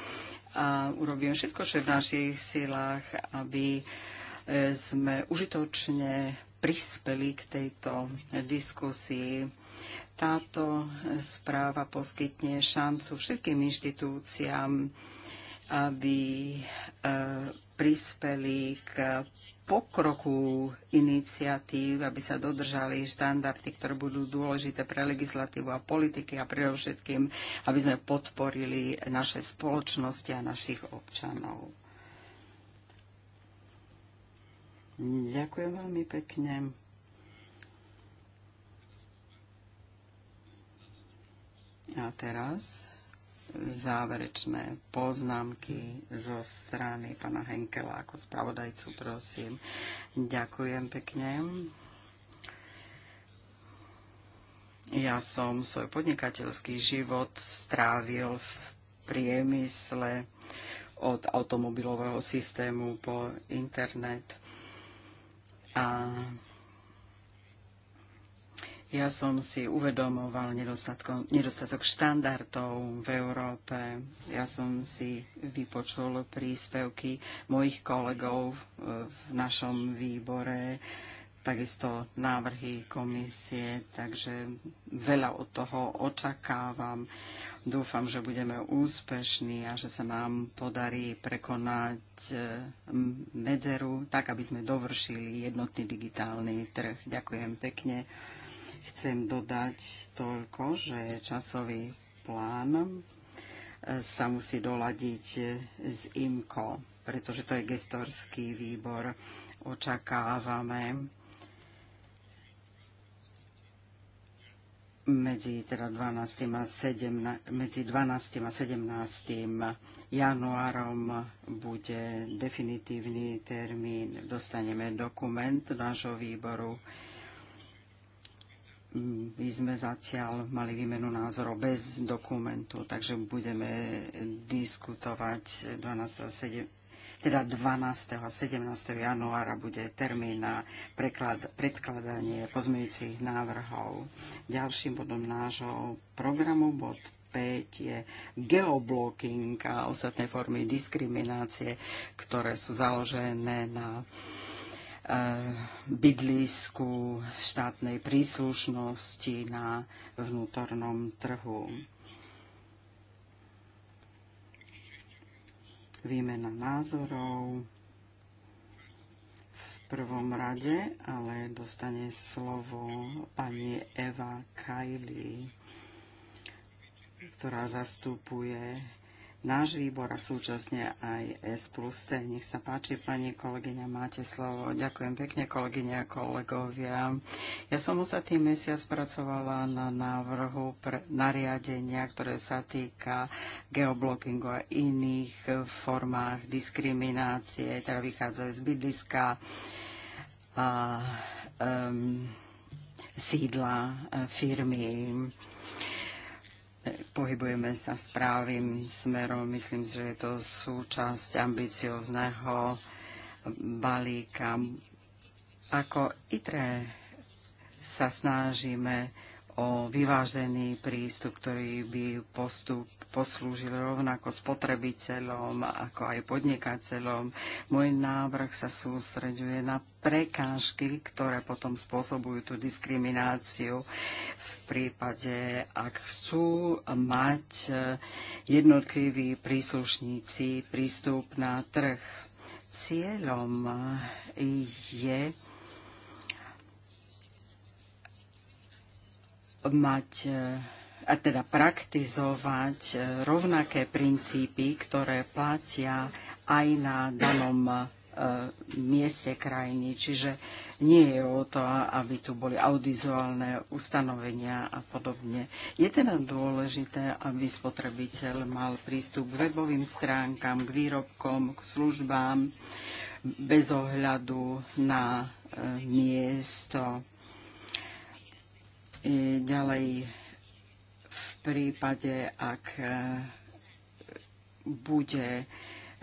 a urobím všetko, čo je v našich silách, aby e, sme užitočne prispeli k tejto diskusii. Táto správa poskytne šancu všetkým inštitúciám, aby e, prispeli k pokroku iniciatív, aby sa dodržali štandardy, ktoré budú dôležité pre legislatívu a politiky a predovšetkým, aby sme podporili naše spoločnosti a našich občanov. Ďakujem veľmi pekne. A teraz záverečné poznámky zo strany pana Henkela ako spravodajcu, prosím. Ďakujem pekne. Ja som svoj podnikateľský život strávil v priemysle od automobilového systému po internet. A ja som si uvedomoval nedostatok štandardov v Európe. Ja som si vypočul príspevky mojich kolegov e, v našom výbore, takisto návrhy komisie, takže veľa od toho očakávam. Dúfam, že budeme úspešní a že sa nám podarí prekonať e, medzeru, tak aby sme dovršili jednotný digitálny trh. Ďakujem pekne chcem dodať toľko, že časový plán e, sa musí doladiť z IMKO, pretože to je gestorský výbor. Očakávame medzi, teda 12. a 17, medzi 12. a 17. januárom bude definitívny termín. Dostaneme dokument nášho výboru my sme zatiaľ mali výmenu názorov bez dokumentu, takže budeme diskutovať 12. teda 12. a 17. januára bude termín na preklad, predkladanie pozmeňujúcich návrhov. Ďalším bodom nášho programu, bod 5 je geoblocking a ostatné formy diskriminácie, ktoré sú založené na Eh, bydlisku, štátnej príslušnosti na vnútornom trhu. Výmena názorov v prvom rade, ale dostane slovo pani Eva Kajli, ktorá zastupuje náš výbor a súčasne aj S plus T. Nech sa páči, pani kolegyňa, máte slovo. Ďakujem pekne, kolegyňa a kolegovia. Ja som tým mesiac pracovala na návrhu pre nariadenia, ktoré sa týka geoblockingu a iných formách diskriminácie, ktoré vychádzajú z bydliska a um, sídla e, firmy pohybujeme sa správnym smerom. Myslím, že je to súčasť ambiciozného balíka. Ako ITRE sa snažíme o vyvážený prístup, ktorý by postup poslúžil rovnako spotrebiteľom, ako aj podnikateľom. Môj návrh sa sústreďuje na prekážky, ktoré potom spôsobujú tú diskrimináciu v prípade, ak chcú mať eh, jednotliví príslušníci prístup na trh. Cieľom eh, je mať eh, a teda praktizovať e, rovnaké princípy, ktoré platia aj na danom e, mieste krajiny. Čiže nie je o to, aby tu boli audizuálne ustanovenia a podobne. Je teda dôležité, aby spotrebiteľ mal prístup k webovým stránkam, k výrobkom, k službám bez ohľadu na e, miesto. Ďalej prípade, ak e, bude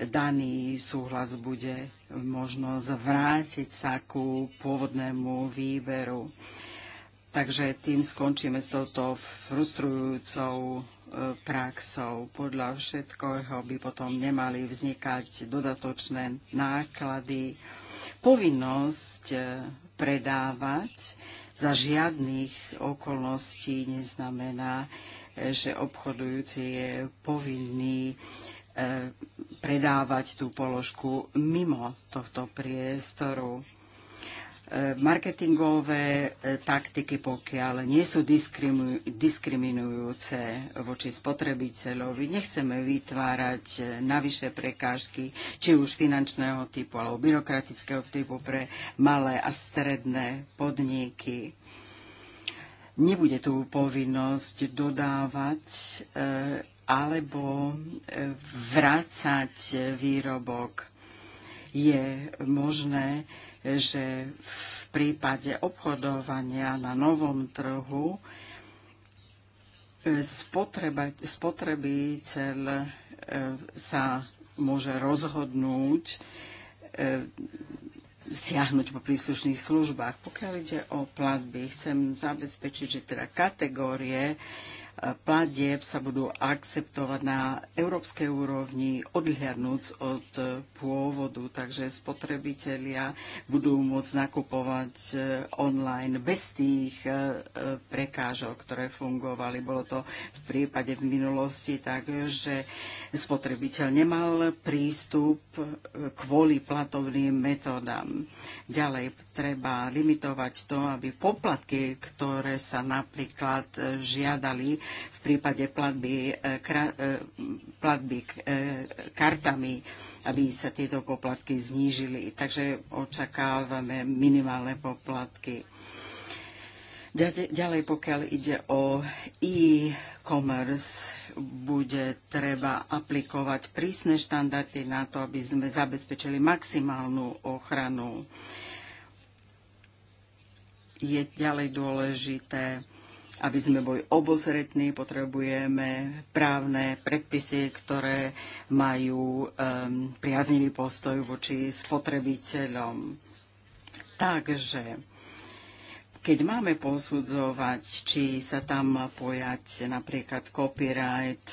daný súhlas, bude možnosť vrátiť sa ku pôvodnému výberu. Takže tým skončíme s touto frustrujúcou e, praxou. Podľa všetkoho by potom nemali vznikať dodatočné náklady. Povinnosť e, predávať za žiadnych okolností neznamená, že obchodujúci je povinný e, predávať tú položku mimo tohto priestoru. E, marketingové e, taktiky, pokiaľ nie sú diskriminujúce voči spotrebiteľovi, nechceme vytvárať navyše prekážky, či už finančného typu alebo byrokratického typu pre malé a stredné podniky Nebude tú povinnosť dodávať eh, alebo eh, vrácať výrobok. Je možné, že v prípade obchodovania na novom trhu eh, spotrebiteľ sa môže rozhodnúť siahnuť po príslušných službách. Pokiaľ ide o platby, chcem zabezpečiť, že teda kategórie platieb sa budú akceptovať na európskej úrovni, odhľadnúc od pôvodu, takže spotrebitelia budú môcť nakupovať e, online bez tých e, prekážok, ktoré fungovali. Bolo to v prípade v minulosti tak, že spotrebiteľ nemal prístup e, kvôli platovným metodám. Ďalej treba limitovať to, aby poplatky, ktoré sa napríklad žiadali, v prípade platby, e, e, platby e, kartami aby sa tieto poplatky znížili. Takže očakávame minimálne poplatky. Ďalej, pokiaľ ide o e-commerce, bude treba aplikovať prísne štandardy na to, aby sme zabezpečili maximálnu ochranu. Je ďalej dôležité aby sme boli obozretní, potrebujeme právne predpisy, ktoré majú um, priaznivý postoj voči spotrebiteľom. Takže keď máme posudzovať, či sa tam má pojať napríklad copyright,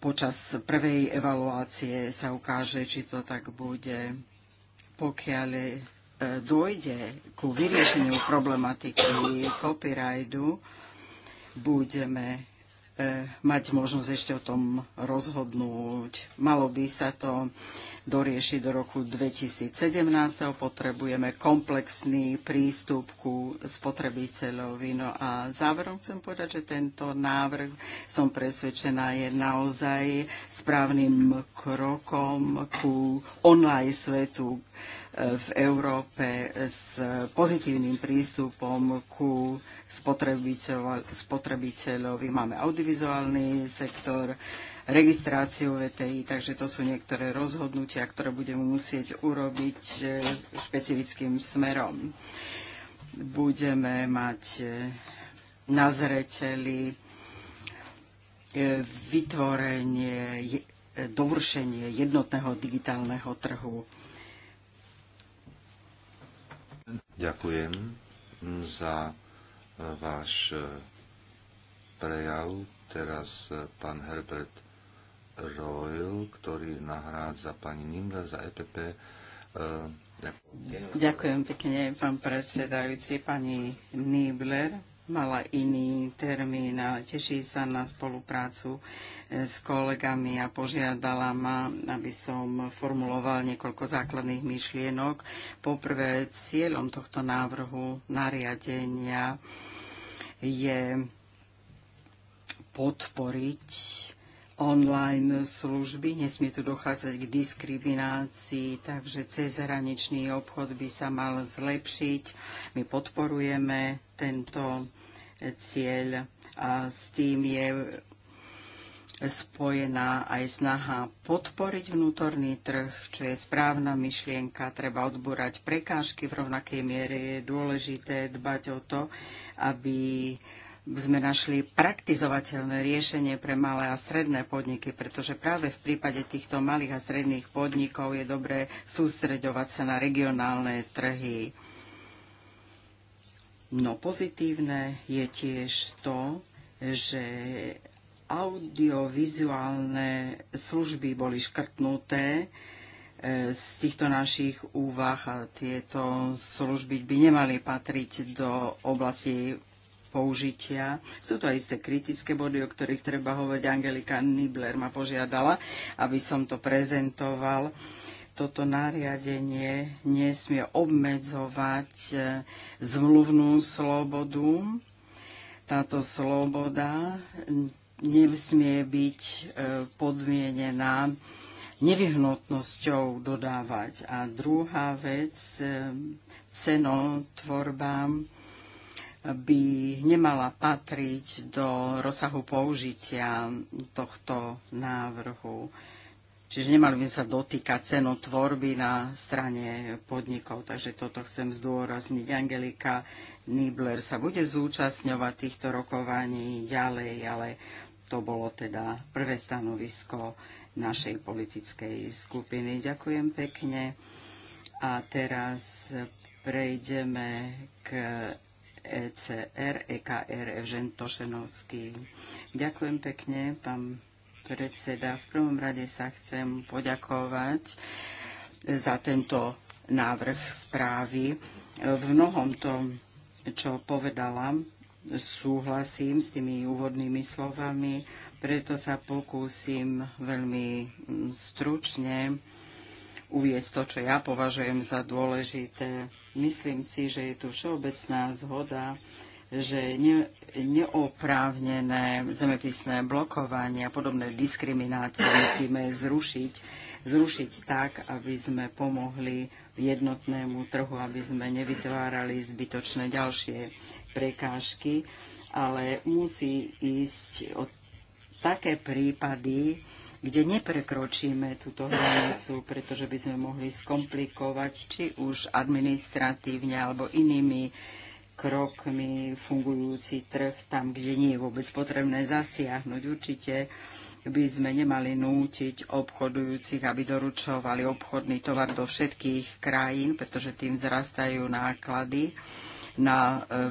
počas prvej evaluácie sa ukáže, či to tak bude. Pokiaľ E, dôjde ku vyriešeniu problematiky copyrightu, budeme e, mať možnosť ešte o tom rozhodnúť. Malo by sa to doriešiť do roku 2017. Potrebujeme komplexný prístup ku spotrebiteľovi. No a záverom chcem povedať, že tento návrh som presvedčená je naozaj správnym krokom ku online svetu, v Európe s pozitívnym prístupom ku spotrebiteľovi. Máme audiovizuálny sektor, registráciu VTI, takže to sú niektoré rozhodnutia, ktoré budeme musieť urobiť e, špecifickým smerom. Budeme mať e, na zreteli e, vytvorenie, dovršenie jednotného digitálneho trhu Ďakujem za e, váš e, prejav. Teraz e, pán Herbert Royal, ktorý nahrádza pani Nimda za EPP. Ďakujem. Ďakujem pekne, pán predsedajúci, pani Nibler mala iný termín a teší sa na spoluprácu eh, s kolegami a požiadala ma, aby som formuloval niekoľko základných myšlienok. Poprvé, cieľom tohto návrhu nariadenia je podporiť online služby, nesmie tu dochádzať k diskriminácii, takže cezhraničný obchod by sa mal zlepšiť. My podporujeme tento cieľ a s tým je spojená aj snaha podporiť vnútorný trh, čo je správna myšlienka, treba odbúrať prekážky v rovnakej miere. Je dôležité dbať o to, aby sme našli praktizovateľné riešenie pre malé a stredné podniky, pretože práve v prípade týchto malých a stredných podnikov je dobré sústreďovať sa na regionálne trhy No pozitívne je tiež to, že audiovizuálne služby boli škrtnuté e, z týchto našich úvah a tieto služby by nemali patriť do oblasti použitia. Sú to aj isté kritické body, o ktorých treba hovoriť. Angelika Nibler ma požiadala, aby som to prezentoval toto nariadenie nesmie obmedzovať e, zmluvnú slobodu. Táto sloboda nesmie byť e, podmienená nevyhnutnosťou dodávať. A druhá vec, e, cenotvorba by nemala patriť do rozsahu použitia tohto návrhu Čiže nemali by sa dotýkať cenotvorby na strane podnikov, takže toto chcem zdôrazniť. Angelika Nibler sa bude zúčastňovať týchto rokovaní ďalej, ale to bolo teda prvé stanovisko našej politickej skupiny. Ďakujem pekne. A teraz prejdeme k ECR, EKR, Evžen Tošenovský. Ďakujem pekne, pán predseda. V prvom rade sa chcem poďakovať za tento návrh správy. V mnohom tom, čo povedala, súhlasím s tými úvodnými slovami, preto sa pokúsim veľmi mm, stručne uviesť to, čo ja považujem za dôležité. Myslím si, že je tu všeobecná zhoda, že neoprávnené zemepisné blokovanie a podobné diskriminácie musíme zrušiť, zrušiť tak, aby sme pomohli jednotnému trhu, aby sme nevytvárali zbytočné ďalšie prekážky, ale musí ísť o také prípady, kde neprekročíme túto hranicu, pretože by sme mohli skomplikovať či už administratívne alebo inými krokmi fungujúci trh tam, kde nie je vôbec potrebné zasiahnuť. Určite by sme nemali nútiť obchodujúcich, aby doručovali obchodný tovar do všetkých krajín, pretože tým zrastajú náklady na eh,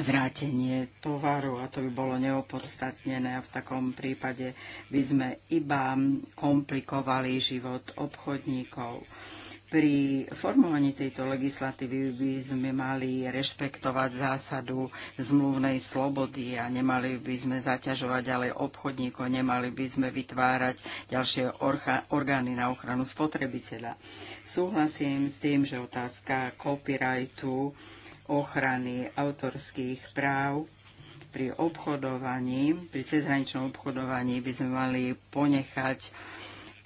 vrátenie tovaru a to by bolo neopodstatnené a v takom prípade by sme iba komplikovali život obchodníkov. Pri formovaní tejto legislatívy by sme mali rešpektovať zásadu zmluvnej slobody a nemali by sme zaťažovať ďalej obchodníkov, nemali by sme vytvárať ďalšie orgány na ochranu spotrebiteľa. Súhlasím s tým, že otázka copyrightu, ochrany autorských práv pri obchodovaní, pri cezhraničnom obchodovaní by sme mali ponechať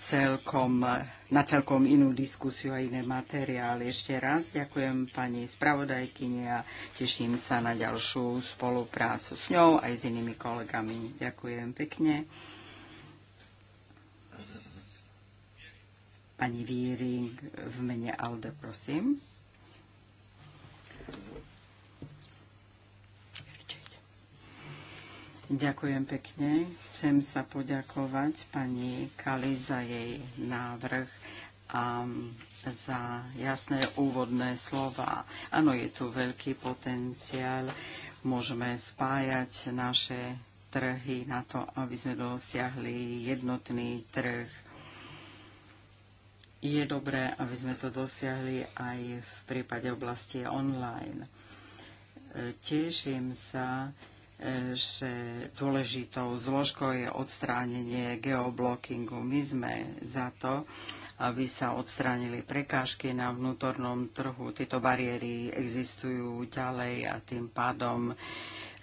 celkom, na celkom inú diskusiu a iné materiály. Ešte raz ďakujem pani spravodajkyni a teším sa na ďalšiu spoluprácu s ňou aj s inými kolegami. Ďakujem pekne. Pani Víring v mene Alde, prosím. Ďakujem pekne. Chcem sa poďakovať pani Kali za jej návrh a za jasné úvodné slova. Áno, je tu veľký potenciál. Môžeme spájať naše trhy na to, aby sme dosiahli jednotný trh. Je dobré, aby sme to dosiahli aj v prípade oblasti online. Teším sa, že dôležitou zložkou je odstránenie geoblockingu. My sme za to, aby sa odstránili prekážky na vnútornom trhu. Tieto bariéry existujú ďalej a tým pádom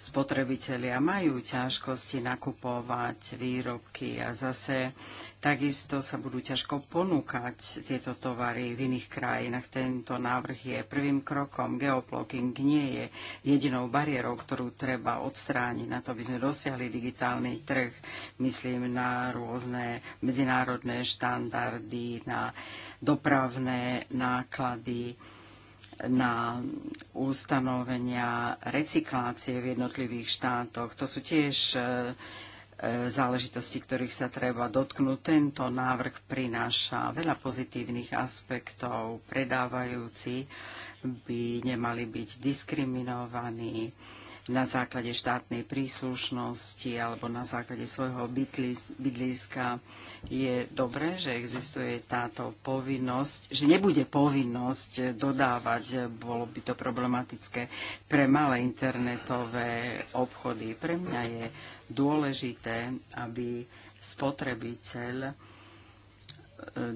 spotrebitelia majú ťažkosti nakupovať výrobky a zase takisto sa budú ťažko ponúkať tieto tovary v iných krajinách. Tento návrh je prvým krokom. Geoplogging nie je jedinou bariérou, ktorú treba odstrániť na to, aby sme dosiahli digitálny trh. Myslím na rôzne medzinárodné štandardy, na dopravné náklady, na ustanovenia recyklácie v jednotlivých štátoch. To sú tiež e, e, záležitosti, ktorých sa treba dotknúť. Tento návrh prináša veľa pozitívnych aspektov. Predávajúci by nemali byť diskriminovaní na základe štátnej príslušnosti alebo na základe svojho bydliska. Je dobré, že existuje táto povinnosť, že nebude povinnosť dodávať, bolo by to problematické pre malé internetové obchody. Pre mňa je dôležité, aby spotrebiteľ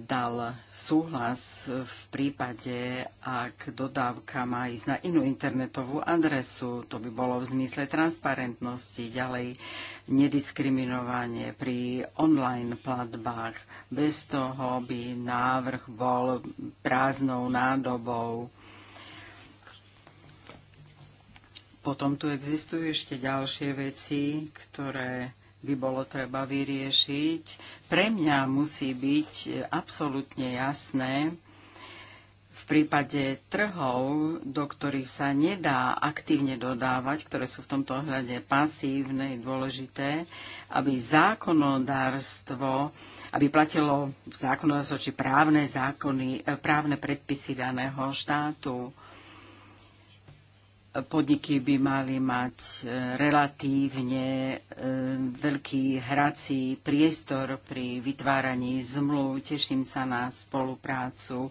dal súhlas v prípade, ak dodávka má ísť na inú internetovú adresu. To by bolo v zmysle transparentnosti, ďalej nediskriminovanie pri online platbách. Bez toho by návrh bol prázdnou nádobou. Potom tu existujú ešte ďalšie veci, ktoré by bolo treba vyriešiť. Pre mňa musí byť absolútne jasné, v prípade trhov, do ktorých sa nedá aktívne dodávať, ktoré sú v tomto ohľade pasívne, je dôležité, aby zákonodárstvo, aby platilo zákonodárstvo či právne zákony, eh, právne predpisy daného štátu podniky by mali mať e, relatívne e, veľký hrací priestor pri vytváraní zmluv. Teším sa na spoluprácu e,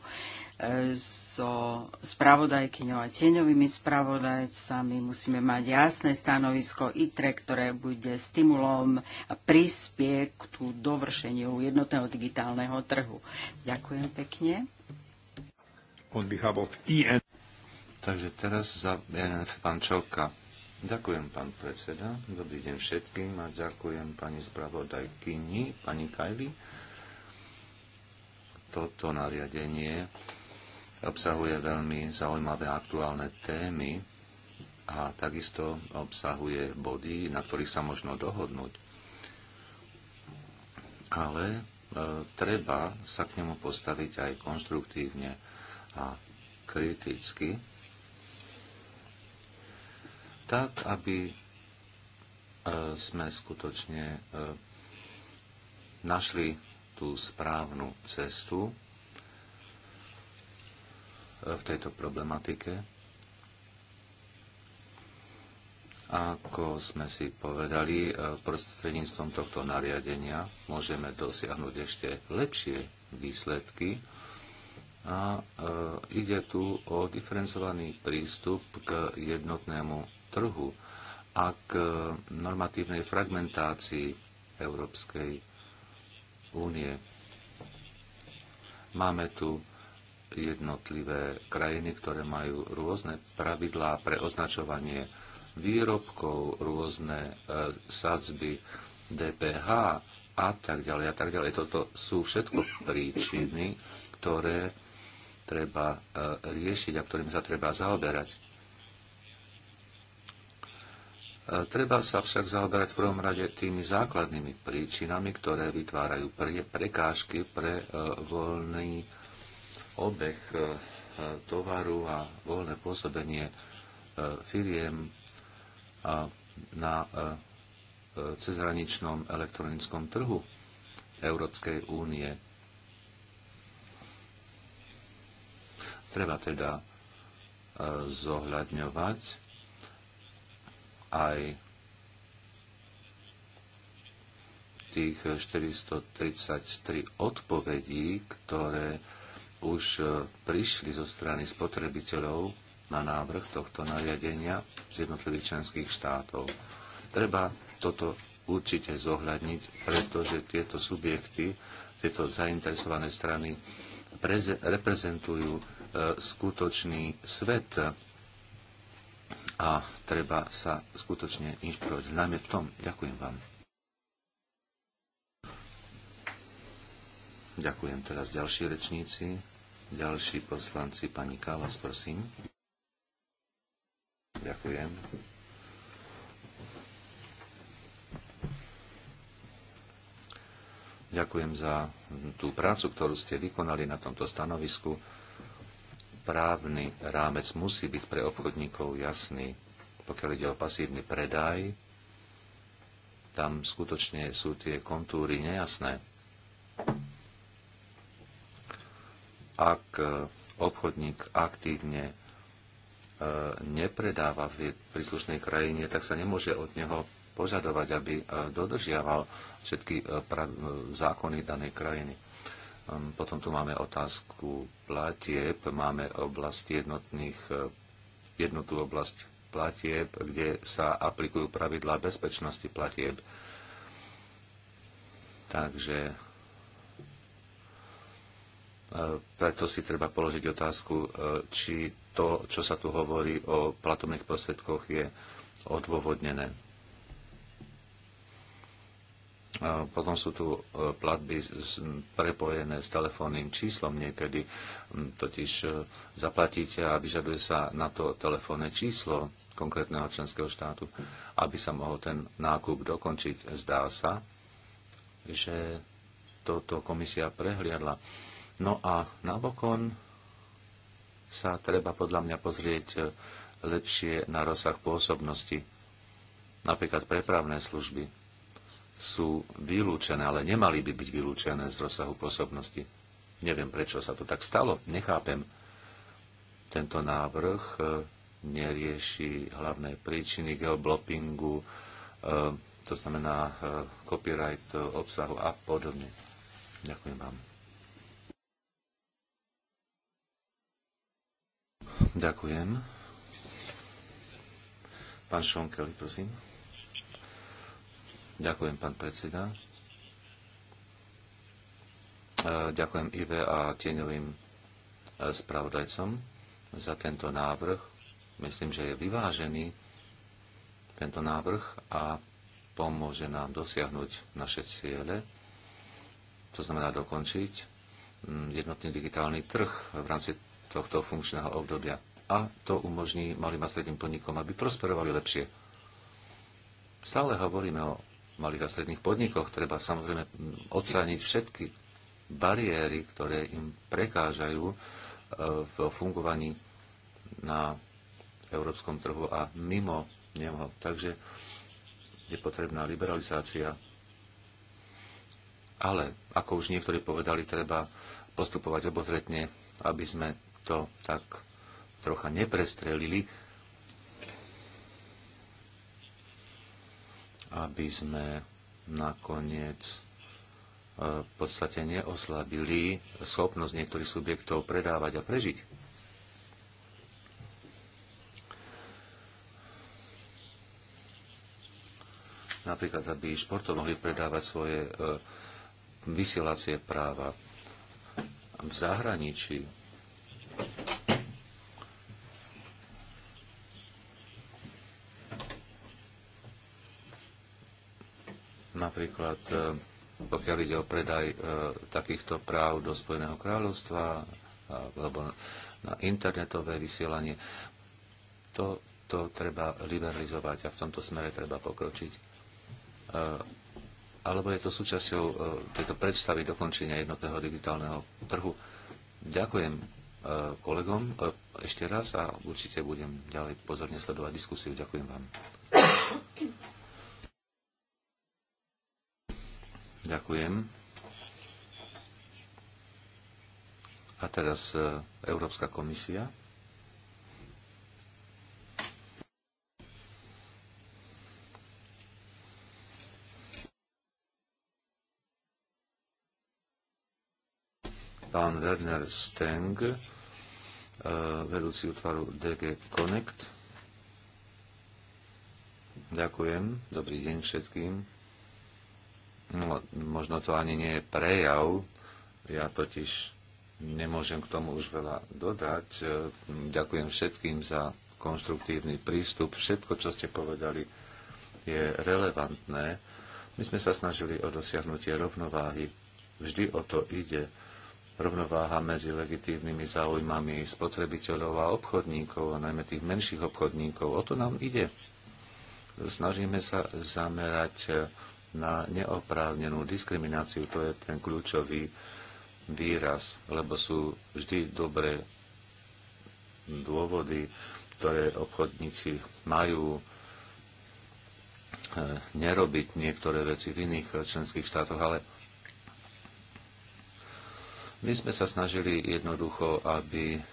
so spravodajkyňou a tieňovými spravodajcami. Musíme mať jasné stanovisko ITRE, ktoré bude stimulom a prispie k tú dovršeniu jednotného digitálneho trhu. Ďakujem pekne. On Takže teraz za BNF pán Čelka. Ďakujem, pán predseda. Dobrý deň všetkým a ďakujem pani spravodajkyni, pani Kajli. Toto nariadenie obsahuje veľmi zaujímavé aktuálne témy a takisto obsahuje body, na ktorých sa možno dohodnúť. Ale e, treba sa k nemu postaviť aj konštruktívne a kriticky tak, aby e, sme skutočne e, našli tú správnu cestu e, v tejto problematike. Ako sme si povedali, prostredníctvom tohto nariadenia môžeme dosiahnuť ešte lepšie výsledky. A ide tu o diferencovaný prístup k jednotnému trhu a k e, normatívnej fragmentácii Európskej únie. Máme tu jednotlivé krajiny, ktoré majú rôzne pravidlá pre označovanie výrobkov, rôzne e, sadzby DPH a tak ďalej a tak ďalej. Toto sú všetko príčiny, ktoré treba e, riešiť a ktorým sa treba zaoberať. Treba sa však zaoberať v prvom rade tými základnými príčinami, ktoré vytvárajú prekážky pre e, voľný obeh e, tovaru a voľné pôsobenie e, firiem na cezhraničnom elektronickom trhu Európskej únie. Treba teda zohľadňovať aj tých 433 odpovedí, ktoré už e, prišli zo strany spotrebiteľov na návrh tohto nariadenia z jednotlivých členských štátov. Treba toto určite zohľadniť, pretože tieto subjekty, tieto zainteresované strany reprezentujú e, skutočný svet a treba sa skutočne inšpirovať. Najmä v tom. Ďakujem vám. Ďakujem teraz ďalší rečníci, ďalší poslanci, pani Kálas, prosím. Ďakujem. Ďakujem za tú prácu, ktorú ste vykonali na tomto stanovisku právny rámec musí byť pre obchodníkov jasný. Pokiaľ ide o pasívny predaj, tam skutočne sú tie kontúry nejasné. Ak e, obchodník aktívne e, nepredáva v príslušnej krajine, tak sa nemôže od neho požadovať, aby e, dodržiaval všetky zákony danej krajiny. Hm, potom tu máme otázku platieb, máme oblasť jednotných, eh, jednotú oblasť platieb, kde sa aplikujú pravidlá bezpečnosti platieb. Takže eh, preto si treba položiť otázku, eh, či to, čo sa tu hovorí o platovných prostriedkoch, je odôvodnené. Potom sú tu e, platby prepojené s telefónnym číslom niekedy, totiž e, zaplatíte a vyžaduje sa na to telefónne číslo konkrétneho členského štátu, aby sa mohol ten nákup dokončiť. Zdá sa, že toto komisia prehliadla. No a nabokon sa treba podľa mňa pozrieť e, lepšie na rozsah pôsobnosti, napríklad prepravné služby sú vylúčené, ale nemali by byť vylúčené z rozsahu pôsobnosti. Neviem, prečo sa to tak stalo, nechápem. Tento návrh e, nerieši hlavné príčiny geoblopingu, e, to znamená e, copyright obsahu a podobne. Ďakujem vám. Ďakujem. Pán Šonkeli, prosím. Ďakujem, pán predseda. E, ďakujem Ive a tieňovým e, spravodajcom za tento návrh. Myslím, že je vyvážený tento návrh a pomôže nám dosiahnuť naše ciele, to znamená dokončiť mm, jednotný digitálny trh v rámci tohto funkčného obdobia. A to umožní malým a stredným podnikom, aby prosperovali lepšie. Stále hovoríme o malých a stredných podnikoch. Treba samozrejme odstrániť všetky bariéry, ktoré im prekážajú e, v fungovaní na európskom trhu a mimo neho. Takže je potrebná liberalizácia. Ale, ako už niektorí povedali, treba postupovať obozretne, aby sme to tak trocha neprestrelili aby sme nakoniec e, v podstate neoslabili schopnosť niektorých subjektov predávať a prežiť. Napríklad, aby športov mohli predávať svoje e, vysielacie práva v zahraničí, Napríklad, e, pokiaľ ide o predaj e, takýchto práv do Spojeného kráľovstva alebo na internetové vysielanie, to, to treba liberalizovať a v tomto smere treba pokročiť e, alebo je to súčasťou tejto predstavy dokončenia jednotného digitálneho trhu. Ďakujem kolegom ešte raz a určite budem ďalej pozorne sledovať diskusiu. Ďakujem vám. Ďakujem. A teraz e, Európska komisia. Pán Werner Steng, e, vedúci útvaru DG Connect. Ďakujem. Dobrý deň všetkým. No, možno to ani nie je prejav, ja totiž nemôžem k tomu už veľa dodať. E, ďakujem všetkým za konštruktívny prístup. Všetko, čo ste povedali, je relevantné. My sme sa snažili o dosiahnutie rovnováhy. Vždy o to ide. Rovnováha medzi legitívnymi záujmami spotrebiteľov a obchodníkov, a najmä tých menších obchodníkov. O to nám ide. Snažíme sa zamerať e, na neoprávnenú diskrimináciu. To je ten kľúčový výraz, lebo sú vždy dobré dôvody, ktoré obchodníci majú eh, nerobiť niektoré veci v iných členských štátoch, ale my sme sa snažili jednoducho, aby eh,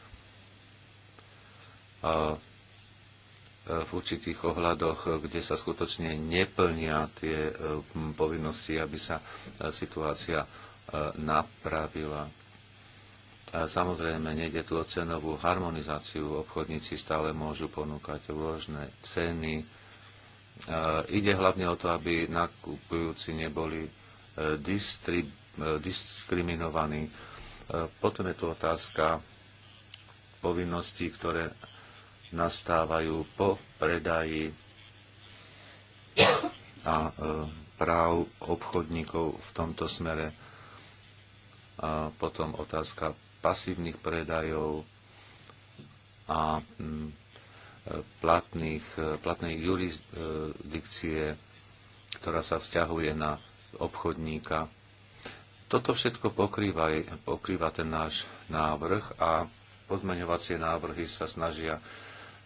v určitých ohľadoch, kde sa skutočne neplnia tie povinnosti, aby sa e, situácia e, napravila. Samozrejme, nejde tu o cenovú harmonizáciu. Obchodníci stále môžu ponúkať rôzne ceny. E, ide hlavne o to, aby nakupujúci neboli diskriminovaní. Potom je tu otázka povinností, ktoré nastávajú po predaji a e, práv obchodníkov v tomto smere. A potom otázka pasívnych predajov a mm, e, platných, e, platnej jurisdikcie, ktorá sa vzťahuje na obchodníka. Toto všetko pokrýva, pokrýva ten náš návrh a pozmeňovacie návrhy sa snažia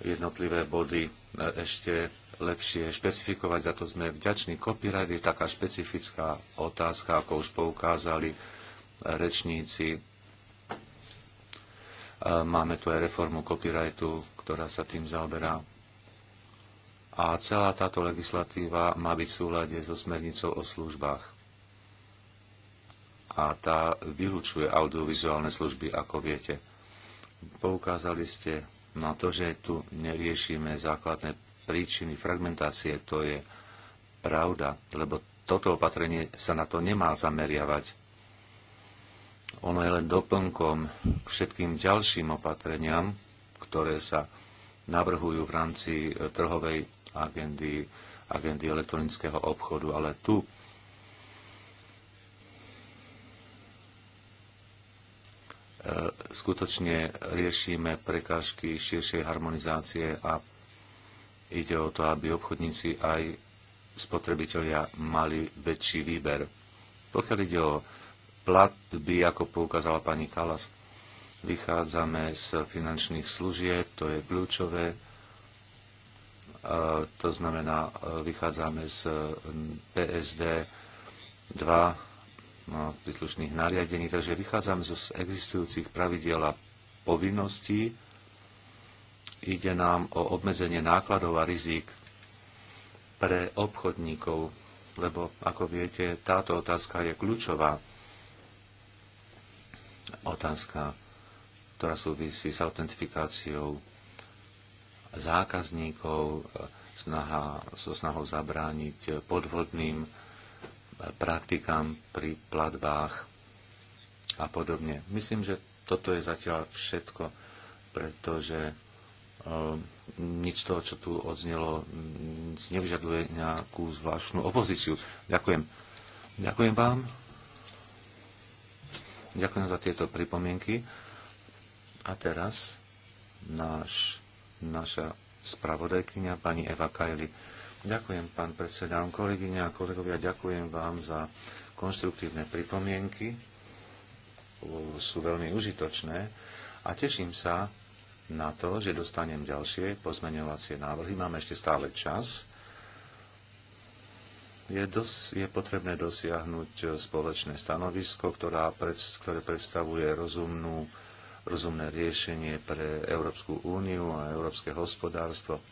jednotlivé body e, ešte lepšie špecifikovať. Za to sme vďační. Copyright je taká špecifická otázka, ako už poukázali rečníci. E, máme tu aj reformu copyrightu, ktorá sa tým zaoberá. A celá táto legislatíva má byť v súlade so smernicou o službách a tá vylúčuje audiovizuálne služby, ako viete. Poukázali ste na to, že tu neriešime základné príčiny fragmentácie, to je pravda, lebo toto opatrenie sa na to nemá zameriavať. Ono je len doplnkom k všetkým ďalším opatreniam, ktoré sa navrhujú v rámci trhovej agendy, agendy elektronického obchodu, ale tu skutočne riešime prekážky širšej harmonizácie a ide o to, aby obchodníci aj spotrebitelia mali väčší výber. Pokiaľ ide o platby, ako poukázala pani Kalas, vychádzame z finančných služieb, to je kľúčové. E, to znamená, e, vychádzame z PSD 2 No, príslušných nariadení, takže vychádzam zo existujúcich pravidiel a povinností. Ide nám o obmedzenie nákladov a rizik pre obchodníkov, lebo ako viete, táto otázka je kľúčová otázka, ktorá súvisí s autentifikáciou zákazníkov, snaha, so snahou zabrániť podvodným praktikám pri platbách a podobne. Myslím, že toto je zatiaľ všetko, pretože ehm, nič z toho, čo tu odznelo, mm, nevyžaduje nejakú zvláštnu opozíciu. Ďakujem. Ďakujem vám. Ďakujem za tieto pripomienky. A teraz náš, naša spravodajkynia, pani Eva Kajli. Ďakujem, pán predseda. Kolegyne a kolegovia, ďakujem vám za konštruktívne pripomienky. Sú veľmi užitočné a teším sa na to, že dostanem ďalšie pozmeňovacie návrhy. Máme ešte stále čas. Je, dos, je potrebné dosiahnuť spoločné stanovisko, ktorá pred, ktoré predstavuje rozumnú, rozumné riešenie pre Európsku úniu a európske hospodárstvo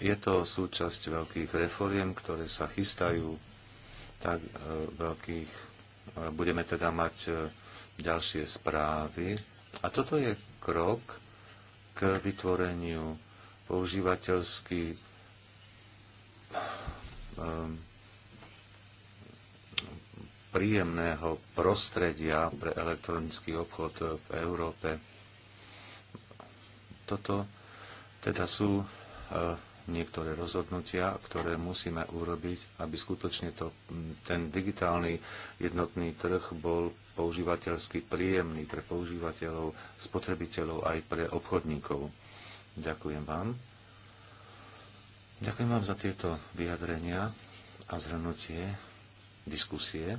je to súčasť veľkých reforiem, ktoré sa chystajú, tak e, veľkých, e, budeme teda mať e, ďalšie správy. A toto je krok k vytvoreniu používateľsky ehm, príjemného prostredia pre elektronický obchod v Európe. Toto teda sú niektoré rozhodnutia, ktoré musíme urobiť, aby skutočne to, ten digitálny jednotný trh bol používateľsky príjemný pre používateľov, spotrebiteľov aj pre obchodníkov. Ďakujem vám. Ďakujem vám za tieto vyjadrenia a zhrnutie diskusie.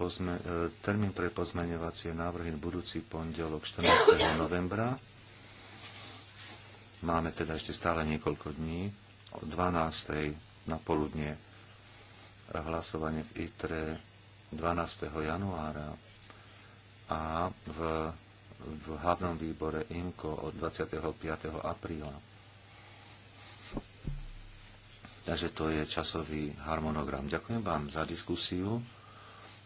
Pozme, e, termín pre pozmeňovacie návrhy budúci pondelok 14. novembra Máme teda ešte stále niekoľko dní. O 12. na poludne hlasovanie v ITRE 12. januára a v, v hlavnom výbore IMKO od 25. apríla. Takže to je časový harmonogram. Ďakujem vám za diskusiu,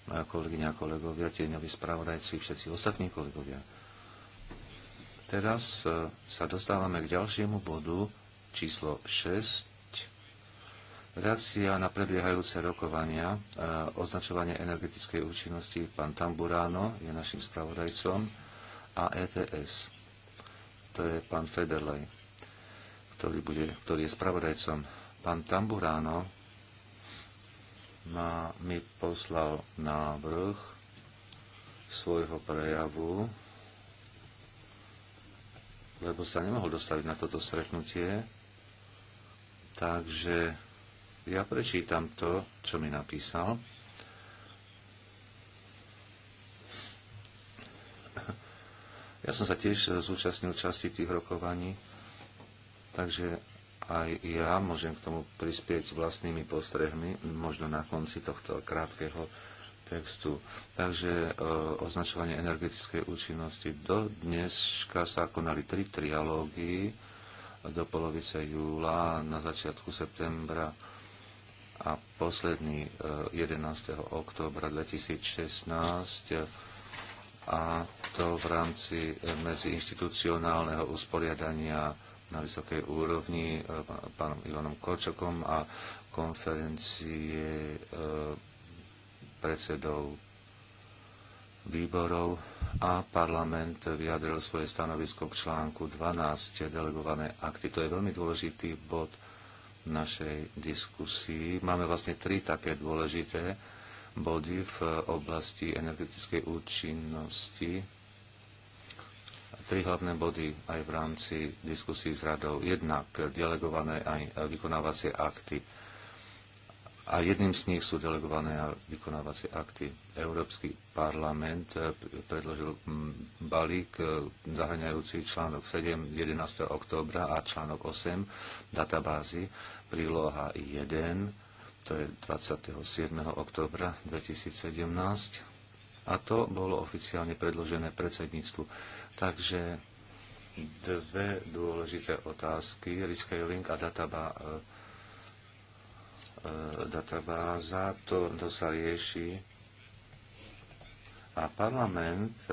kolegyňa a kolegovia, tieňoví spravodajci, všetci ostatní kolegovia teraz e, sa dostávame k ďalšiemu bodu, číslo 6. Reakcia na prebiehajúce rokovania, e, označovanie energetickej účinnosti, pán Tamburáno je našim spravodajcom a ETS, to je pán Federlej, ktorý, bude, ktorý je spravodajcom. Pán Tamburáno na, mi poslal návrh svojho prejavu lebo sa nemohol dostaviť na toto stretnutie. Takže ja prečítam to, čo mi napísal. Ja som sa tiež zúčastnil časti tých rokovaní, takže aj ja môžem k tomu prispieť vlastnými postrehmi, možno na konci tohto krátkeho textu. Takže e, označovanie energetickej účinnosti. Do dneska sa konali tri trialógy do polovice júla, na začiatku septembra a posledný 11. E, októbra 2016 a to v rámci e, medziinstitucionálneho usporiadania na vysokej úrovni pánom Ivanom Korčokom a konferencie predsedov výborov a parlament vyjadril svoje stanovisko k článku 12 delegované akty. To je veľmi dôležitý bod našej diskusii. Máme vlastne tri také dôležité body v oblasti energetickej účinnosti. Tri hlavné body aj v rámci diskusí s radou. Jednak delegované aj vykonávacie akty a jedným z nich sú delegované a vykonávacie akty. Európsky parlament eh, predložil mm, balík eh, zahraňajúci článok 7 11. októbra a článok 8 databázy príloha 1, to je 27. októbra 2017 a to bolo oficiálne predložené predsedníctvu. Takže dve dôležité otázky, rescaling a databáza E, databáza, to, to sa rieši. A parlament e,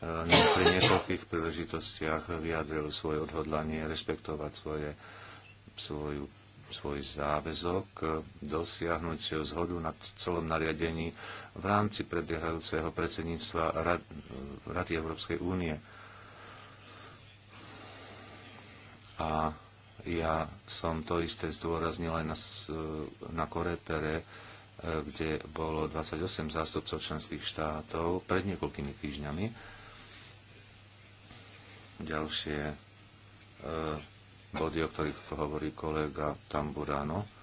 no, pri niekoľkých príležitostiach vyjadril svoje odhodlanie rešpektovať svoje, svoju, svoj záväzok e, dosiahnuť zhodu na celom nariadení v rámci prebiehajúceho predsedníctva Rad, Rady Európskej únie. A ja som to isté zdôraznil aj na, e, na Korepere, e, kde bolo 28 zástupcov členských štátov pred niekoľkými týždňami. Ďalšie e, body, o ktorých hovorí kolega Tamburano.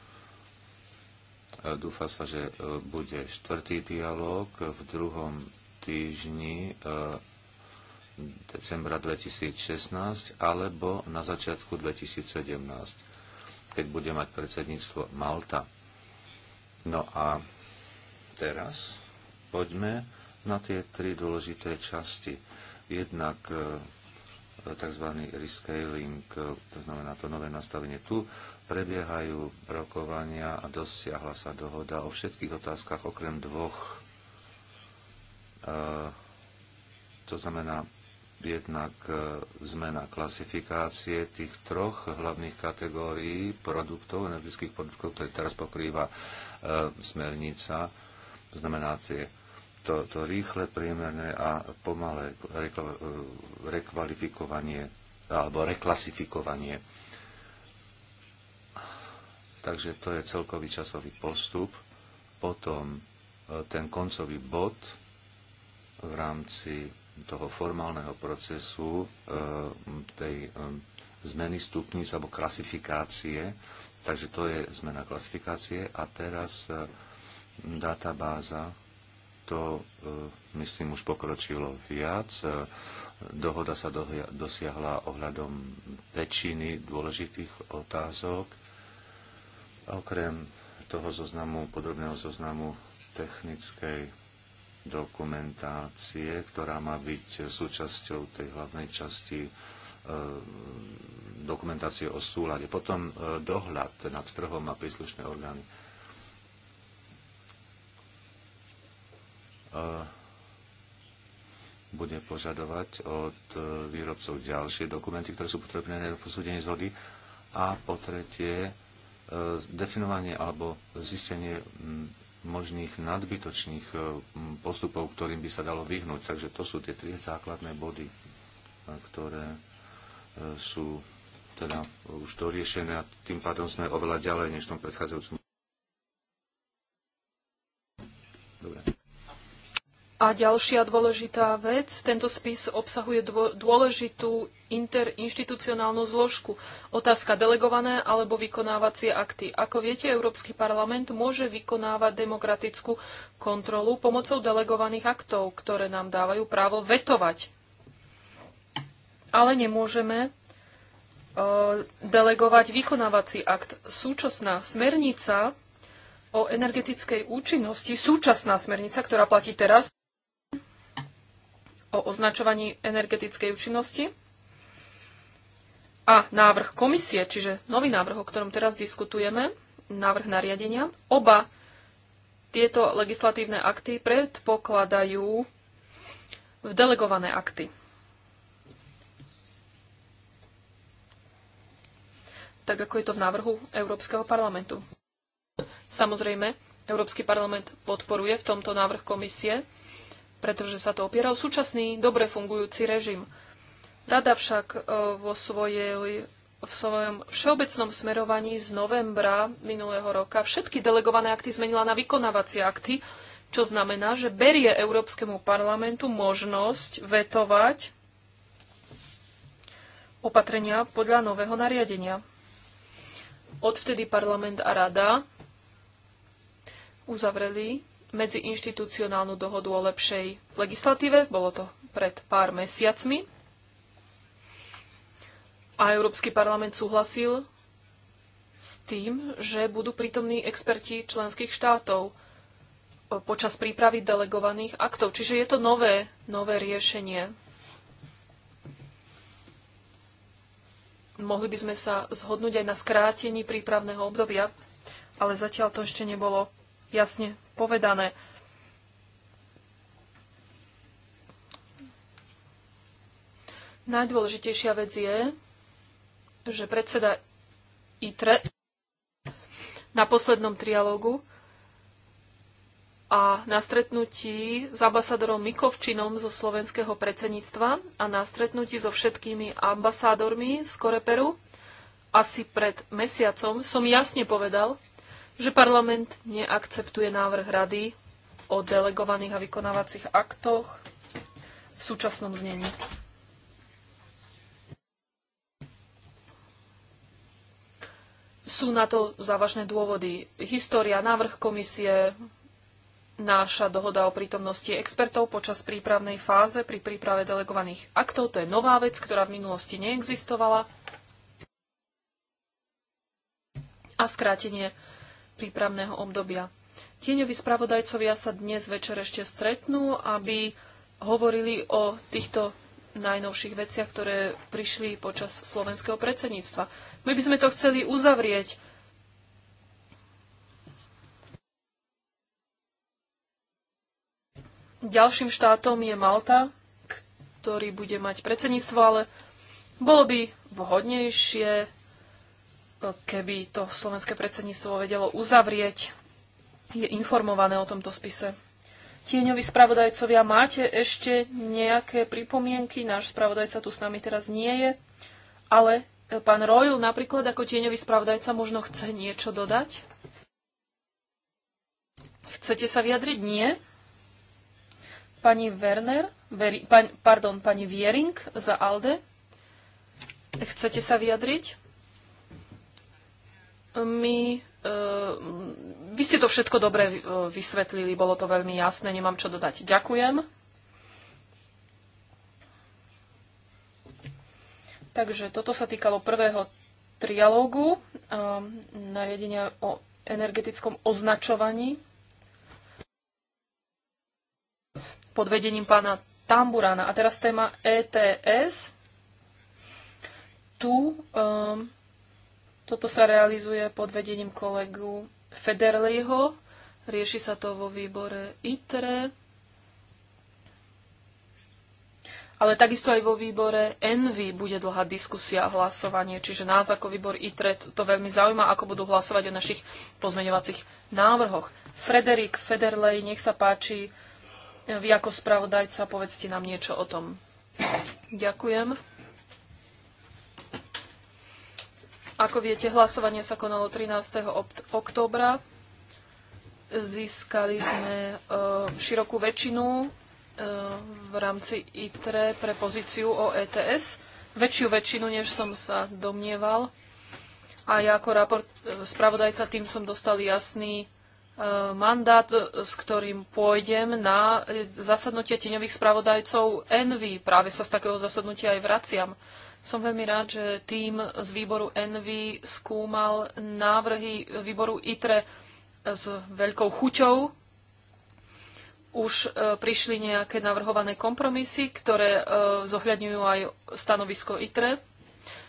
Dúfa sa, že bude štvrtý dialog v druhom týždni decembra 2016 alebo na začiatku 2017, keď bude mať predsedníctvo Malta. No a teraz poďme na tie tri dôležité časti. Jednak e, tzv. rescaling, e, to znamená to nové nastavenie. Tu prebiehajú rokovania a dosiahla sa dohoda o všetkých otázkach okrem dvoch. E, to znamená jednak e, zmena klasifikácie tých troch hlavných kategórií produktov, energetických produktov, ktoré teraz pokrýva e, smernica, to znamená tie, to, to rýchle, priemerné a pomalé rekla, e, rekvalifikovanie alebo reklasifikovanie. Takže to je celkový časový postup. Potom e, ten koncový bod v rámci toho formálneho procesu e, tej e, zmeny stupníc alebo klasifikácie. Takže to je zmena klasifikácie a teraz e, databáza, to myslím už pokročilo viac. Dohoda sa dosiahla ohľadom väčšiny dôležitých otázok. Okrem toho zoznamu, podrobného zoznamu technickej dokumentácie, ktorá má byť súčasťou tej hlavnej časti e, dokumentácie o súlade. Potom e, dohľad nad trhom a príslušné orgány. E, bude požadovať od výrobcov ďalšie dokumenty, ktoré sú potrebné na posúdenie zhody. A po tretie, definovanie alebo zistenie možných nadbytočných e, postupov, ktorým by sa dalo vyhnúť. Takže to sú tie tri základné body, e, ktoré e, sú teda už doriešené a tým pádom sme oveľa ďalej než v tom predchádzajúcom A ďalšia dôležitá vec, tento spis obsahuje dôležitú interinštitucionálnu zložku. Otázka delegované alebo vykonávacie akty. Ako viete, Európsky parlament môže vykonávať demokratickú kontrolu pomocou delegovaných aktov, ktoré nám dávajú právo vetovať. Ale nemôžeme e, delegovať vykonávací akt. Súčasná smernica o energetickej účinnosti, súčasná smernica, ktorá platí teraz, o označovaní energetickej účinnosti. A návrh komisie, čiže nový návrh, o ktorom teraz diskutujeme, návrh nariadenia, oba tieto legislatívne akty predpokladajú v delegované akty. tak ako je to v návrhu Európskeho parlamentu. Samozrejme, Európsky parlament podporuje v tomto návrh komisie pretože sa to opiera o súčasný, dobre fungujúci režim. Rada však e, vo svojej, v svojom všeobecnom smerovaní z novembra minulého roka všetky delegované akty zmenila na vykonávacie akty, čo znamená, že berie Európskemu parlamentu možnosť vetovať opatrenia podľa nového nariadenia. Odvtedy parlament a rada uzavreli medziinštitucionálnu dohodu o lepšej legislatíve. Bolo to pred pár mesiacmi. A Európsky parlament súhlasil s tým, že budú prítomní experti členských štátov počas prípravy delegovaných aktov. Čiže je to nové, nové riešenie. Mohli by sme sa zhodnúť aj na skrátení prípravného obdobia, ale zatiaľ to ešte nebolo jasne povedané. Najdôležitejšia vec je, že predseda ITRE na poslednom trialógu a na stretnutí s ambasádorom Mikovčinom zo slovenského predsedníctva a na stretnutí so všetkými ambasádormi z Koreperu asi pred mesiacom som jasne povedal, že parlament neakceptuje návrh rady o delegovaných a vykonávacích aktoch v súčasnom znení. Sú na to závažné dôvody. História, návrh komisie, náša dohoda o prítomnosti expertov počas prípravnej fáze pri príprave delegovaných aktov. To je nová vec, ktorá v minulosti neexistovala. A skrátenie prípravného obdobia. Tieňoví spravodajcovia sa dnes večer ešte stretnú, aby hovorili o týchto najnovších veciach, ktoré prišli počas slovenského predsedníctva. My by sme to chceli uzavrieť. Ďalším štátom je Malta, ktorý bude mať predsedníctvo, ale bolo by vhodnejšie keby to slovenské predsedníctvo vedelo uzavrieť, je informované o tomto spise. Tieňoví spravodajcovia, máte ešte nejaké pripomienky? Náš spravodajca tu s nami teraz nie je, ale pán Royal napríklad ako tieňový spravodajca možno chce niečo dodať? Chcete sa vyjadriť? Nie. Pani Werner, veri, pardon, pani Viering za ALDE. Chcete sa vyjadriť? my e, vy ste to všetko dobre e, vysvetlili, bolo to veľmi jasné, nemám čo dodať. Ďakujem. Takže toto sa týkalo prvého trialógu e, nariadenia o energetickom označovaní pod vedením pána Tamburána. A teraz téma ETS. Tu um, toto sa realizuje pod vedením kolegu Federleyho. Rieši sa to vo výbore ITRE, ale takisto aj vo výbore ENVY bude dlhá diskusia a hlasovanie, čiže nás ako výbor ITRE to veľmi zaujíma, ako budú hlasovať o našich pozmeňovacích návrhoch. Frederik Federley, nech sa páči, vy ako spravodajca povedzte nám niečo o tom. Ďakujem. Ako viete, hlasovanie sa konalo 13. októbra. Získali sme e, širokú väčšinu e, v rámci ITRE pre pozíciu o ETS. Väčšiu väčšinu, než som sa domnieval. A ja ako raport, e, spravodajca tým som dostal jasný mandát, s ktorým pôjdem na zasadnutie tieňových spravodajcov NV. Práve sa z takého zasadnutia aj vraciam. Som veľmi rád, že tým z výboru Envy skúmal návrhy výboru ITRE s veľkou chuťou. Už e, prišli nejaké navrhované kompromisy, ktoré e, zohľadňujú aj stanovisko ITRE.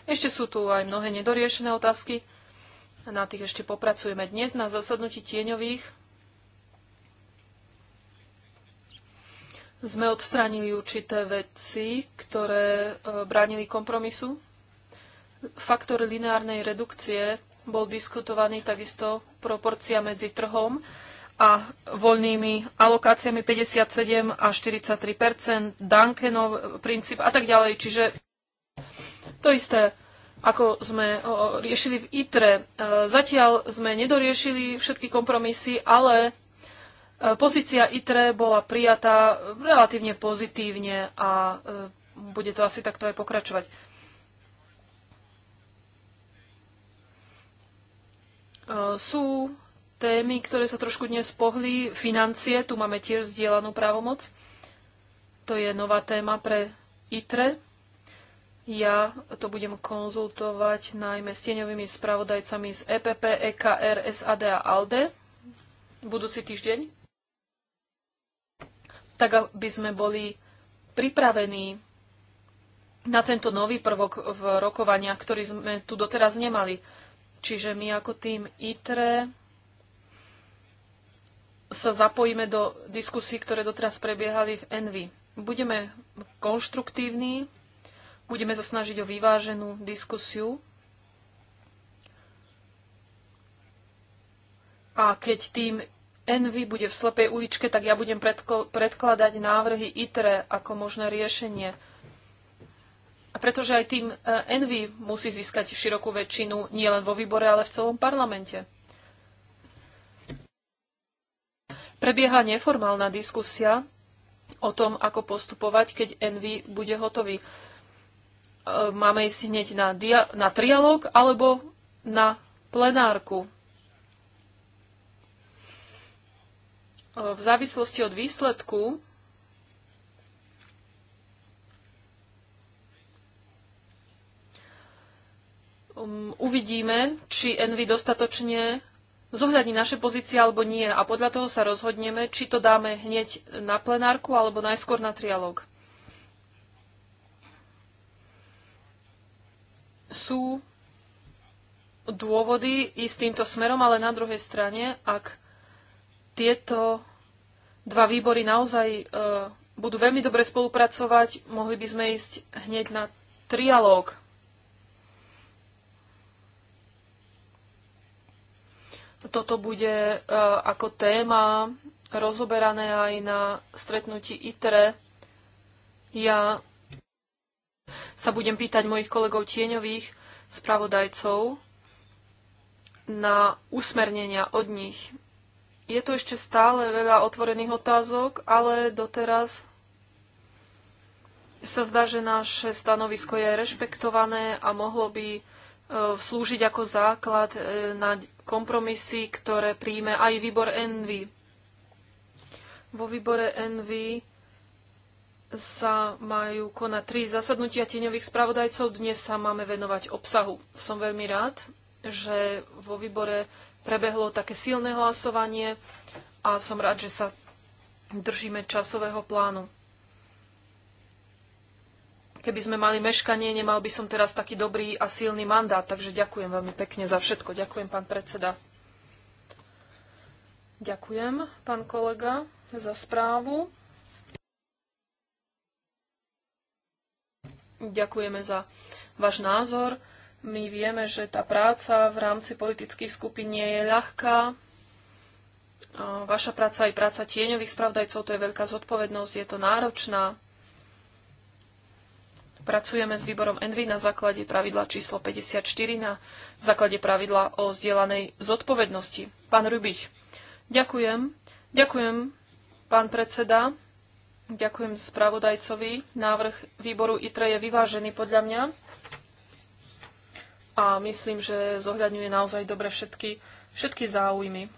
Ešte sú tu aj mnohé nedoriešené otázky. Na tých ešte popracujeme dnes na zasadnutí tieňových sme odstránili určité veci, ktoré e, bránili kompromisu. Faktor lineárnej redukcie bol diskutovaný takisto proporcia medzi trhom a voľnými alokáciami 57 a 43 Duncanov e, princíp a tak ďalej. Čiže to isté, ako sme riešili v ITRE. E, zatiaľ sme nedoriešili všetky kompromisy, ale E, pozícia ITRE bola prijatá relatívne pozitívne a e, bude to asi takto aj pokračovať. E, sú témy, ktoré sa trošku dnes pohli. Financie, tu máme tiež zdieľanú právomoc. To je nová téma pre ITRE. Ja to budem konzultovať najmä s tieňovými spravodajcami z EPP, EKR, SAD a ALDE budúci týždeň tak aby sme boli pripravení na tento nový prvok v rokovania, ktorý sme tu doteraz nemali. Čiže my ako tým ITRE sa zapojíme do diskusí, ktoré doteraz prebiehali v ENVY. Budeme konštruktívni, budeme sa snažiť o vyváženú diskusiu. A keď tým Envy bude v slepej uličke, tak ja budem predkladať návrhy ITRE ako možné riešenie. A pretože aj tým Envy eh, musí získať širokú väčšinu nielen vo výbore, ale v celom parlamente. Prebieha neformálna diskusia o tom, ako postupovať, keď Envy bude hotový. Eh, máme ísť hneď na, dia- na trialóg alebo na plenárku v závislosti od výsledku um, uvidíme, či Envy dostatočne zohľadní naše pozície alebo nie. A podľa toho sa rozhodneme, či to dáme hneď na plenárku alebo najskôr na trialog. Sú dôvody ísť týmto smerom, ale na druhej strane, ak tieto dva výbory naozaj e, budú veľmi dobre spolupracovať. Mohli by sme ísť hneď na trialóg. Toto bude e, ako téma rozoberané aj na stretnutí ITRE. Ja sa budem pýtať mojich kolegov tieňových spravodajcov na usmernenia od nich je tu ešte stále veľa otvorených otázok, ale doteraz sa zdá, že naše stanovisko je rešpektované a mohlo by e, slúžiť ako základ e, na kompromisy, ktoré príjme aj výbor Envy. Vo výbore Envy sa majú konať tri zasadnutia tieňových spravodajcov. Dnes sa máme venovať obsahu. Som veľmi rád, že vo výbore prebehlo také silné hlasovanie a som rád, že sa držíme časového plánu. Keby sme mali meškanie, nemal by som teraz taký dobrý a silný mandát, takže ďakujem veľmi pekne za všetko. Ďakujem, pán predseda. Ďakujem, pán kolega, za správu. Ďakujeme za váš názor. My vieme, že tá práca v rámci politických skupín nie je ľahká. Vaša práca aj práca tieňových spravdajcov, to je veľká zodpovednosť, je to náročná. Pracujeme s výborom Envy na základe pravidla číslo 54, na základe pravidla o zdieľanej zodpovednosti. Pán Rubich, ďakujem. Ďakujem, pán predseda. Ďakujem spravodajcovi. Návrh výboru ITRE je vyvážený podľa mňa a myslím, že zohľadňuje naozaj dobre všetky, všetky záujmy.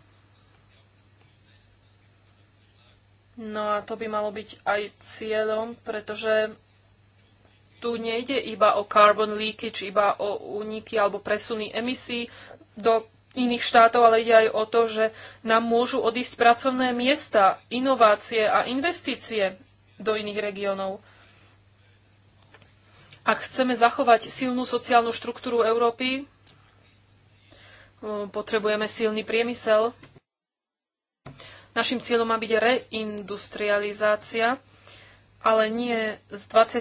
No a to by malo byť aj cieľom, pretože tu nejde iba o carbon leakage, iba o úniky alebo presuny emisí do iných štátov, ale ide aj o to, že nám môžu odísť pracovné miesta, inovácie a investície do iných regiónov. Ak chceme zachovať silnú sociálnu štruktúru Európy, potrebujeme silný priemysel. Našim cieľom má byť reindustrializácia, ale nie s 20%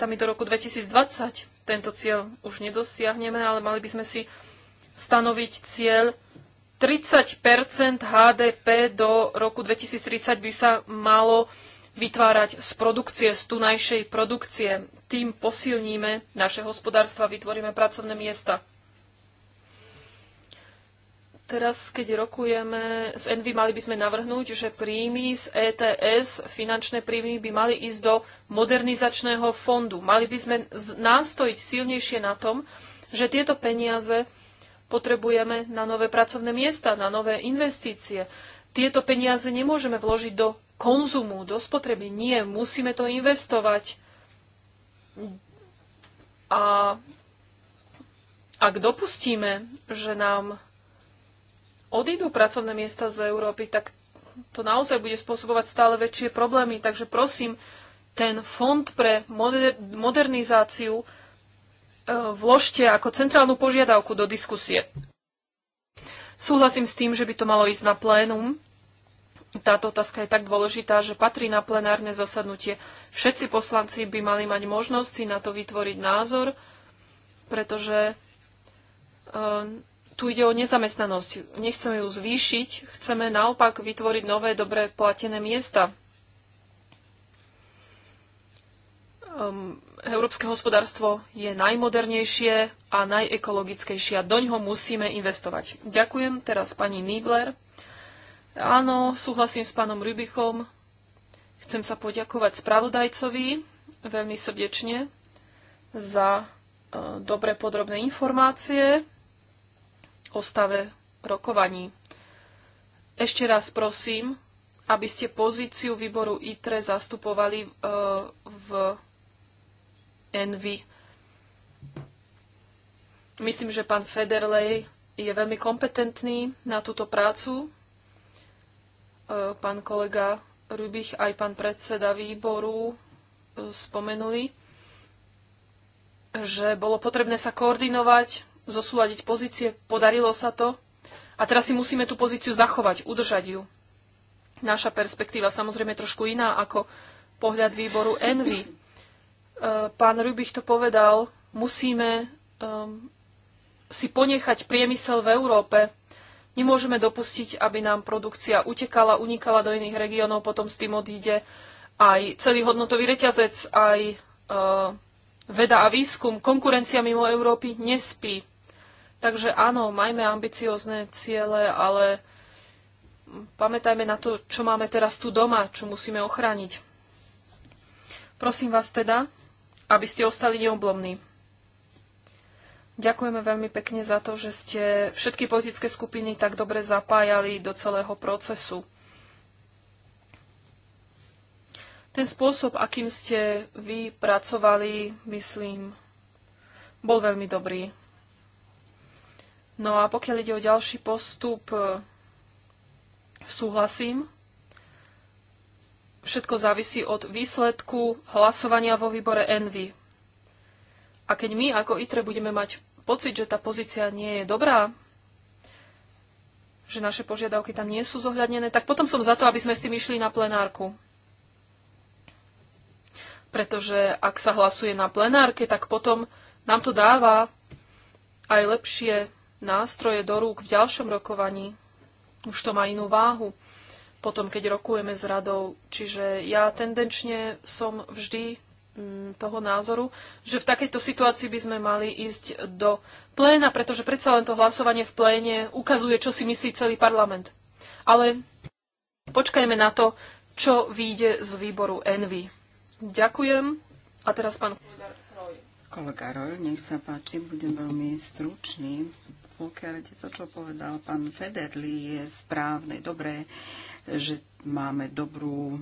do roku 2020. Tento cieľ už nedosiahneme, ale mali by sme si stanoviť cieľ 30 HDP do roku 2030 by sa malo vytvárať z produkcie, z tunajšej produkcie tým posilníme naše hospodárstva, vytvoríme pracovné miesta. Teraz, keď rokujeme s Envy, mali by sme navrhnúť, že príjmy z ETS, finančné príjmy by mali ísť do modernizačného fondu. Mali by sme nástojiť silnejšie na tom, že tieto peniaze potrebujeme na nové pracovné miesta, na nové investície. Tieto peniaze nemôžeme vložiť do konzumu, do spotreby. Nie, musíme to investovať a ak dopustíme, že nám odídu pracovné miesta z Európy, tak to naozaj bude spôsobovať stále väčšie problémy. Takže prosím, ten fond pre modernizáciu e, vložte ako centrálnu požiadavku do diskusie. Súhlasím s tým, že by to malo ísť na plénum, táto otázka je tak dôležitá, že patrí na plenárne zasadnutie. Všetci poslanci by mali mať možnosť si na to vytvoriť názor, pretože e, tu ide o nezamestnanosť. Nechceme ju zvýšiť, chceme naopak vytvoriť nové, dobre platené miesta. Ehm, európske hospodárstvo je najmodernejšie a najekologickejšie a do ňoho musíme investovať. Ďakujem teraz pani Nibler. Áno, súhlasím s pánom Rybichom. Chcem sa poďakovať spravodajcovi veľmi srdečne za e, dobre podrobné informácie o stave rokovaní. Ešte raz prosím, aby ste pozíciu výboru ITRE zastupovali e, v ENVY. Myslím, že pán Federley je veľmi kompetentný na túto prácu, E, pán kolega Rubich, aj pán predseda výboru e, spomenuli, že bolo potrebné sa koordinovať, zosúľadiť pozície, podarilo sa to a teraz si musíme tú pozíciu zachovať, udržať ju. Naša perspektíva samozrejme je trošku iná ako pohľad výboru Envy. E, pán Rubich to povedal, musíme um, si ponechať priemysel v Európe, Nemôžeme dopustiť, aby nám produkcia utekala, unikala do iných regiónov, potom s tým odíde aj celý hodnotový reťazec, aj e, veda a výskum. Konkurencia mimo Európy nespí. Takže áno, majme ambiciozne ciele, ale pamätajme na to, čo máme teraz tu doma, čo musíme ochrániť. Prosím vás teda, aby ste ostali neoblomní. Ďakujeme veľmi pekne za to, že ste všetky politické skupiny tak dobre zapájali do celého procesu. Ten spôsob, akým ste vy pracovali, myslím, bol veľmi dobrý. No a pokiaľ ide o ďalší postup, súhlasím. Všetko závisí od výsledku hlasovania vo výbore Envy. A keď my ako ITRE budeme mať pocit, že tá pozícia nie je dobrá, že naše požiadavky tam nie sú zohľadnené, tak potom som za to, aby sme s tým išli na plenárku. Pretože ak sa hlasuje na plenárke, tak potom nám to dáva aj lepšie nástroje do rúk v ďalšom rokovaní. Už to má inú váhu potom, keď rokujeme s radou. Čiže ja tendenčne som vždy Mm, toho názoru, že v takejto situácii by sme mali ísť do pléna, pretože predsa len to hlasovanie v pléne ukazuje, čo si myslí celý parlament. Ale počkajme na to, čo vyjde z výboru Envy. Ďakujem. A teraz pán kolega Roj. nech sa páči, budem veľmi stručný. Pokiaľ to, čo povedal pán Federli, je správne, dobré že máme dobrú e,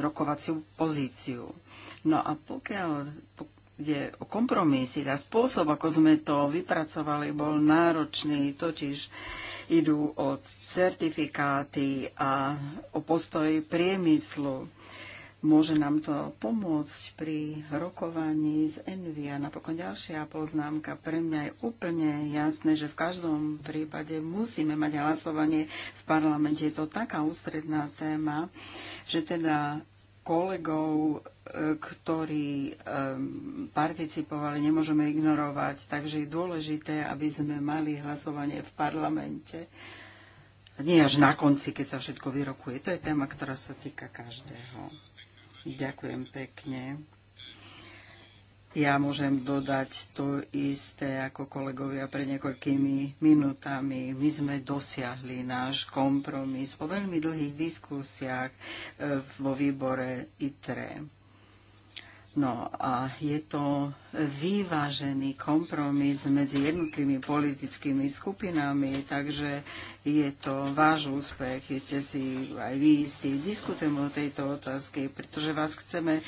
rokovaciu pozíciu. No a pokiaľ ide o kompromisy, a spôsob, ako sme to vypracovali, bol náročný, totiž idú o certifikáty a o postoj priemyslu. Môže nám to pomôcť pri rokovaní z Envy. A napokon ďalšia poznámka. Pre mňa je úplne jasné, že v každom prípade musíme mať hlasovanie v parlamente. Je to taká ústredná téma, že teda kolegov, e, ktorí e, participovali, nemôžeme ignorovať. Takže je dôležité, aby sme mali hlasovanie v parlamente. Nie až na konci, keď sa všetko vyrokuje. To je téma, ktorá sa týka každého. Ďakujem pekne. Ja môžem dodať to isté ako kolegovia pred niekoľkými minutami. My sme dosiahli náš kompromis po veľmi dlhých diskusiách e, vo výbore ITRE. No a je to vyvážený kompromis medzi jednotlivými politickými skupinami, takže je to váš úspech, ste si aj vy istí. Diskutujeme o tejto otázke, pretože vás chceme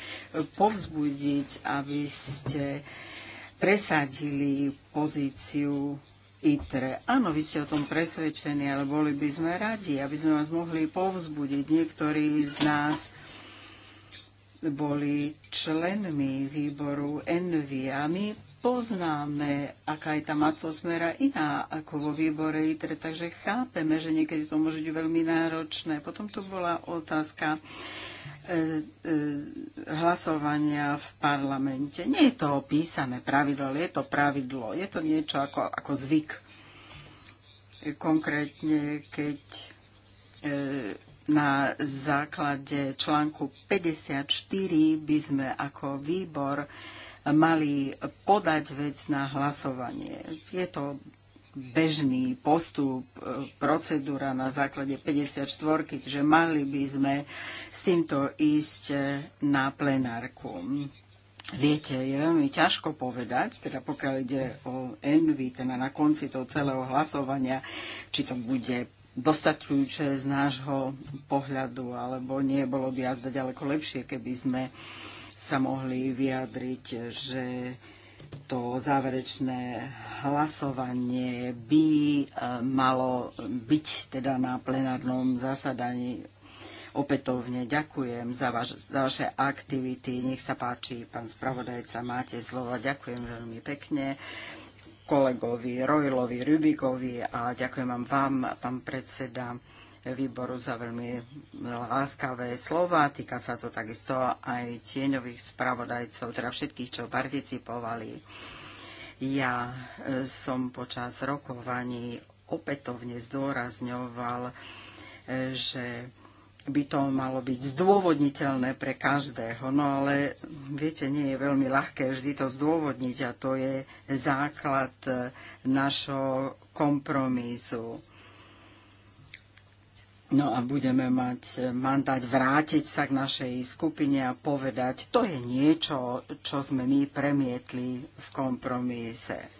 povzbudiť, aby ste presadili pozíciu ITRE. Áno, vy ste o tom presvedčení, ale boli by sme radi, aby sme vás mohli povzbudiť. Niektorí z nás boli členmi výboru Envy a my poznáme, aká je tam atmosféra iná ako vo výbore ITRE, takže chápeme, že niekedy to môže byť veľmi náročné. Potom tu bola otázka e, e, hlasovania v parlamente. Nie je to opísané pravidlo, ale je to pravidlo. Je to niečo ako, ako zvyk. Konkrétne, keď e, na základe článku 54 by sme ako výbor mali podať vec na hlasovanie. Je to bežný postup, e, procedúra na základe 54, že mali by sme s týmto ísť e, na plenárku. Viete, je veľmi ťažko povedať, teda pokiaľ ide o envy, teda na konci toho celého hlasovania, či to bude dostačujúce z nášho pohľadu, alebo nie bolo by jazda ďaleko lepšie, keby sme sa mohli vyjadriť, že to záverečné hlasovanie by e, malo byť teda na plenárnom zasadaní. Opätovne ďakujem za, vaš, za vaše aktivity. Nech sa páči, pán spravodajca, máte slovo. Ďakujem veľmi pekne kolegovi Rojlovi, Rybikovi a ďakujem vám, vám pán predseda výboru za veľmi láskavé slova. Týka sa to takisto aj tieňových spravodajcov, teda všetkých, čo participovali. Ja e, som počas rokovaní opätovne zdôrazňoval, e, že by to malo byť zdôvodniteľné pre každého. No ale viete, nie je veľmi ľahké vždy to zdôvodniť a to je základ e, našho kompromisu. No a budeme mať e, mandát vrátiť sa k našej skupine a povedať, to je niečo, čo sme my premietli v kompromise.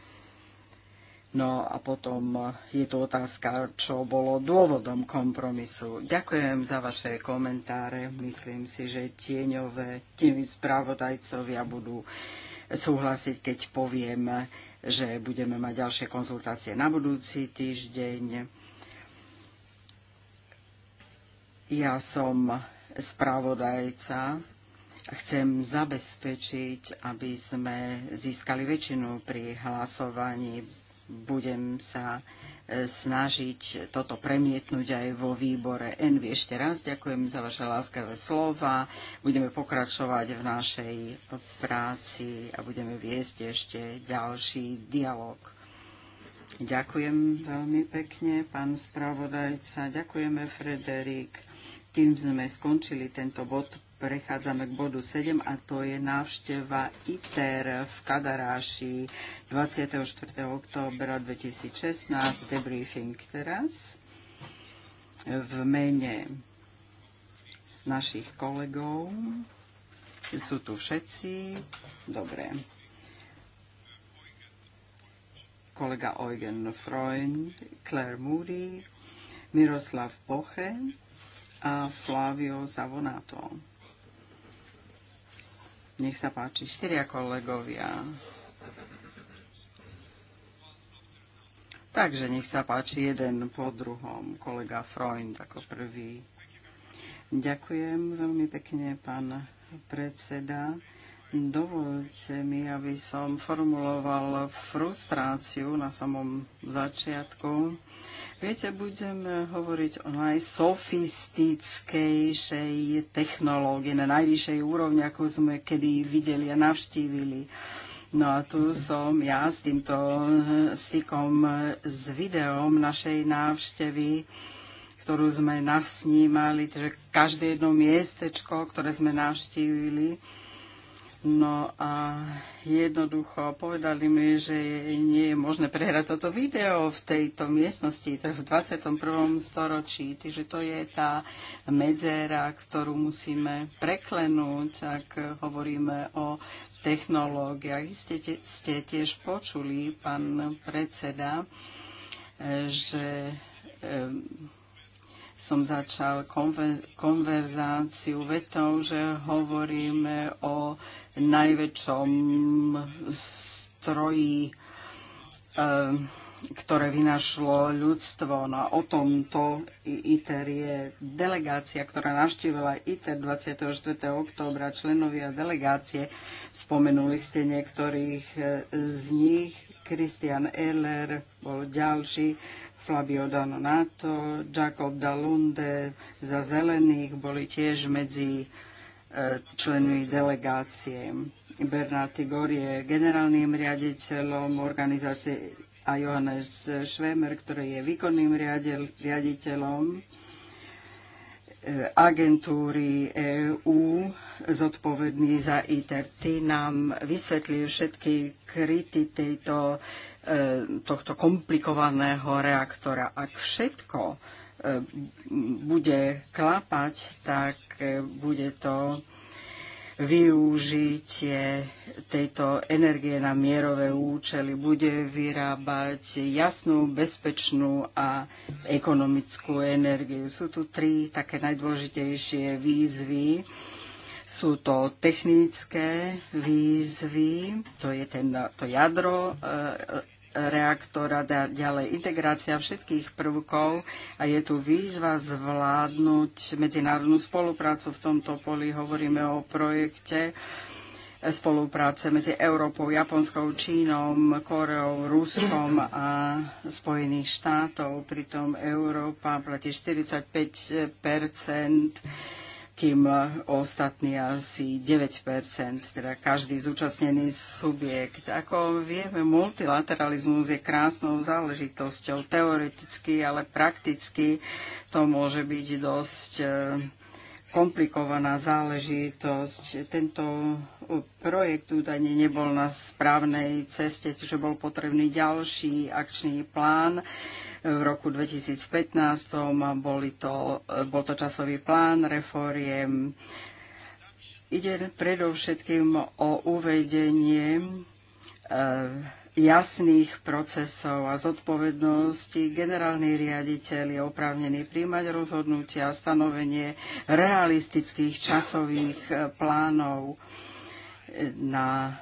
No a potom je tu otázka, čo bolo dôvodom kompromisu. Ďakujem za vaše komentáre. Myslím si, že tieňové, tieňoví správodajcovia budú súhlasiť, keď poviem, že budeme mať ďalšie konzultácie na budúci týždeň. Ja som spravodajca chcem zabezpečiť, aby sme získali väčšinu pri hlasovaní budem sa e, snažiť toto premietnúť aj vo výbore Envy. Ešte raz ďakujem za vaše láskavé slova. Budeme pokračovať v našej práci a budeme viesť ešte ďalší dialog. Ďakujem veľmi pekne, pán spravodajca. Ďakujeme, Frederik. Tým sme skončili tento bod prechádzame k bodu 7 a to je návšteva ITER v Kadaráši 24. októbra 2016, debriefing teraz v mene našich kolegov. Sú tu všetci. Dobre. Kolega Eugen Freund, Claire Moody, Miroslav Poche a Flavio Zavonato. Nech sa páči, štyria kolegovia. Takže nech sa páči jeden po druhom, kolega Freund ako prvý. Ďakujem veľmi pekne, pán predseda. Dovolte mi, aby som formuloval frustráciu na samom začiatku Viete, budem eh, hovoriť o najsofistickejšej technológii na najvyššej úrovni, ako sme kedy videli a navštívili. No a tu som ja s týmto eh, stykom eh, s videom našej návštevy, ktorú sme nasnímali, takže každé jedno miestečko, ktoré sme navštívili, No a jednoducho povedali mi, že nie je možné prehrať toto video v tejto miestnosti teda v 21. storočí. Čiže to je tá medzera, ktorú musíme preklenúť, ak hovoríme o technológiách. Ste, ste tiež počuli, pán predseda, že som začal konver, konverzáciu vetou, že hovoríme o najväčšom stroji, e, ktoré vynašlo ľudstvo. No o tomto ITER je delegácia, ktorá navštívila ITER 24. októbra. Členovia delegácie, spomenuli ste niektorých e, z nich, Christian Eller bol ďalší, Flavio Danonato, Jacob Dalunde za zelených boli tiež medzi členmi delegácie. Bernardy Gor je generálnym riaditeľom organizácie a Johannes Schwemer, ktorý je výkonným riaditeľom eh, agentúry EÚ zodpovedný za ITRT nám vysvetlil všetky kryty tejto, eh, tohto komplikovaného reaktora. Ak všetko E, bude klapať, tak e, bude to využitie tejto energie na mierové účely, bude vyrábať jasnú, bezpečnú a ekonomickú energiu. Sú tu tri také najdôležitejšie výzvy. Sú to technické výzvy, to je ten, to jadro e, reaktora, ďalej integrácia všetkých prvkov a je tu výzva zvládnuť medzinárodnú spoluprácu. V tomto poli hovoríme o projekte spolupráce medzi Európou, Japonskou, Čínom, Koreou, Ruskom a Spojených štátov. Pritom Európa platí 45 kým ostatní asi 9%, teda každý zúčastnený subjekt. Ako vieme, multilateralizmus je krásnou záležitosťou, teoreticky, ale prakticky to môže byť dosť e, komplikovaná záležitosť. Tento projekt údajne nebol na správnej ceste, čiže bol potrebný ďalší akčný plán v roku 2015. Boli to, bol to časový plán reforiem. Ide predovšetkým o uvedenie eh, jasných procesov a zodpovedností. Generálny riaditeľ je oprávnený príjmať rozhodnutia a stanovenie realistických časových eh, plánov eh, na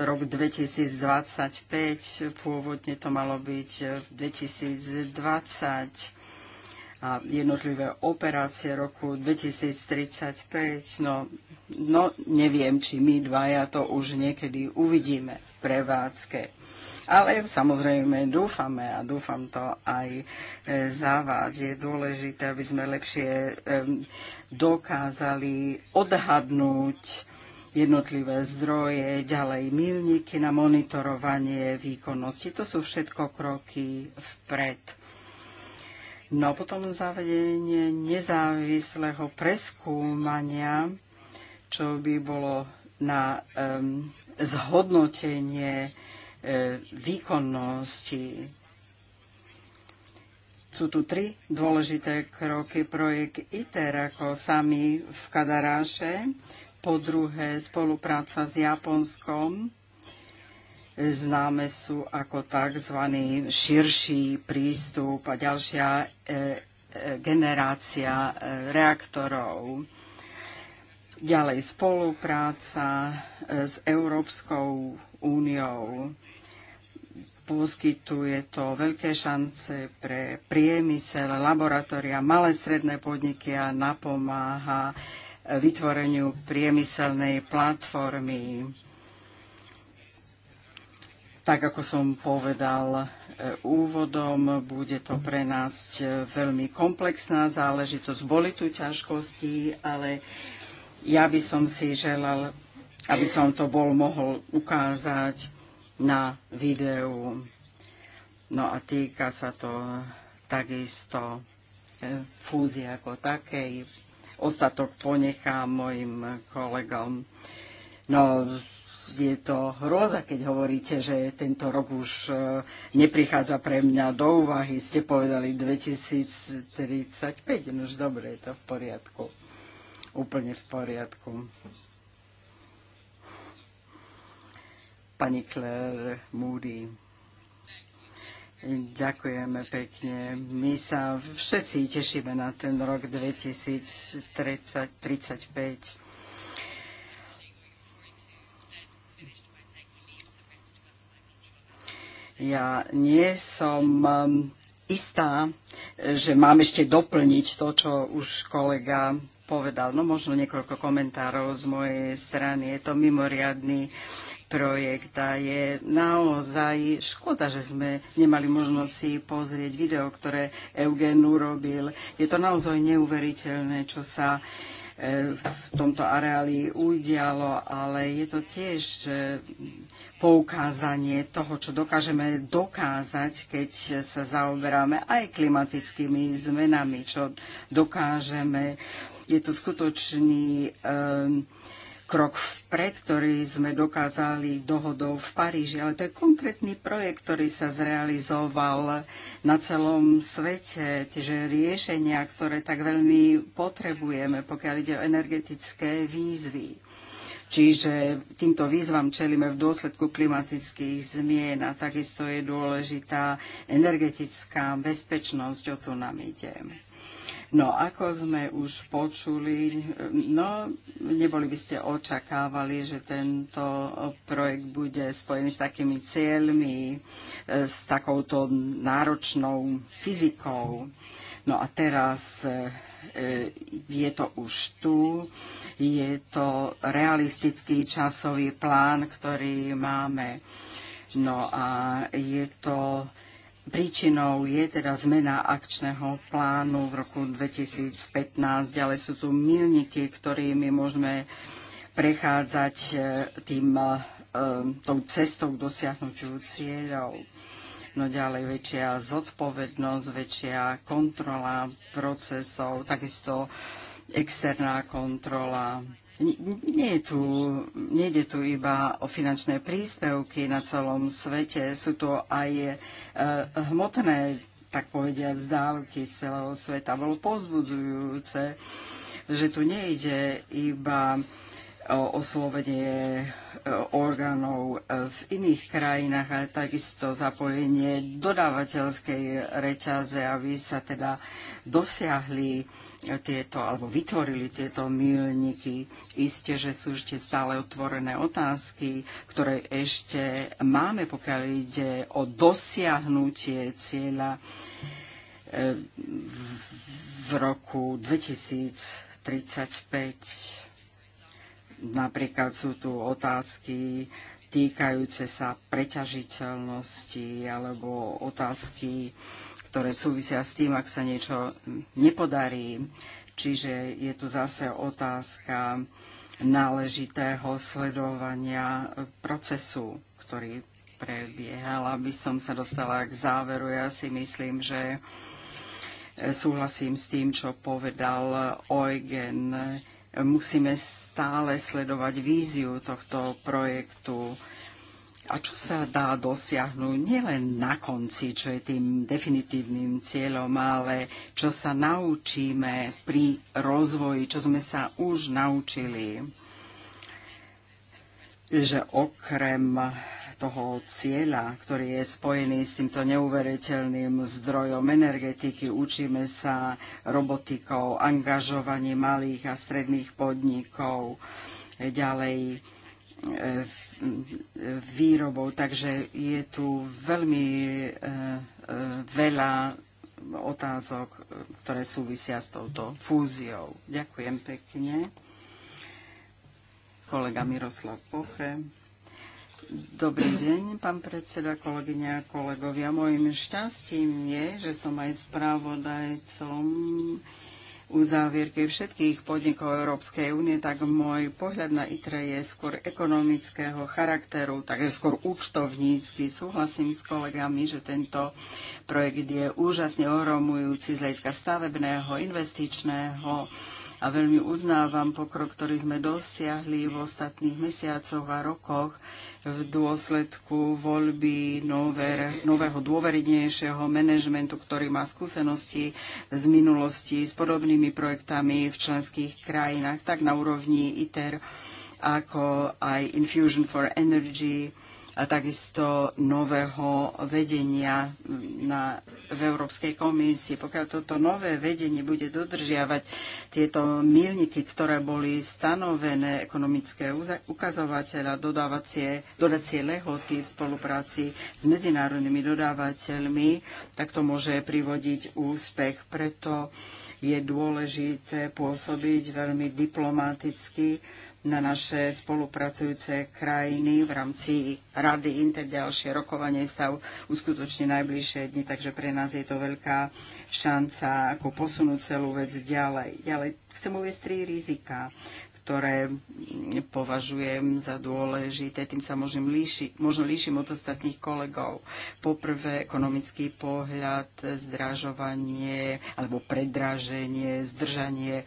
rok 2025, pôvodne to malo byť v 2020 a jednotlivé operácie roku 2035. No, no neviem, či my dvaja to už niekedy uvidíme v prevádzke. Ale samozrejme dúfame a dúfam to aj e, za vás. Je dôležité, aby sme lepšie dokázali odhadnúť jednotlivé zdroje, ďalej milníky na monitorovanie výkonnosti. To sú všetko kroky vpred. No potom zavedenie nezávislého preskúmania, čo by bolo na um, zhodnotenie e, výkonnosti. Sú tu tri dôležité kroky. Projekt ITER ako sami v Kadaráše po druhé, spolupráca s Japonskom. Známe sú ako tzv. širší prístup a ďalšia e, e, generácia e, reaktorov. Ďalej spolupráca s Európskou úniou. Poskytuje to veľké šance pre priemysel, laboratória, malé stredné podniky a napomáha vytvoreniu priemyselnej platformy. Tak ako som povedal e, úvodom, bude to pre nás e, veľmi komplexná záležitosť. Boli tu ťažkosti, ale ja by som si želal, aby som to bol mohol ukázať na videu. No a týka sa to takisto e, fúzie ako takej ostatok ponechám mojim kolegom. No, je to hrôza, keď hovoríte, že tento rok už e, neprichádza pre mňa do úvahy. Ste povedali 2035, no už dobre, je to v poriadku. Úplne v poriadku. Pani Claire Moody. Ďakujeme pekne. My sa všetci tešíme na ten rok 2035. Ja nie som um, istá, že mám ešte doplniť to, čo už kolega povedal. No možno niekoľko komentárov z mojej strany. Je to mimoriadný projekt a je naozaj škoda, že sme nemali možnosť si pozrieť video, ktoré Eugen urobil. Je to naozaj neuveriteľné, čo sa e, v tomto areáli udialo, ale je to tiež e, poukázanie toho, čo dokážeme dokázať, keď sa zaoberáme aj klimatickými zmenami, čo dokážeme. Je to skutočný um, krok vpred, ktorý sme dokázali dohodou v Paríži, ale to je konkrétny projekt, ktorý sa zrealizoval na celom svete. tieže riešenia, ktoré tak veľmi potrebujeme, pokiaľ ide o energetické výzvy. Čiže týmto výzvam čelíme v dôsledku klimatických zmien a takisto je dôležitá energetická bezpečnosť, o tu nám ide. No ako sme už počuli, no neboli by ste očakávali, že tento projekt bude spojený s takými cieľmi, eh, s takouto náročnou fyzikou. No a teraz eh, je to už tu, je to realistický časový plán, ktorý máme. No a je to Príčinou je teda zmena akčného plánu v roku 2015, ale sú tu milníky, ktorými môžeme prechádzať e, tým, e, tou cestou k dosiahnutiu cieľov. No ďalej väčšia zodpovednosť, väčšia kontrola procesov, takisto externá kontrola nie je tu, nejde tu iba o finančné príspevky na celom svete, sú to aj e, hmotné, tak povedia, zdávky z celého sveta. Bolo pozbudzujúce, že tu nejde iba oslovenie e, orgánov e, v iných krajinách ale takisto zapojenie dodávateľskej reťaze, aby sa teda dosiahli e, tieto, alebo vytvorili tieto milníky. Isté, že sú ešte stále otvorené otázky, ktoré ešte máme, pokiaľ ide o dosiahnutie cieľa v roku 2035 Napríklad sú tu otázky týkajúce sa preťažiteľnosti alebo otázky, ktoré súvisia s tým, ak sa niečo nepodarí. Čiže je tu zase otázka náležitého sledovania procesu, ktorý prebiehal. Aby som sa dostala k záveru, ja si myslím, že súhlasím s tým, čo povedal Eugen musíme stále sledovať víziu tohto projektu a čo sa dá dosiahnuť nielen na konci, čo je tým definitívnym cieľom, ale čo sa naučíme pri rozvoji, čo sme sa už naučili že okrem toho cieľa, ktorý je spojený s týmto neuveriteľným zdrojom energetiky. Učíme sa robotikou, angažovanie malých a stredných podnikov, ďalej e, výrobou. Takže je tu veľmi e, e, veľa otázok, ktoré súvisia s touto fúziou. Ďakujem pekne. Kolega Miroslav Poche. Dobrý deň, pán predseda, kolegyňa a kolegovia. Mojím šťastím je, že som aj spravodajcom uzávierky všetkých podnikov Európskej únie, tak môj pohľad na ITRE je skôr ekonomického charakteru, takže skôr účtovnícky. Súhlasím s kolegami, že tento projekt je úžasne ohromujúci z hľadiska stavebného, investičného, a veľmi uznávam pokrok, ktorý sme dosiahli v ostatných mesiacoch a rokoch v dôsledku voľby nover, nového dôverenejšieho manažmentu, ktorý má skúsenosti z minulosti s podobnými projektami v členských krajinách, tak na úrovni ITER ako aj Infusion for Energy, a takisto nového vedenia na, v Európskej komisii. Pokiaľ toto nové vedenie bude dodržiavať tieto milníky, ktoré boli stanovené, ekonomické ukazovateľa, dodávacie, dodacie lehoty v spolupráci s medzinárodnými dodávateľmi, tak to môže privodiť úspech. Preto je dôležité pôsobiť veľmi diplomaticky na naše spolupracujúce krajiny v rámci Rady Inter. Ďalšie rokovanie sa uskutoční najbližšie dni, takže pre nás je to veľká šanca ako posunúť celú vec ďalej. Ďalej chcem uvieť tri rizika ktoré považujem za dôležité, tým sa môžem líši, možno líšim od ostatných kolegov. Poprvé, ekonomický pohľad, zdražovanie alebo predraženie, zdržanie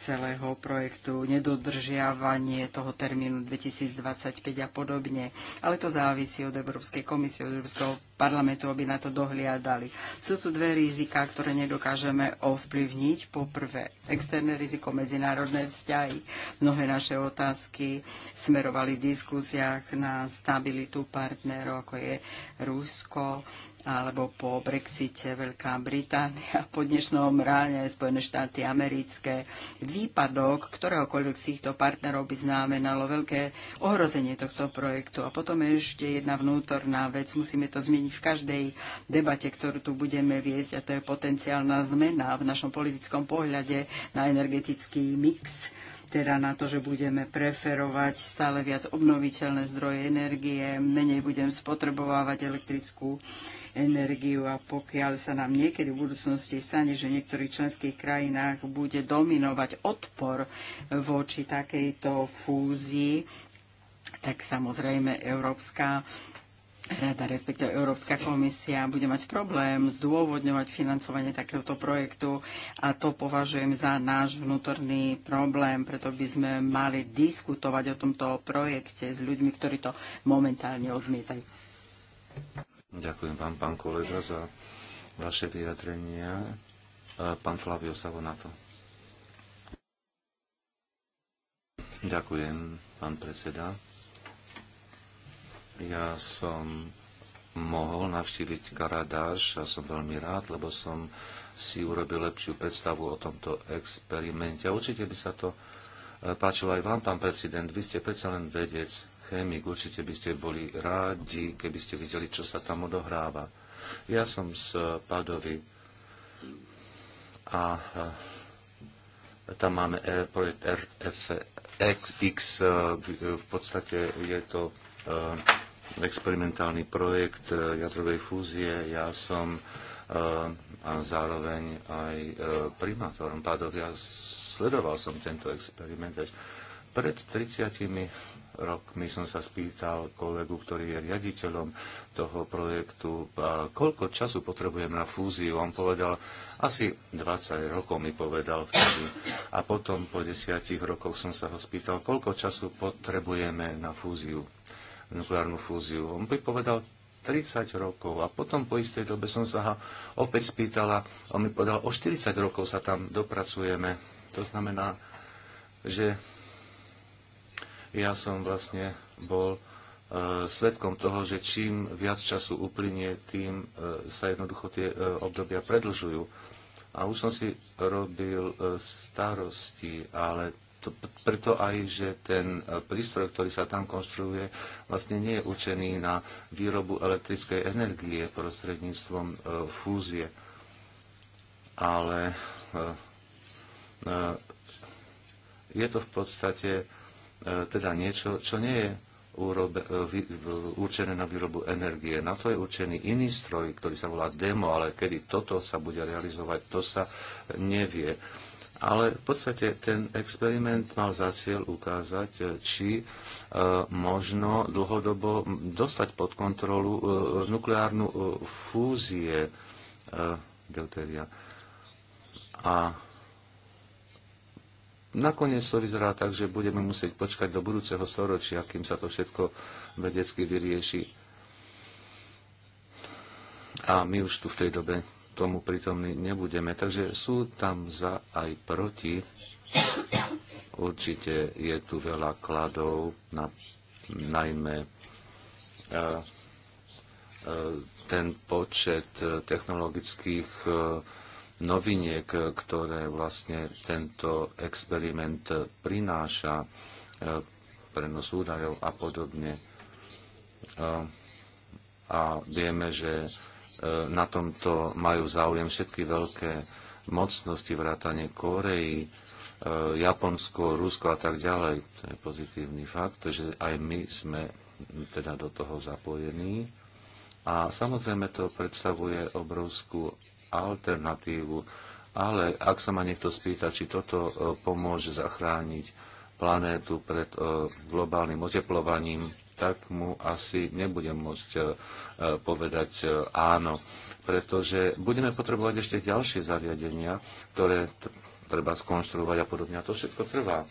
celého projektu, nedodržiavanie toho termínu 2025 a podobne. Ale to závisí od Európskej komisie, od Európskeho parlamentu, aby na to dohliadali. Sú tu dve rizika, ktoré nedokážeme ovplyvniť. Po prvé, externé riziko, medzinárodné vzťahy. Mnohé naše otázky smerovali v diskusiách na stabilitu partnerov, ako je Rusko, alebo po Brexite Veľká Británia, po dnešnom ráne Spojené štáty americké. Výpadok ktoréhokoľvek z týchto partnerov by znamenalo veľké ohrozenie tohto projektu. A potom ešte jedna vnútorná vec, musíme to zmeniť v každej debate, ktorú tu budeme viesť, a to je potenciálna zmena v našom politickom pohľade na energetický mix teda na to, že budeme preferovať stále viac obnoviteľné zdroje energie, menej budem spotrebovávať elektrickú energiu a pokiaľ sa nám niekedy v budúcnosti stane, že v niektorých členských krajinách bude dominovať odpor voči takejto fúzii, tak samozrejme Európska Rada, respektíve Európska komisia bude mať problém zdôvodňovať financovanie takéhoto projektu a to považujem za náš vnútorný problém, preto by sme mali diskutovať o tomto projekte s ľuďmi, ktorí to momentálne odmietajú. Ďakujem vám, pán kolega, za vaše vyjadrenia. Pán Flavio Savonato. Ďakujem, pán predseda. Ja som mohol navštíviť Karadáš a som veľmi rád, lebo som si urobil lepšiu predstavu o tomto experimente. A určite by sa to e, páčilo aj vám, pán prezident. Vy ste predsa len vedec chemik. Určite by ste boli rádi, keby ste videli, čo sa tam odohráva. Ja som z Padovy a tam máme e, projekt RFX, v podstate je to e, experimentálny projekt e, jadrovej fúzie. Ja som a zároveň aj primátorom Padovia sledoval som tento experiment. Pred 30 rokmi som sa spýtal kolegu, ktorý je riaditeľom toho projektu, koľko času potrebujem na fúziu. On povedal, asi 20 rokov mi povedal vtedy. A potom po desiatich rokoch som sa ho spýtal, koľko času potrebujeme na fúziu, nukleárnu fúziu. On by povedal, 30 rokov a potom po istej dobe som sa ho opäť spýtala, on mi povedal, o 40 rokov sa tam dopracujeme. To znamená, že ja som vlastne bol e, svetkom toho, že čím viac času uplynie, tým e, sa jednoducho tie e, obdobia predlžujú. A už som si robil starosti, ale to, preto aj, že ten prístroj, ktorý sa tam konštruuje, vlastne nie je učený na výrobu elektrickej energie prostredníctvom fúzie. Ale je to v podstate E, teda niečo, čo nie je urobe, e, určené na výrobu energie. Na to je určený iný stroj, ktorý sa volá demo, ale kedy toto sa bude realizovať, to sa nevie. Ale v podstate ten experiment mal za cieľ ukázať, e, či e, možno dlhodobo dostať pod kontrolu e, nukleárnu e, fúzie e, A Nakoniec to vyzerá tak, že budeme musieť počkať do budúceho storočia, kým sa to všetko vedecky vyrieši. A my už tu v tej dobe tomu pritomní nebudeme. Takže sú tam za aj proti. Určite je tu veľa kladov, na, najmä e, e, ten počet e, technologických noviniek, ktoré vlastne tento experiment prináša, e, prenos údajov a podobne. E, a vieme, že e, na tomto majú záujem všetky veľké mocnosti, vrátane Koreji, Japonsko, Rusko a tak ďalej. To je pozitívny fakt, že aj my sme teda do toho zapojení. A samozrejme to predstavuje obrovskú alternatívu. Ale ak sa ma niekto spýta, či toto e, pomôže zachrániť planétu pred e, globálnym oteplovaním, tak mu asi nebudem môcť e, povedať áno, pretože budeme potrebovať ešte ďalšie zariadenia, ktoré treba skonštruovať a podobne. A to všetko trvá.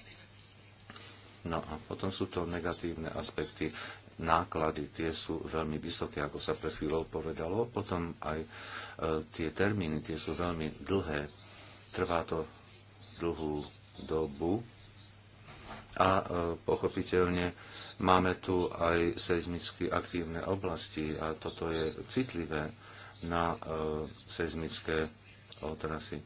No a potom sú to negatívne aspekty náklady, tie sú veľmi vysoké, ako sa pred chvíľou povedalo. Potom aj e, tie termíny, tie sú veľmi dlhé. Trvá to dlhú dobu. A e, pochopiteľne máme tu aj seizmicky aktívne oblasti a toto je citlivé na e, seizmické otrasy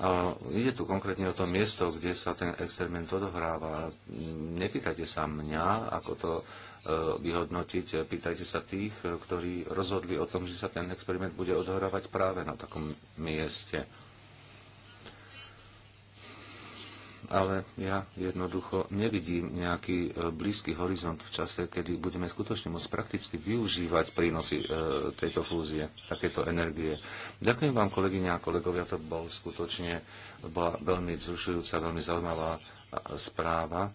a ide tu konkrétne o to miesto, kde sa ten experiment odohráva. Nepýtajte sa mňa, ako to e, vyhodnotiť, pýtajte sa tých, ktorí rozhodli o tom, že sa ten experiment bude odohrávať práve na takom mieste. ale ja jednoducho nevidím nejaký e, blízky horizont v čase, kedy budeme skutočne môcť prakticky využívať prínosy e, tejto fúzie, takéto energie. Ďakujem vám, kolegyňa a kolegovia, to bol skutočne bola veľmi vzrušujúca, veľmi zaujímavá e, správa.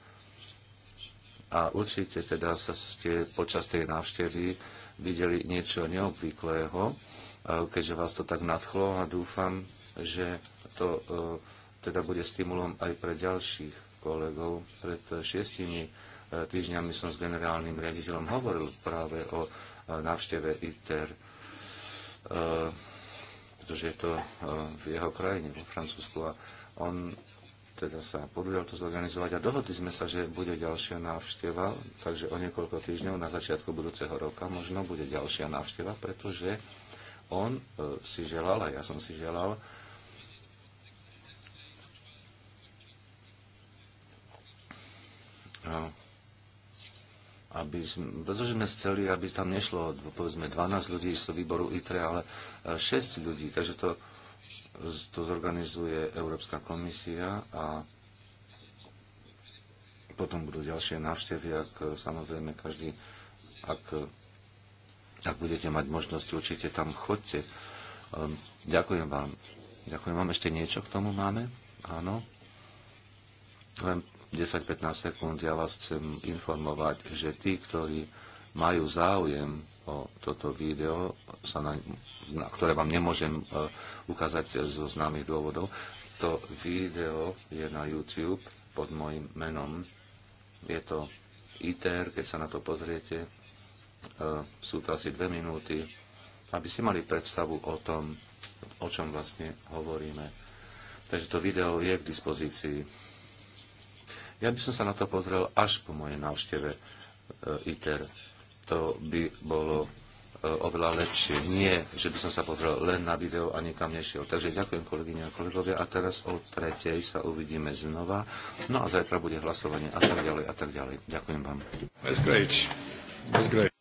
A určite teda sa ste počas tej návštevy videli niečo neobvyklého, keďže vás to tak nadchlo a dúfam, že to teda bude stimulom aj pre ďalších kolegov. Pred eh, šiestimi eh, týždňami som s generálnym riaditeľom hovoril práve o eh, návšteve ITER, pretože je to v jeho krajine, vo Francúzsku. A on teda sa podujal to zorganizovať a dohodli sme sa, že bude ďalšia návšteva, takže o niekoľko týždňov na začiatku budúceho roka možno bude ďalšia návšteva, pretože on si želal, a ja som si želal, aby sme, pretože sme chceli, aby tam nešlo povedzme 12 ľudí z výboru ITRE, ale 6 e, ľudí, takže to, to zorganizuje Európska komisia a potom budú ďalšie návštevy, ak e, samozrejme každý, ak, e, ak budete mať možnosť, určite tam chodte. Ehm, ďakujem vám. Ďakujem vám. Ešte niečo k tomu máme? Áno. Len 10-15 sekúnd ja vás chcem informovať, že tí, ktorí majú záujem o toto video, sa na, na ktoré vám nemôžem uh, ukázať zo známych dôvodov, to video je na YouTube pod mojim menom. Je to ITER, keď sa na to pozriete. Uh, sú to asi dve minúty, aby ste mali predstavu o tom, o čom vlastne hovoríme. Takže to video je k dispozícii ja by som sa na to pozrel až po mojej návšteve e, ITER. To by bolo e, oveľa lepšie. Nie, že by som sa pozrel len na video a nikam nešiel. Takže ďakujem kolegyne a kolegovia a teraz o tretej sa uvidíme znova. No a zajtra bude hlasovanie a tak ďalej a tak ďalej. Ďakujem vám. That's great. That's great.